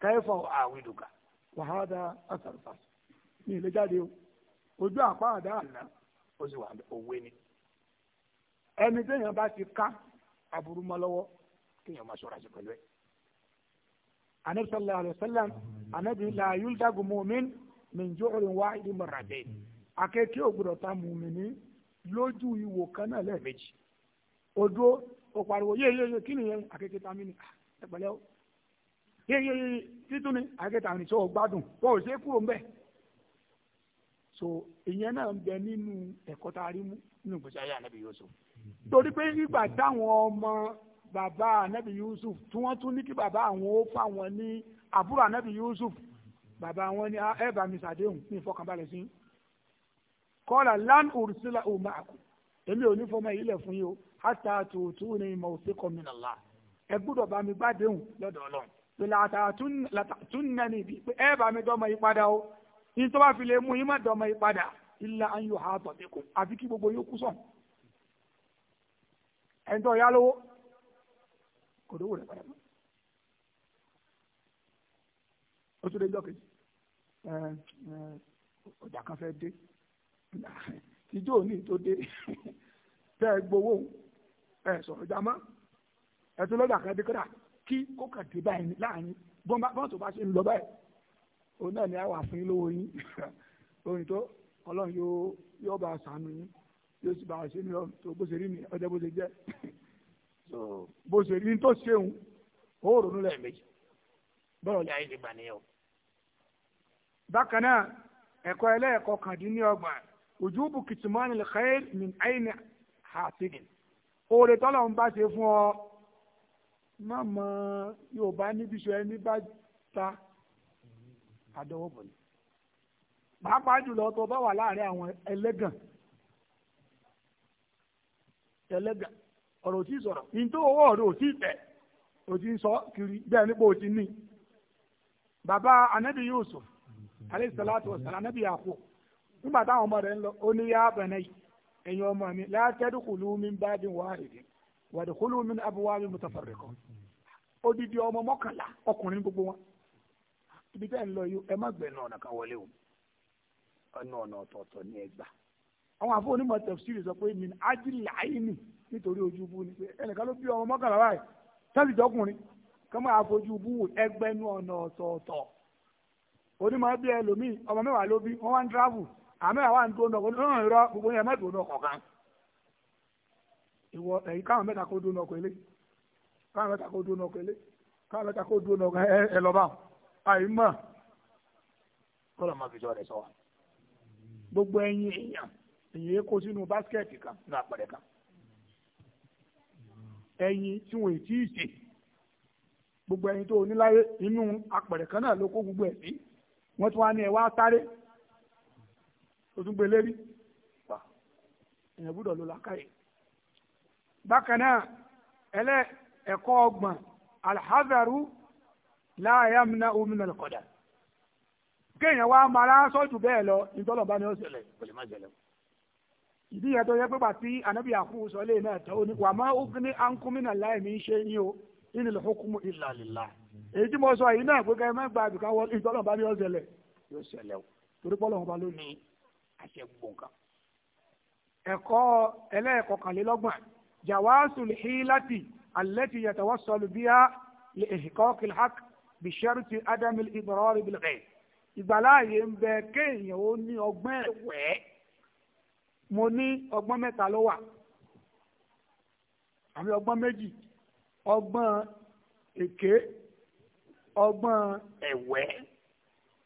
kẹfọ àwìdùkà wàhálà àtàlùfà mi lè jáde o ojú àpá àdá àná ó sì wà òwe ni ẹni téèyàn bá ti ká aburú mọ́ lọ́wọ́ kéèyàn máa ṣọ́ra sí pẹ̀lú ẹ̀. anabi sallallahu alayhi wa sallam anabi la yuldagu mu'min min ju'rin wahidin marratayn akẹ́kẹ́ ògbúdọ̀ ta mu'mini lójú ìwò kan náà lẹ́ẹ̀mejì odó o pariwo yé yé yé kí ni yẹn àkekèé ta mi ni ah, ẹ pẹ̀lẹ́ o yé yé yé títún ni àkekèé ta mi ni sọ gbádùn wọn ò ṣe é kúrò ń bẹ̀ so ìyẹn náà ń bẹ nínú ẹ̀kọ́ tá a rí mú nínú ìgbésí ayé ànábì Yusuf torí pé ìgbà táwọn ọmọ bàbá ànábì Yusuf tí wọ́n tún ní kí bàbá àwọn ó fáwọn ní àbúrò ànábì Yusuf bàbá wọn ní ah, ẹ bá mi ṣàdéhùn ní ìfọkànbalẹ̀ sí kọ́lá lan Ursula umaku èmi ò ní fọmọ ilẹ̀ fún yín o hátà tòótú ní mọ̀ọ́sẹ́kọ̀ min Allah ẹ gbọ́dọ̀ bá mi bá déhùn lọ́dọ̀ ọlọ́run pé látàtún nani bí pé ẹ bá mi dọ́mọ yìí padà o yìí tó bá fi lè mú yìí má dọ́mọ yìí padà ilà an yóò ha tọ̀ dẹ́kun àfi kí gbogbo yóò kú sàn ẹni tó yá lówó kò dówó rẹ̀ padà mọ́ ó tún lé jọ́ kejì ọjà kan fẹ́ dé ìjọ òní tó dé tẹ́ ẹ gbowó ẹ sọ̀rọ̀ jàmọ́ ẹ tún lọ́dọ̀ àkàndé kọ́dà kí kó kàn dé báyìí láàrin bọ́n tó bá ṣe ń lọ báyìí òun náà ni a wà fún yín lówó yín orin tó ọlọ́run yóò yóò bá a sànù yín yóò sì bá a ṣe nílọ tó bó ṣe rí mi ọjọ́ bó ṣe jẹ́ so bó ṣe rí tó ṣeun ó ronú lẹ́ẹ̀mejì bọ́ọ̀lù ni ayé lè gbà nìyẹn o. bákan náà ẹ̀kọ́ ẹlẹ́ẹ̀kọ́ kàndínlọ́gbọ̀n ojúbù kìtìmọ́nì lẹ́kẹ́rẹ́ min ayin hasidin oore tọ́lọ́run bá ṣe fún ọ má mọ yorùbá níbi ṣe ẹni bá ta ni pàápàá jùlọ tó bá wà láàrin àwọn ẹlẹ́gàn ẹlẹ́gàn ọ̀rọ̀ tí sọrọ. nítorí owó ọ̀rọ̀ tí tẹ, ò ń sọ kiri bẹ́ẹ̀ nípa ò ti ní bàbá anabi anabi nígbà táwọn ọmọ ń lọ ẹ̀yin ọmọ mi látẹ́dùkùlù mi bá dín wáhìdì wàdìkùlù mi abúwá mi mutafarriqun odidi ọmọ mọ́kànlá ọkùnrin gbogbo wọn ibi tẹ́ ń lọ yìí ẹ má gbẹ̀nà ọ̀nà kan wọlé o ọ̀nà ọ̀nà ọ̀tọ̀ọ̀tọ̀ ní ẹgbà àwọn àfọ onímọ̀ tẹ̀síìrì sọ pé min ájílì àyínì nítorí ojú bú ni pé ẹnìkan ló bí ọmọ mọ́kànlá báyìí tẹ́sí jọkùnrin kọ́ máa fojú bú ẹgbẹ́nu ọ̀nà ọ̀tọ̀ọ̀tọ̀ onímọ̀ bí ẹlòmíì ọmọ mẹ́wàá ló bí wọ́n wá ń tíráfù àmọ́ awa ń dúró náà kò ní ọ̀hún irọ́ gbogbo yẹn mẹ́tò náà kọ̀ọ̀kan Iwọ ẹ̀yìn káwọn mẹ́ta kó dúró náà kọ́lé káwọn mẹ́ta kó dúró náà kọ́lé káwọn mẹ́ta kó ẹ ẹ fi jọ sọ wa gbogbo ẹyin èèyàn kó sínú kan ní kan ẹyin tí wọn gbogbo ẹyin tó ní láyé kan náà ló kó gbogbo ẹ̀ sí tún wá ní ẹ wá o tún gbé e lérí pa èèyàn gbúdọ̀ ló lákàyè. bákan náà ẹlẹ́ ẹ̀kọ́ alhazaru láàyàmúná omínà lọ́kọ̀dà kéèyàn wá máa sọ́jú bẹ́ẹ̀ lọ ni ó ṣẹlẹ̀ kò lè má ṣẹlẹ̀ ìdí yẹn tó yẹ pé bàtí anábì àkúrú sọ lé náà tó ní wàmọ́ ṣe ní o nínú ìlọ́kùnmù ìlà lílà èyí tí mo sọ yìí náà àbíká ni ó ṣẹlẹ̀ yóò ṣẹlẹ̀ o torí ló ní àṣẹ gbogbo nǹkan. ẹ̀kọ́ ẹlẹ́ẹ̀kọkànlélọ́gbọ̀n jawaasu lihilati alẹ́tì yatawassalu biha lè èhìkọ́ kìlhák bisharuti adami ibrahim bilghayb ìgbàláàyè ń bẹ kéèyàn ó ní ọgbọ́n ẹ̀wẹ́ mo ní ọgbọ́n mẹ́ta ló wà àmì ọgbọ́n méjì ọgbọ́n èké ọgbọ́n ẹ̀wẹ́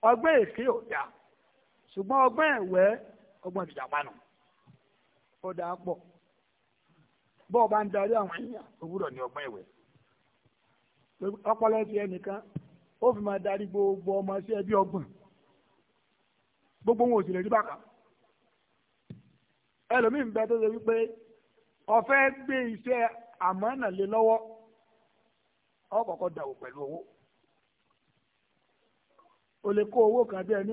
ọgbọ́n èké ò dáa ṣùgbọ́n ọgbọ́n ẹ̀wẹ́ ọgbọ́n ìjàpá nù ó dáa pọ̀ bọ́ ọ bá ń darí àwọn èèyàn òwúrọ̀ ní ọgbọ́n ẹ̀wẹ́ ọpọlọ ẹnìkan ó fi máa darí gbogbo ọmọ sí ẹbí ọgbọ̀n gbogbo wọn ò sì lè rí bàkà ẹlòmíín bẹ tó ṣe wípé gbé àmọ́nà lé lọ́wọ́ ọkọ̀ọ̀kọ̀ pẹ̀lú owó o lè kó owó kan bí ẹni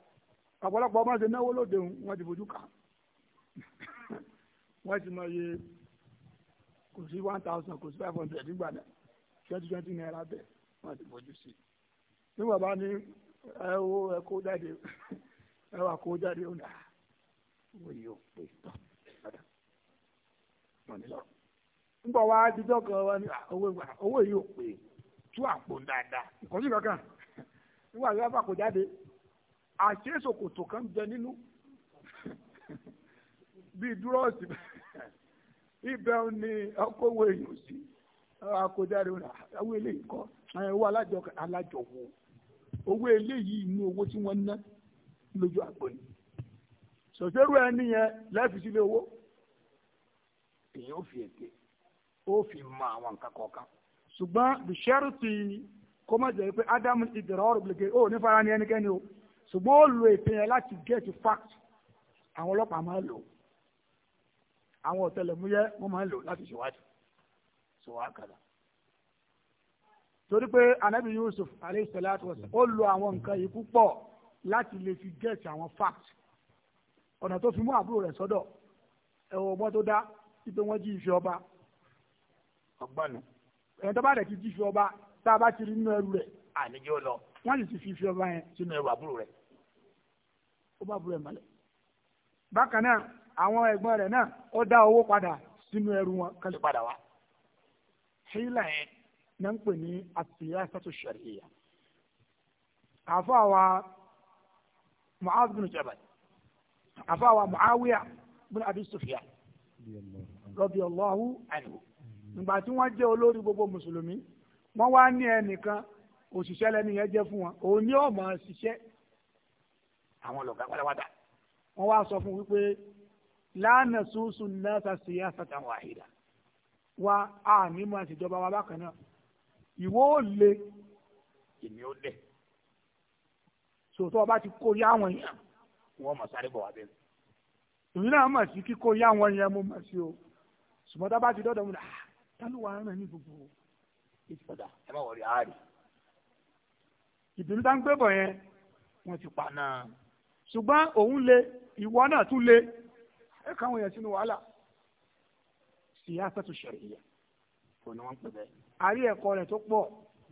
ọ̀pọ̀lọpọ̀ ọmọ ṣe náwó lóde wọn ti fojú kà wọ́n ti mọ iye kò sí one thousand kò sí five hundred nígbà náà twenty twenty naira bẹ́ẹ̀ wọ́n ti fojú sí i ní bàbá ní ẹ wo ẹ kó jáde ẹ wà kó jáde ó nà yóò pè tán padà wọ́n ní lọ́rùn nbọ wa adijọ kan wa ni ah, owó ìwà owó yìí ò pè tú àpò dáadáa nǹkan sí kankan nígbà tí wọ́n bá kó jáde àṣé kan jẹ nínú bíi dúrọ́ọ̀sì ibẹ̀ ni ọkọ̀wé èèyàn sí akọ̀dáre àwọn eléyìí kọ́ owó alájọ owó eléyìí ní owó tí wọ́n ná lójú yi ni sọ̀tẹ́rù ẹni yẹn láìfi owó èèyàn ò fi ète ó fi mọ àwọn nǹkan kọ̀ọ̀kan ṣùgbọ́n bìṣẹ́rù ti kó pé ádámù ọ̀rọ̀ ó o. ṣùgbọ́n ó lo ètò yẹn láti get fact àwọn ọlọ́pàá máa ń lò àwọn ọ̀tẹlẹ̀múyẹ́ wọ́n máa ń lò láti ṣèwádìí ṣòwò kàdà torí pé anabi yusuf alayhi salatu wa sallam ó lo àwọn nǹkan yìí púpọ̀ láti lè fi get àwọn fact ọ̀nà tó fi mú àbúrò rẹ̀ sọ́dọ̀ ẹ̀wọ̀n ọgbọ́n tó dá wípé wọ́n jí ife ọba ọgbọ́n ẹ̀yìn tó bá dẹ̀ ti jí ife ọba tá a bá ti rí nínú ẹrù rẹ̀ àníjó lọ wọ́n sì ti fi ife ọba yẹn sínú ẹrù àbúrò rẹ̀ ó bá burú ẹ̀ mọ́lẹ̀. bákan náà àwọn ẹ̀gbọ́n rẹ̀ náà ó dá owó padà sínú ẹrù wọn kálí padà wá. hílà yẹn náà ń pè ní as-siyasatu shar'iyya. àfọ àwa Mu'adh bin Jabal àfọ àwa Mu'awiya bin Abi Sufyan radiyallahu anhu. nígbà tí wọ́n jẹ́ olórí gbogbo mùsùlùmí wọ́n wá ní ẹnìkan òṣìṣẹ́ lẹ́nu yẹn jẹ́ fún wọn òun ni ó máa ṣiṣẹ́ àwọn lọ̀gá pátápátá wọ́n wá sọ fún wípé lánà sùúsù náà siyasata wahida wa àmì máa ṣèjọba wa bákan náà ìwọ ò lè èmi ò lè sòtọ́ ọba ti kó yá àwọn èèyàn wọ́n mọ̀ sáré bọ̀ wá bẹ́ẹ̀ èmi náà mọ̀ sí kíkó yá àwọn èèyàn mo mọ̀ sí o ṣùgbọ́n bá ti dọ́dọ̀ mu náà tálù wà rán ní gbogbo ìtìpadà ẹ má wọrí àárẹ̀ ìdùnnú tá ń gbé bọ̀ yẹn wọ́n ti pa náà ṣùgbọ́n òun le ìwọ náà tún le ẹ káwọn èèyàn sínú wàhálà siyasatu shar'iyya kò ní wọ́n pè bẹ́ẹ̀. àrí ẹ̀kọ́ rẹ̀ tó pọ̀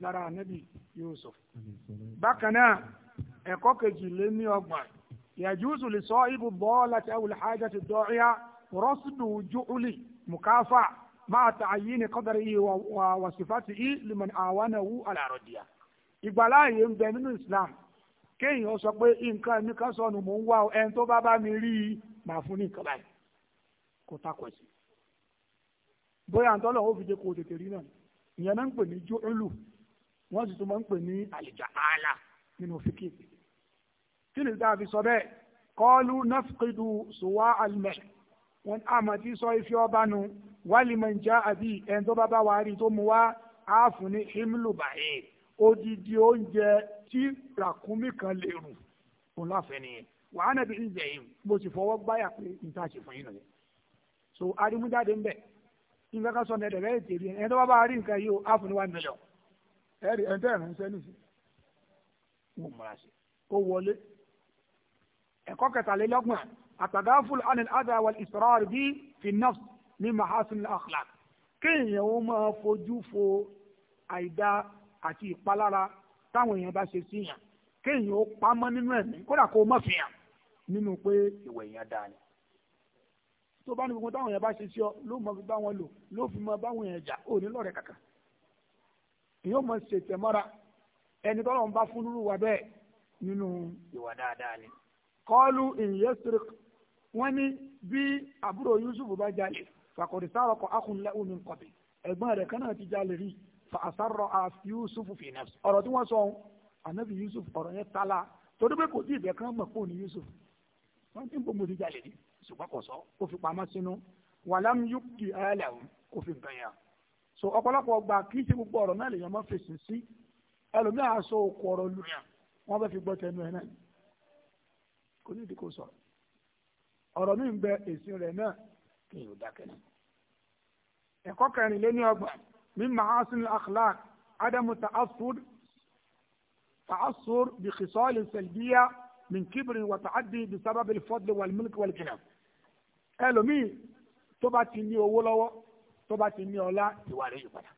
lára ànábì Yusuf bákan náà ẹ̀kọ́ kejì lé ní ọgbọ̀n yajuzu li sahibi dhalati aw al-hajati ad-da'iya rasdu ju'li mukafa máa ta àyè ní kọ́dọ̀rọ̀ yìí wà wà sífàtì yìí liman àwa náà wú àlàrọ̀dìyà ìgbàláàyè ń bẹ nínú Islam kéèyàn sọ pé nǹkan ẹ̀mí kan sọnù mò ń wá ẹni tó bá bá mi rí i màá fún ní nǹkan báyìí kò takọ̀ sí bóyá àǹtọ́ lọ́wọ́ fi jẹ́ kó o tètè rí náà ìyẹn náà ń pè ní jóòlù wọ́n sì tún máa ń pè ní àlìjà ààlà nínú fíkì kí ni dáa fi sọ bẹ́ẹ̀ kọ́ọ́lù náfìkìdù sùwà àlùmẹ̀ wọn àmọ́ tí sọ ife ọba nu wálé máa ń já àbí ẹni tó bá bá wa rí tó mu wá á ní tí ràkúnmí kan lè rùn òun láfẹ́ nìyẹn wàá nàbí ìjẹ yìí mo sì fọwọ́ gbáyà pé n ta ṣe fún yín nìyẹn so arimujáde ń bẹ̀ nígbà kan sọ ní ẹ̀dẹ̀ bẹ́ẹ̀ tèmi ẹ̀ tó bá bá rí nǹkan yìí o á fún ní one million ẹ̀rí ẹ̀ tẹ́ ìrànṣẹ́ nìyí wọ́n múra sí ó wọlé ẹ̀kọ́ kẹtàlélọ́gbọ̀n àtàgáfùl anil adáwàl ìsọ̀rọ̀ bí fi ní mahasin akhlaq kéèyàn ó máa fojú fo àìdá àti ìpalára táwọn èèyàn bá ṣe síyàn kéèyàn ó pamọ́ nínú ẹ̀mí kódà kó mọ̀ fìyàn nínú pé ìwà èèyàn dáa ni tó bá ní gbogbo táwọn èèyàn bá ṣe sí ọ ló mọ fi bá wọn lò ló fi mọ báwọn èèyàn jà ò ní lọ́rẹ̀ kàkà èèyàn mọ ṣètẹ̀ mọ́ra ẹni tọ́lọ́ ń bá fún lúrú wa bẹ́ẹ̀ nínú ìwà dáadáa ni kọ́ọ́lù ìyẹ́sìrì wọ́n ní bí àbúrò Yusuf bá jalè fàkọ̀dé sáwọ́kọ̀ akùnlẹ̀ omi nkọ̀bì ẹ̀gbọ́n rẹ̀ kan náà ti jalè rí fàṣàrọ̀ Yusuf fi nafsi ọ̀rọ̀ tí wọ́n sọ ohun ànábì Yusuf ọ̀rọ̀ yẹn tala torí pé kò tí ì dẹ́kan mọ̀ fóònù Yusuf wọ́n ti ń bọ̀ mọ́tò jalè ní ṣùgbọ́n kò sọ ó fi pamọ́ sínú wàlámù yúkì ayálẹ̀ ọ̀hún ó fi nǹkan yà so ọ̀pọ̀lọpọ̀ ọgbà kì í ṣe gbogbo ọ̀rọ̀ náà lèèyàn máa fèsì sí ẹlòmíà aṣọ òkú ọ̀rọ̀ lùyàn wọ́n fẹ́ fi gbọ́ tẹnu ẹ̀ náà kò ní ìdíkò sọ̀rọ̀ ọ̀rọ̀ من محاسن الأخلاق عدم التأثر تعصر بخصال سلبية من كبر وتعدي بسبب الفضل والملك والكلام ẹlòmíì tó bá ti ní owó lọ́wọ́ tó bá ti ní ọlá ìwà rẹ̀ yìí padà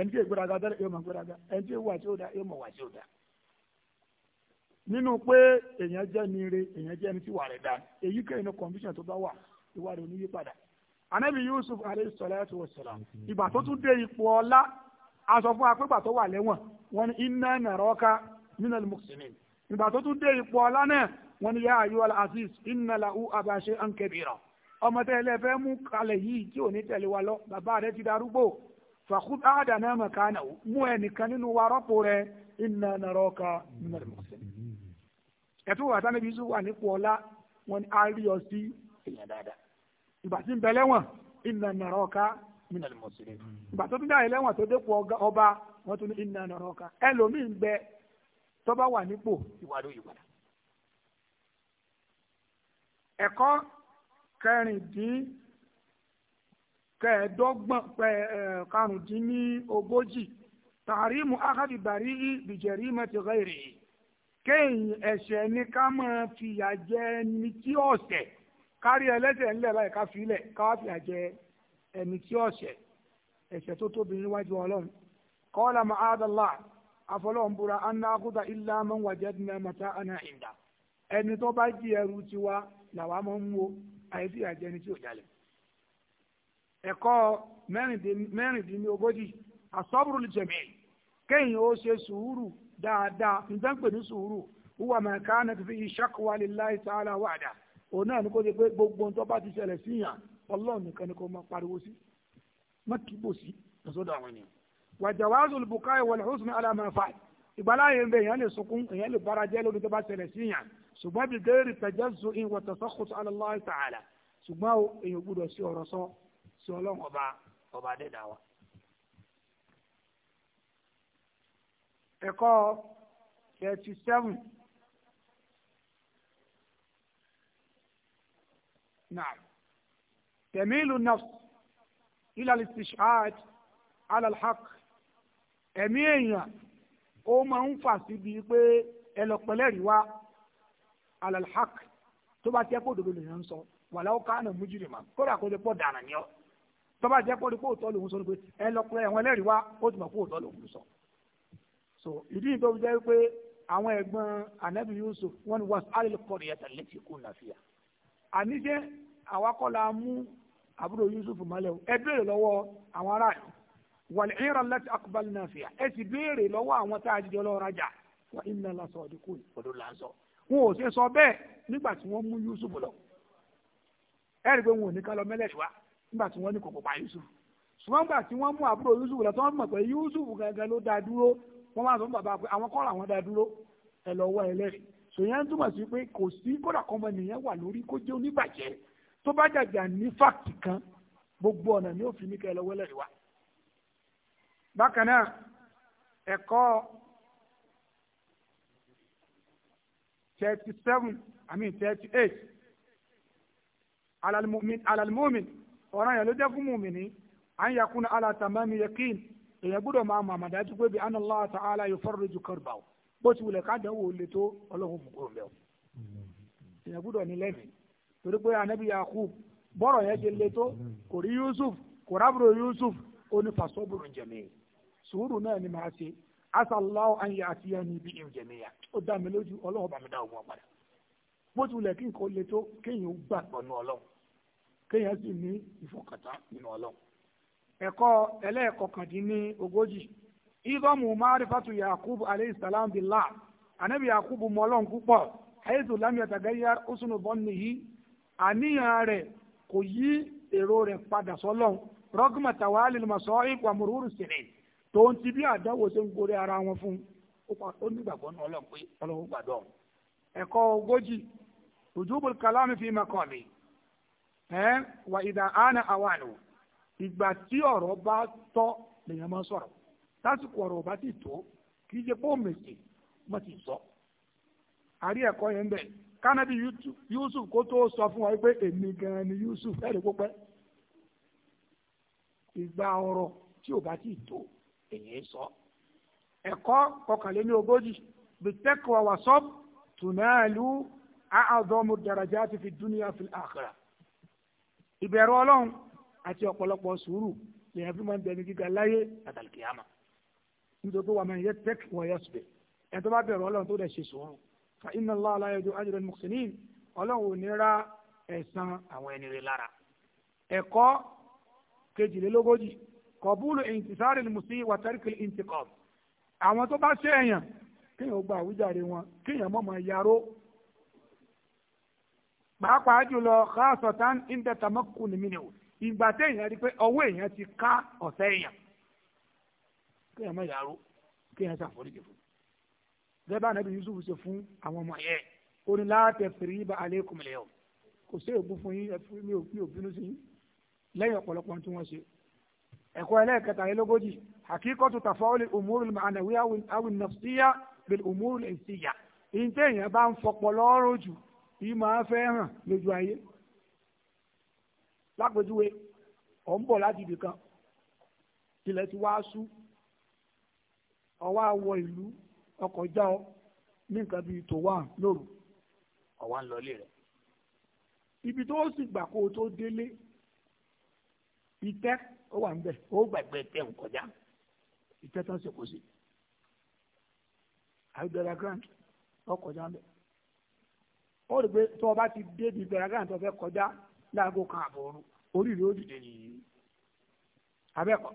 ẹni tí ìgbéraga dára yóò máa gbéraga ẹni tí ìwà tí ó da yóò máa wà tí ó da nínú pé èèyàn jẹ́ ní ire èèyàn jẹ́ ẹni tí ìwà rẹ̀ da èyíkéyìí ní condition tó bá wà ìwà rẹ̀ ò ní yí padà anabi yusuf alayhi salatu wa salam ìgbà tó tún dé ipò ọlá aṣọ fún apẹ́gbà tó wà lẹ́wọ̀n wọn ni inna naraka minal muhsinin ìgbà tó tún dé ipò ọlá náà wọn ni yá ayyuhal aziz inna lahu aba shay'an kabira ọmọ tẹ́ ilé fẹ́ mú kalẹ̀ yìí tí ò ní tẹ̀lé wa lọ bàbá rẹ ti darúgbó fàkú àdànà màkánà mú ẹnìkan nínú wa rọ́pò rẹ inna naraka minal muhsinin ẹ̀tún wà sanabi yusuf wà nípò ọlá wọn ni a rí ọ sí èèyàn dáadáa ìgbà si ń bẹ lẹ́wọ̀n iná nàrà ọ̀ka mìnà lè mọ̀ sí ìgbà ọba wọ́n tún ní iná nàrà ọ̀ka ẹlòmíì ń bẹ tó wà nípò ìwádò ìwádà. ẹ̀kọ́ kẹrìndínlẹ́ẹ̀dọ́gbọ̀n karùndínlógójì tàrímù ákàdìbàrí bìjẹ̀rí mẹ́tìrẹ́rì kéèyàn ẹ̀ṣẹ̀ ní ká máa fìyà jẹ ẹni tí ọ̀sẹ̀. kárí ẹlẹ́ṣẹ̀ ńlẹ̀ báyìí ká filẹ̀ káwá fi àjẹ ẹni tí ọ̀ṣẹ̀ ẹ̀ṣẹ̀ tó tóbi níwájú ọlọ́run kọ́lá ma'adala afọlọ́run búra anáhùdà ilá máa ń wàjẹ́ ní ẹ̀mọ́ta àná ìdá ẹni tó bá jí ẹrù tiwa làwa máa ń wo àyèsí àjẹ ẹni tí ò jalè. ẹ̀kọ́ mẹ́rìndínlógójì asọ́bùrù lè jẹ̀mí kéèyàn ó ṣe sùúrù dáadáa ǹjẹ́ ń pè ní sùúrù wúwa màkà fi ìṣàkùwálé láì sáà òun náà ní kó ṣe pé gbogbo ohun tó bá ti ṣẹlẹ̀ síyàn ọlọ́run nìkan ni kó máa pariwo sí má kì í bò sí lọ́sọ́dọ̀ àwọn ènìyàn. wàjà wàá zòlù bùkà ìwọlẹ̀ ó sì ní alámà fà ìgbàláyé ń bẹ èèyàn lè sunkún èèyàn lè bára jẹ́ lórí tó bá ṣẹlẹ̀ síyàn ṣùgbọ́n bí gẹ́rì tẹ̀jẹ́ zu in wọ̀tọ̀ sọ́kùtù aláláhi tààlà ṣùgbọ́n èèyàn gbúdọ̀ sí ọ̀rọ̀ sọ sí ọlọ́run نعم تميل النفس إلى الاستشهاد على الحق ẹ̀mí èèyàn ó máa ń fà síbi pé ẹ lọ pẹ̀lẹ́ rí wa على الحق tó bá jẹ́ pé òdodo lèèyàn ń sọ walau kana mujriman kódà kó lè pọ̀ dànù ni ọ́ tó bá jẹ́ pé òdodo òótọ́ lòun sọ ni pé ẹ lọ pẹ̀lẹ́ ẹ̀wọ̀n ẹlẹ́rìí wa ó ti mọ̀ pé òótọ́ lòun sọ. so ìdí yìí tó fi jẹ́ pé àwọn ẹ̀gbọ́n anabi Yusuf wọ́n ní wàásù alẹ́ kọ́ni yẹn tẹ̀lé ti kú nàfíà àníjẹ́ àwa kọ́ la mú àbúrò Yusuf mọ́lẹ̀ o ẹ béèrè lọ́wọ́ àwọn ará wàlẹ̀ ìran láti akubali náà fìyà ẹ sì béèrè lọ́wọ́ àwọn tá a jíjọ lọ́ọ́ rajà wà ìnà lásán ọdún kù ọdún lásán wọn ò ṣe sọ bẹ́ẹ̀ nígbà tí wọ́n mú Yusuf lọ ẹ rí pé wọn ò ní ká lọ mẹ́lẹ̀dì wá nígbà tí wọ́n ní kòkò pa Yusuf ṣùgbọ́n gbà tí wọ́n mú àbúrò Yusuf lọ tí wọ́n mọ̀ pé Yusuf gangan ló dá dúró wọ́n máa sọ fún bàbá pé àwọn kọ́ làwọn dá dúró ẹ lọ wọ ẹlẹ́rìí sòyẹn túmọ̀ sí pé kò sí kódà kọ́mọ nìyẹn wà lórí kó jẹ́ oníbàjẹ́ tó bá jàjà ní fáàkì kan gbogbo ọ̀nà ni ó fi ní kẹlẹ́ wẹ́lẹ́rì wá. bákan náà ẹ̀kọ́ thirty seven i mean thirty eight alalmumin alalmumin ọ̀ràn yẹn ló jẹ́ fún mùmìnì à ń yakuna alatamami yakin èèyàn gbọ́dọ̀ máa mọ̀ àmàdájú pé bí anna Allah ta'ala yufarriju karbaw bó ti wulẹ̀ ká dánwò lè tó ọlọ́run mú kúrò mẹ́wọ̀ mm-hmm. èèyàn gbọ́dọ̀ ní lẹ́mìí. torí pé anabi yakub bọ́rọ̀ yẹn ti leto kò rí yusuf kò rábùrò yusuf ó ní fasọ́bùrù jẹ̀mí sùúrù náà ni màá ṣe asàlọ́ àyè àti ẹni bí ìjẹ̀mí yá ó dá mi lójú ọlọ́run bá dá ogun ọ̀padà bó tilẹ̀ kí nǹkan le kéèyàn gbàgbọ́ nù ọlọ́run kéèyàn sì ní ìfọkàntán nínú ẹ̀kọ́ ẹlẹ́ẹ̀kọkàndínní ogójì fatu yakub salam anabi àníyàn rẹ̀ kò yí èrò rẹ̀ padà sọ́lọ́n rọ́gùmà tàwálì lùmọ̀sọ́ ìpò àmúrúurú sílẹ̀ tó ń ti bí àdáwò ṣe ń gorí ara wọn fún ó nígbàgbọ́ náà ọlọ́run pé ọlọ́run gbàdọ̀ ẹ̀kọ́ ogójì ojúbùl kàlámì fi máa kọ̀ mí ẹ̀ wà ìdá àánà àwàlù ìgbà tí ọ̀rọ̀ bá tọ́ lèèyàn máa sọ̀rọ̀ lásìkò ọ̀rọ̀ bá ti tó kì í ṣe pé ti sọ àrí ẹ̀kọ́ yẹn bẹ́ẹ̀ kánábì yusuf kó tó sọ fún wa pé èmi gan ni yusuf ẹ̀rí pópẹ́ ìgbà ọ̀rọ̀ tí ò bá tíì tó èyí sọ ẹ̀kọ́ kọkànléní ogójì bitakwa wa sab tunalu a'adhamu darajati fi dunya fil akhirah ìbẹ̀rù ọlọ́run àti ọ̀pọ̀lọpọ̀ sùúrù lèyàn fi máa ń dẹni gíga láyé àtàlùkìyàmà nítorí pé wàá máa yẹ tẹ́kì wọ́n yẹ sùbẹ̀ ẹ̀ tó bá bẹ̀rù ọlọ́run tó dẹ̀ ṣe sùúrù fa inna Allah la yadu ajra al-muhsinin ọlọ́run ò ní ra ẹ̀san àwọn ẹni rẹ̀ lára ẹ̀kọ́ kejìlélógójì kọ̀bùlù intisari al-musi wa tarki al-intiqam àwọn tó bá ṣe èèyàn kéèyàn ó gba àwíjàre wọn kéèyàn mọ̀ mọ̀ yaró pàápàá jùlọ káàsọ̀tàn ìdẹ̀tàmọ́kù ni mí ni o ìgbà téèyàn rí pé ọwọ́ èèyàn ti ká ọ̀sẹ̀ èèyàn kéèyàn mọ̀ yaró kéèyàn ṣàforíjì fún gẹ́gẹ́ bá anabi yusuf ṣe fún àwọn ọmọ yẹn ó ní láti fèrè ibà alẹ́ kùmìlẹ̀ o kò sí ègbó fún yín mi ò bínú sí yín lẹ́yìn tí wọ́n ṣe ẹ̀kọ́ ẹlẹ́ẹ̀kẹtàlélógójì àkíkọ́tù tàfọ́ọ́lì umuru ma'anawi awin nafsiya bil umuru insiya ìǹtẹ́ èèyàn bá ń fọpọ̀ lọ́rọ̀ jù yìí máa fẹ́ hàn lójú ayé lápèjúwe ọ̀ ń bọ̀ láti ibì tilẹ̀ ti wá sú ọwọ́ àwọ ìlú ọkọ̀ já ọ ní nǹkan bíi tó wà lóru ọ̀wá ń lọlé rẹ̀ ibi tó sì gbà kó o tó délé ìtẹ́ ó wà níbẹ̀ ó gbàgbé tẹ̀ ń kọjá ìtẹ́ tán sì kó sí àyùbẹ̀rẹ̀ grand ọkọ̀ já ń ó rí i pé tó o bá ti dé ibi ìbẹ̀rẹ̀ grand tó fẹ́ kọjá láago kan àbọ̀ orí rẹ̀ ó dìde nìyí abẹ́kọ̀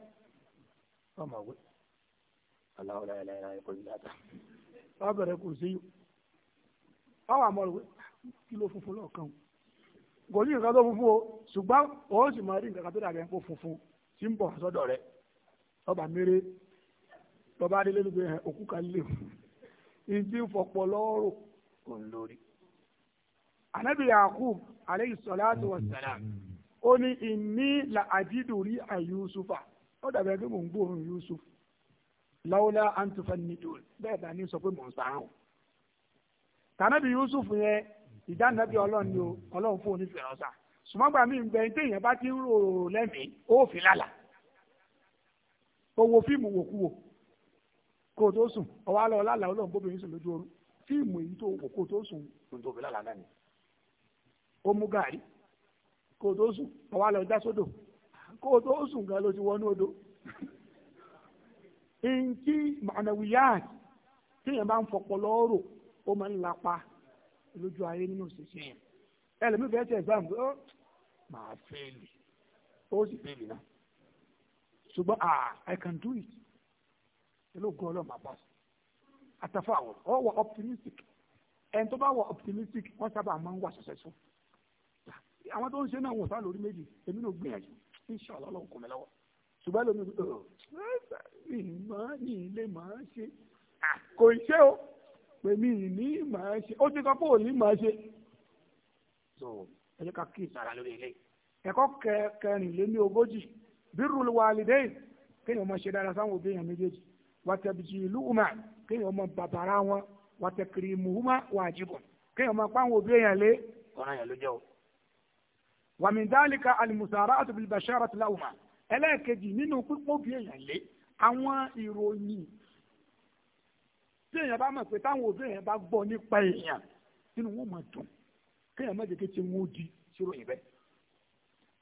ọmọ òwe aláwọ̀lá ẹ̀lá ẹ̀lá ẹ̀kọ́ yìí láta. wọ́n bẹ̀rẹ̀ kò sí ọ́ àmọ́ rẹ̀ kí ló funfun lọ́ọ̀kan kò ní nǹkan tó funfun o ṣùgbọ́n ó sì máa rí nǹkan tó dàbẹ̀ ń kó funfun tí ń bọ̀ sọ́dọ̀ ọba mẹ́rẹ́ bàbá adélé ló gbé òkú kan lè ní tí anabi yakub aleyhi salatu wa salam ó ní ìní la àdídùrí àyùsùfà ó dàbẹ̀ pé mò ń yusuf lawla antifannidun bẹ́ẹ̀ bá ní sọ pé mò ń sàárùn. tànàbí Yusuf yẹn ìdánilẹ́bí ọlọ́run ni ọlọ́run fún onífẹ̀ẹ́ ọ̀sà sùmọ́gbà mi ń bẹ ní téèyàn bá ti ń rò lẹ́mìí ó fi lálà owó fíìmù wòkúwò kó o tó sùn ọwọ́ alọ́ lálà ọlọ́run bóbìnrin sùn lójú oorun fíìmù èyí tó wò kó o tó sùn lòun tó fi lálà náà ni ó mú gàrí kó o tó sùn ọwọ́ alọ́ já sódò kó o tó sùn gan ló ti wọnú odò ntí mọ̀nàwíyáàt tíyẹn bá ń fọpọlọ rò ó máa ń lapa lójú ayé nínú òṣìṣẹ́ yẹn ẹlẹ́mìí fẹ́ẹ́ ṣe exam pé ó máa fẹ́ẹ̀lì ó sì fẹ́ẹ̀lì náà ṣùgbọ́n ah I can do it ẹlò gan ọlọ́ọ̀ máa pass àtàfà àwọn ọ wọ optimistic ẹni tó bá wọ optimistic wọ́n sábà máa ń wà successful àwọn tó ń ṣe náà wọ̀ sá lórí méjì èmi náà gbìyànjú inshallah ọlọ́run kò mí lọ́wọ́ ṣùgbọ́n lómi oh, ìmọ̀ ní ilé màá ṣe kò ṣe o pèmí ìní màá ṣe ó ti kọ́ pé òní màá ṣe. so ẹ ká kí ìsara lórí ilé ẹ̀kọ́ kẹrìnléní ogójì birrul walidain kéèyàn máa ṣe dára sáwọn òbí èèyàn méjèèjì watabjiluhuma kéèyàn máa bàbàrà wọn watakrimuhuma wajibun kéèyàn máa pa òbí èèyàn lé ọ̀ràn yẹn ló jẹ́ o. wa min dhalika al-musara'atu bil ẹlẹ́ẹ̀kejì nínú pípọ̀ bí èèyàn lé àwọn ìròyìn tí èèyàn bá mọ̀ pé táwọn òbí èèyàn bá gbọ́ nípa èèyàn nínú wọn mọ̀ dùn kéèyàn má jẹ́ kí tí wọ́n di sírò yìí bẹ́ẹ̀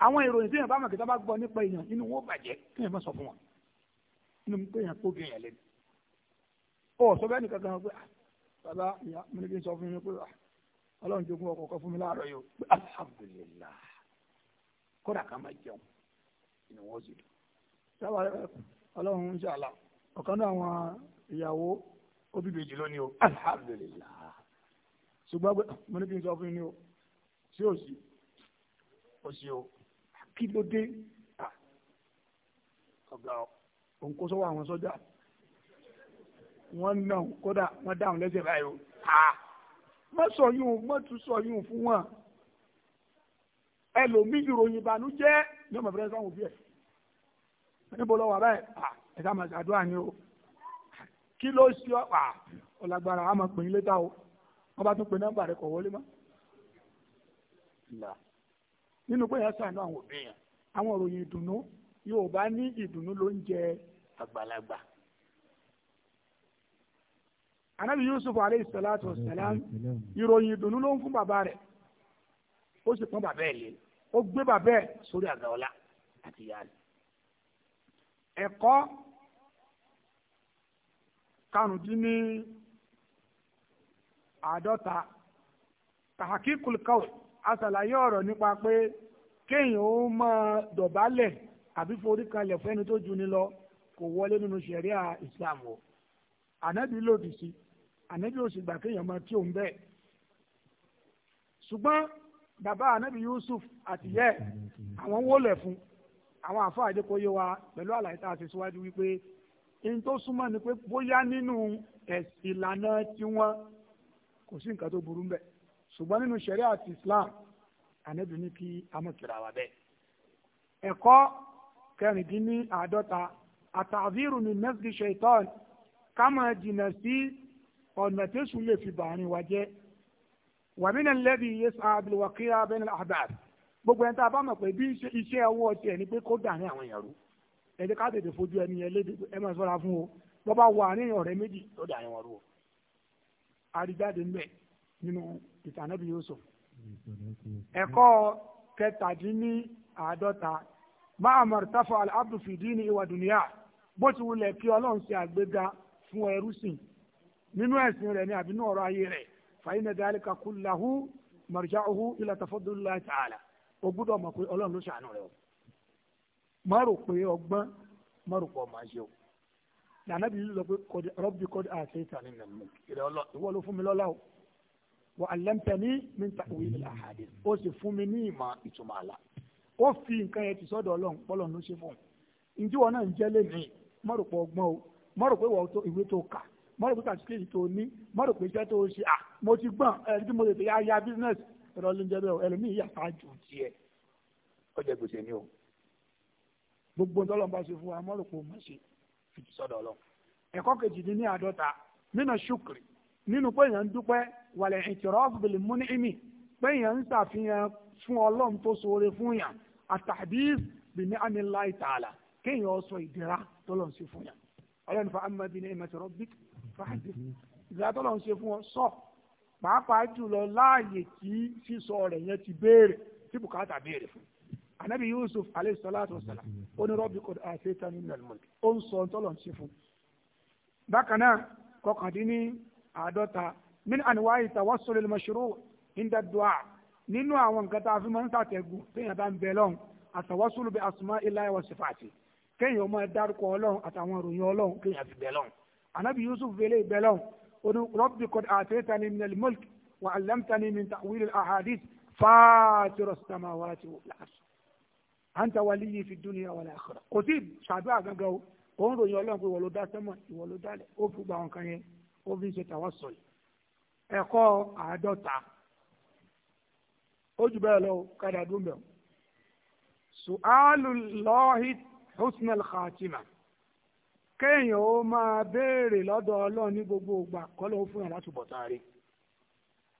àwọn ìròyìn tí èèyàn bá mọ̀ kí tí wọ́n bá gbọ́ nípa èèyàn nínú wọn bàjẹ́ kéèyàn má sọ fún wọn nínú pé èèyàn kó bí èèyàn lẹ́nu ọ sọ bẹ́ẹ̀ nìkan kan pé ah, bàbá ìyá mi ní kí n sọ fún mi pé ah, ọlọ́run jogún ọkọ̀ kan fún mi láàárọ̀ yìí alhamdulillah kódà ká má jẹun ni wọ́n ṣe sábà ọlọ́run ń ṣàlà ọ̀kan náà àwọn ìyàwó ó bíbè jù lónìí o alhamdulillah ṣùgbọ́n mo ní kí n sọ fún yín ni o ṣé o sì o sì o kí ló dé ọ̀gá òǹkóso wà àwọn sọ́jà wọ́n nà kódà wọ́n dáhùn lẹ́sẹ̀ báyìí o má sọ yún o má tún sọ yún fún wọn ẹlòmíì ìròyìn ìbànújẹ́ ní ọmọ ìbẹ̀rẹ̀ sọ́hùn díẹ̀ níbo lọ́wọ́ abẹ́ ẹ̀ka máa ṣàdúrà ni o kí ló ṣe ọ́ pa ọ̀làgbára a máa pè yín létà o wọ́n bá tún pe nọ́mbà rẹ̀ kọ̀ wọlé mọ́ nínú pé yẹn sànú àwọn òbí yẹn àwọn òròyìn ìdùnnú yóò bá ní ìdùnnú ló ń jẹ àgbàlagbà anabi yusuf aleyhi salatu wa salam ìròyìn ìdùnnú ló ń fún bàbá rẹ̀ ó sì pọ́n bàbá ẹ̀ lé ó gbé bàbá ẹ̀ sórí àga ọlá àti ìyá rẹ̀ ẹ̀kọ́ karùndínní àádọ́ta tahakikul kawul asàlàyé ọ̀rọ̀ nípa pé kéèyàn ó máa dọ̀bálẹ̀ àbí forí kalẹ̀ fún ẹni tó ju ni lọ kò wọlé nínú ṣẹ̀ríà islam o ànábì lòdì sí ànábì ò sì gbà kéèyàn máa tí òun bẹ́ẹ̀ ṣùgbọ́n bàbá anabi yusuf àtìyẹ àwọn wọlé fún àwọn àfáà àdékòye wa pẹ̀lú àlàyé tá a ṣe síwájú wípé n tó súnmọ́ ni pé bóyá nínú ẹ̀sìn ìlànà tiwọn kò sí nǹkan tó burú ń bẹ̀ ṣùgbọ́n nínú ṣẹ̀ríà àti islam anabi ní kí amọ̀kìrà wà bẹ́ẹ̀. ẹ̀kọ́ kẹrìndínláàádọ́ta àtàvírù ní mẹ́sìkì ṣaitan ká máa jìnnà sí ọ̀nà tẹ́sùn lè fi bàárín wa jẹ́ wàmínà lẹ́bi yéṣu abilwakira bẹ́ẹ̀ ní àbáàd gbogbo ẹni tá a bá mọ̀ pé bí iṣẹ́ ọwọ́ tiẹ̀ ni pé kó dàní àwọn èèyàn rú ẹ jẹ́ ká tètè fojú ẹni yẹn léde ẹ máa sọ́ra fún o bọ́ bá wà ní ọ̀rẹ́ méjì tó dàní wọn rú o. àríjáde ń bẹ nínú ìtànẹ́bí Yusuf ẹ̀kọ́ kẹtàdínní àádọ́ta máa mọ̀rítàfọ́ alábdù fìdí ní ìwà dùnìyà bó ti wulẹ̀ kí Ọlọ́run ṣe àgbéga fún ẹrú sìn nínú ẹ̀sìn rẹ̀ ní àbínú ọ̀rọ̀ ayé rẹ̀ fàyínà dálíkà kúláhù mọ̀rìjáhù ilà tafọ́dúnláì tààlà o gbúdọ̀ mọ̀ pé ọlọ́run ló ṣàánú rẹ o má rò pé ọgbọ́n má rò pé ọmọ ṣe o nànà bí lọ pé kọ́dí rọ́bì kọ́dí àṣẹ ìtàn nínú mi ìrẹ́ ọlọ ìwọ ló fún mi lọ́lá o wà á lẹ́m̀pẹ́ ní mi ta òwe ìlà àdé ó sì fún mi ní ìmọ̀ ìtumọ̀ àlà ó fi nǹkan yẹn ti sọ́dọ̀ ọlọ́run pọ́lọ́run ló ṣe fún un ìdíwọ̀ náà ń jẹ́ lé mi má rò pé ọgbọ́n o má rò pé ìwọ ìwé tó kà mọ́ rò pé tó ní iṣẹ́ tó ṣe à mo ti gbọ́n ẹni tí mo lè fi ya business ẹ̀rọ ló ń jẹ́ bẹ́ẹ̀ ẹlòmíì yà fà jù tiẹ̀ ni o gbogbo ntọ́lọ́ bá ṣe fún wa o ṣe fìtì sọ́dọ̀ lọ. ẹ̀kọ́ kejì ní ní àádọ́ta nínú ṣùkùrì nínú pé èèyàn ń dúpẹ́ wàlẹ̀ ìtìrọ́ọ̀fù ọlọ́run fàdé ìdílé àtọ́lọ́ ń ṣe fún ọ sọ pàápàá jùlọ láàyè tí sísọ rẹ̀ yẹn ti béèrè tí bùkátà béèrè fún anabi yusuf alayhi salatu wa salam onírọ́bì kò àti tani nàlmọ́lì ó ń sọ ntọ́lọ̀ ń ṣe fún. bákan náà kọkàndínní àádọ́ta min anwa'i tawassul al-mashru' inda du'a nínú àwọn nǹkan tá a fi máa ń sàtẹ̀gùn téèyàn bá ń bẹ lọ́hùn àtàwásùlù bi asma'illahi wa sifati kéèyàn máa dárúkọ ọlọ́hun àtàwọn ìròyìn ọlọ́hun kéèyàn fi bẹ lọ́hùn anabi yusuf vele bẹlẹn ó ní rabbi qad ataytani min al-mulk wa 'allamtani min ta'wil al-ahadith fatir as-samawati wal ard anta waliyyi fi dunya wal akhirah kò tí ṣàdúrà gangan o ó ń ròyìn ọlọ́run pé ìwọ ló dá sẹ́mọ̀ ìwọ ló dálẹ̀ ó fi gba nǹkan yẹn ó fi ṣe tawassul ẹ̀kọ́ àádọ́ta ó bẹ́ẹ̀ lọ kádà dùn su'alu llahi husnal khatimah. kéèyàn ó máa béèrè lọ́dọ̀ ọlọ́run ní gbogbo ìgbà kọ́lọ́ fún yàrá tó bọ̀ sáré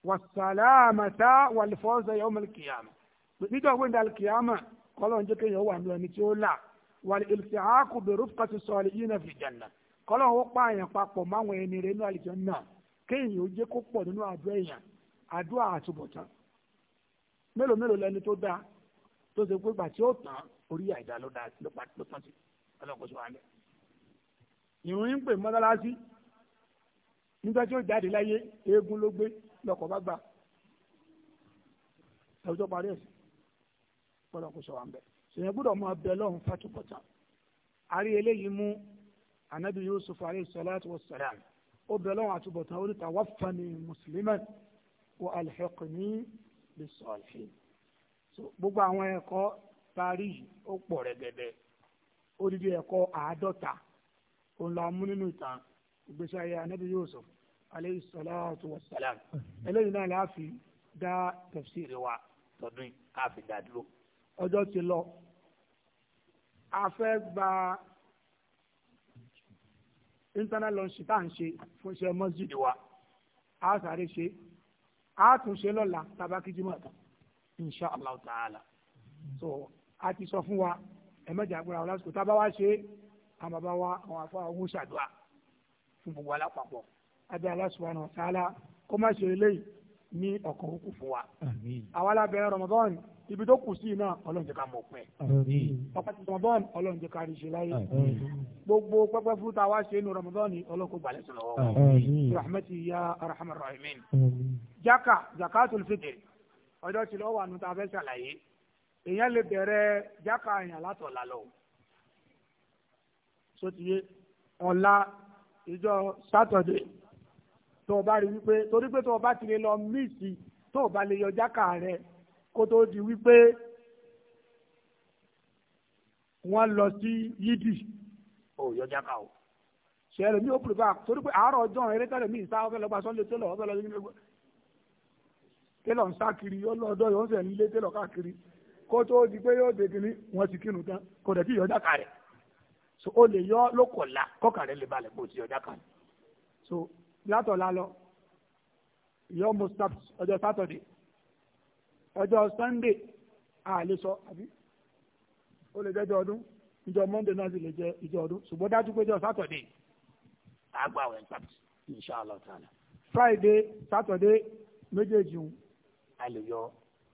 wàsálàmàtà wàlìfọ́sẹ̀ yọ mọ̀lìkìyàmà nígbà wo ní alìkìyàmà kọ́lọ́ wà ẹni tí ó là wàlì bẹ̀rù kàtí yìí náà fi jànà ó papọ̀ máwọn ẹni rẹ̀ nínú ó jẹ́ kó pọ̀ nínú àdúrà ìrún ń pè mọ́tálásí nígbà tí ó jáde láyé eégún ló gbé lọ́kọ̀ bá gbà ẹ̀rù tó parí ẹ̀sìn gbọ́dọ̀ kó sọ wà ń bẹ̀ ṣèyàn gbọ́dọ̀ máa bẹ lọ́hùn fàtúbọ̀tà àrí eléyìí mú anabi yusuf alayhi salatu wa salam ó bẹ lọ́hùn àtúbọ̀tà ó ní tawaffani wa alhiqni bis-salihin gbogbo àwọn ẹ̀kọ́ parí ó pọ̀ rẹ̀gẹ̀dẹ̀ ó dídí ẹ̀kọ́ àádọ́ta òun la mú nínú ìtàn ìgbésí ayé anabi Yusuf aleyhi salatu wa salam eléyìí náà la fi dá tafsiri wa tọdún a fi dá dúró ọjọ́ ti lọ a fẹ́ gba internal lunch tá à ń ṣe fún iṣẹ́ masjid wa a sáré ṣe a tún ṣe lọ́la tabakiji mọ̀ tán insha allah ta'ala so a ti sọ fún wa ẹ mẹ́jọ agbára ọ̀la sùkúl tá wá ṣe é àwọn bàbá wa àwọn afọ àwọn oṣàdùà fún gbogbo alápapọ̀ abẹ́ Allah subhanahu wa ta'ala kó má ṣe eléyìí ní ọkàn òkú fún wa. àwa lábẹ́rẹ́ Ramadan ibi tó kù sí iná ọlọ́run jẹ́ ká mọ̀ pẹ́. ọ̀pọ̀ ti Ramadan ọlọ́run jẹ́ ká rí ṣe láyé. gbogbo pẹ́pẹ́ fún ta wá ṣe inú Ramadan ọlọ́run kò balẹ̀ sọ̀rọ̀ wọ́n. rahmatu ya arhamar rahimin. jaka zakatul fitr ọjọ́ tí lọ́wọ́ àánú ta fẹ́ ṣàlàyé èèyàn lè bẹ̀rẹ̀ jaka àyàn lálọ́ sotiye ọ̀la ìjọ sátọ̀dé tó o bá rí wípé torí pé tó o bá ti lè lọ míìsì tó o bá lè yọ jákà rẹ kó tó di wípé wọ́n lọ sí yídì ò yọ jákà o ṣẹlẹ̀ mi ò pè bá torí pé àárọ̀ ọjọ́ eré tẹ́lẹ̀ mi ìta ọ̀fẹ́ lọ́gbà sọ́lé tẹ́lọ̀ ọ̀fẹ́ lọ́gbà tẹ́lọ̀ ń sá kiri ọlọ́dọ̀ yóò ń sẹ̀ ń lé tẹ́lọ̀ káàkiri kó tó di pé yóò dé kiri wọ́n ti kírun tán kò dẹ̀ kí yọ jákà rẹ̀. so o le yọ lókòlá kọkàn rẹ lè balẹ̀ ti ọjà kan so látọ̀ la yọ mo sabt ọjọ́ a lè sọ àbí ó lè ọdún ìjọ mọ́ndé náà sì lè jẹ ìjọ ọdún ṣùgbọ́n dájú pé ọjọ́ sátọ̀dẹ̀ àgbà wẹ̀ inshallah ta'ala friday sátọ̀dẹ̀ méjèèjì a lè yọ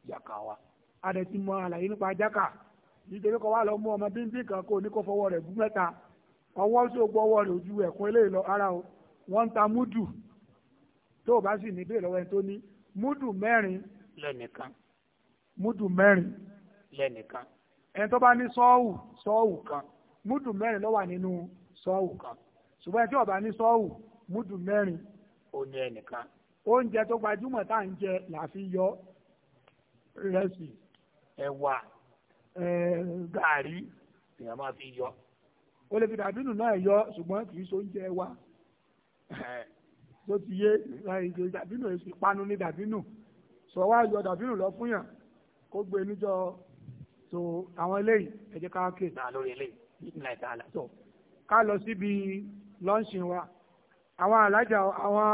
jàkà wa a lè ti mọ àlàyé nítorí kọ́ wá lọ mú ọmọ bíńbí kan kó ní kó fọwọ́ rẹ̀ bú mẹ́ta ọwọ́ gbọ́wọ́ rẹ̀ ojú ẹ̀kún eléyìí lọ ara o wọ́n ń ta múdù tó o bá sì ní ìbéèrè lọ́wọ́ ẹni tó ní múdù mẹ́rin lẹ́nìkan múdù mẹ́rin lẹ́nìkan ẹni tó bá ní sọ́ọ̀wù sọ́ọ̀wù kan múdù mẹ́rin ló wà nínú sọ́ọ̀wù kan ṣùgbọ́n tí bá ní sọ́ọ̀wù múdù mẹ́rin ẹnìkan oúnjẹ tó gbajúmọ̀ tá à yọ rẹ́sì ẹ̀wà Eh, gàárì èèyàn máa fi yọ ó lè fi dàbínù náà yọ ṣùgbọ́n kì í so oúnjẹ wa tó ti yé dàbínù ìpanu ní dàbínù sọ wá yọ dàbínù lọ fún yàn kó gbé e níjọ so àwọn eléyìí ẹ ká kéè sáà lórí eléyìí nípìnlẹ̀ ìtàlá tó ká lọ síbi lọ́ńṣì wa àwọn alájà àwọn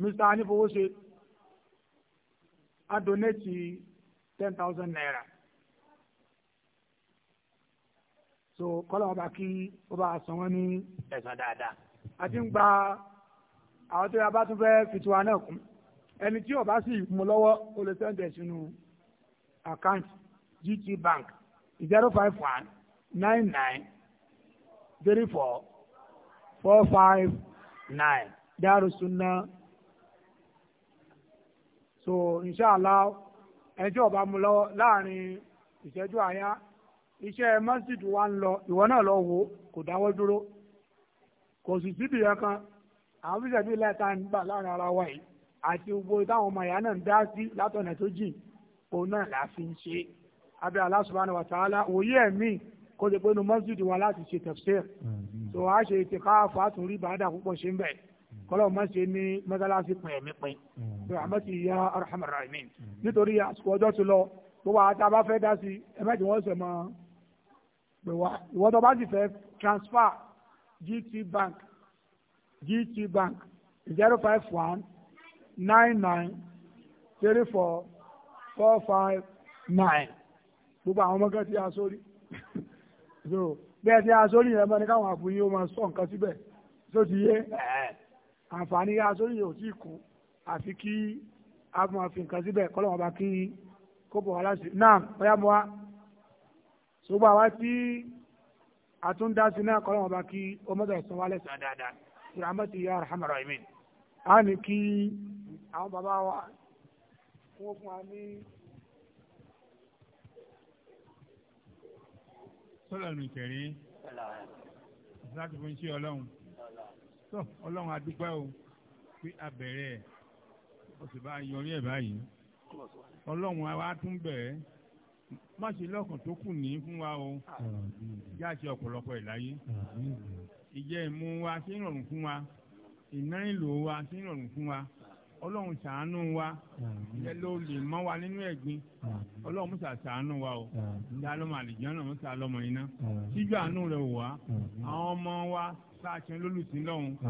mr anífowóṣe a donate ten thousand naira so kọ́lá ọba kí ọba san wọ́n ní ẹ̀san dáadáa àti ń gba àwọn tó yà bá tún fẹ́ fìtúwa náà kún ẹni tí ọba sì mú lọ́wọ́ ó lè sẹ́ńdẹ̀ sínú àkáǹtì GT Bank zero five one nine nine three four four five nine Darussunna so inshallah ẹni tí ọba mú lọ́wọ́ láàrin ìṣẹ́jú àyá iṣẹ́ masjid wa ń lọ ìwọ náà lọ wo kò dáwọ́ dúró kò sì síbi yẹn kan àwọn fíṣẹ̀ bíi lẹ́ta ń gbà láàrin ara wa yìí àti gbogbo táwọn ọmọ ìyá náà ń dá sí látọ̀nà tó jìn òun náà là á fi ń ṣe abẹ́ Allah subhanahu wa ta'ala òye ẹ̀mí kó lè pé inú masjid wa láti ṣe tafsir tó mm-hmm. a ṣe ìtìkáàfọ̀ àtúnrí bàdà púpọ̀ ṣe ń bẹ̀ mm-hmm. kọ́lọ́ má ṣe ní mọ́sálásí pin ẹ̀mí pin tó mm-hmm. àmọ́ ti ya arhamar rahimin nítorí àsìkò ọjọ́ ti lọ gbogbo àtàbáfẹ́ dá sí ẹ̀mẹ́jì wọ́n sẹ̀ mọ́ pè wá ìwọ́n tó bá sì fẹ́ transfer GT Bank GT Bank zero five one nine nine three four four five nine gbogbo àwọn ọmọ kan ti yà sórí so bẹ́ẹ̀ ti yà sórí yẹn bá ní káwọn àbúyé ó máa sọ nǹkan síbẹ̀ tó ti yé àǹfààní yà sórí yẹn ò tí kù àfi kí a máa fi nǹkan síbẹ̀ kọ́lọ́wọ́n bá kí kó bọ̀ láti náà ọ̀yá mọ́ wa ṣùgbọ́n àwa tí a tún dá sí náà kọ́lọ́wọ́n bá kí ọmọdé sọ wálé sàn dáadáa ìràmọ́tì yá arhamar rahimin a ní kí baba bàbá wa wọ́n fún wa ní. sọ́lọ̀ ní kẹ̀rí láti fún iṣẹ́ ọlọ́run tó ọlọ́run adúpẹ́ o pé abẹ̀rẹ̀ ẹ̀ ó sì bá yọrí ẹ̀ báyìí ọlọ́run àwa tún bẹ̀rẹ̀ má ṣe lọ́kàn tó kù ní fún wa o yá ṣe ọ̀pọ̀lọpọ̀ ìláyé ìjẹ ìmu wa ṣe ń rọrùn fún wa ìná ìlò wa ṣe ń rọrùn fún wa ọlọ́run ṣàánú wa ìyẹn ló lè mọ́ wa nínú ẹ̀gbin ọlọ́run mú ṣàṣàánú wa o ṣá lọ́mọ àlìjọ́nà mú ṣá lọ́mọ iná síjú àánú rẹ̀ wò wá àwọn ọmọ wa ṣáà ṣe lólùsí lọ́hùn.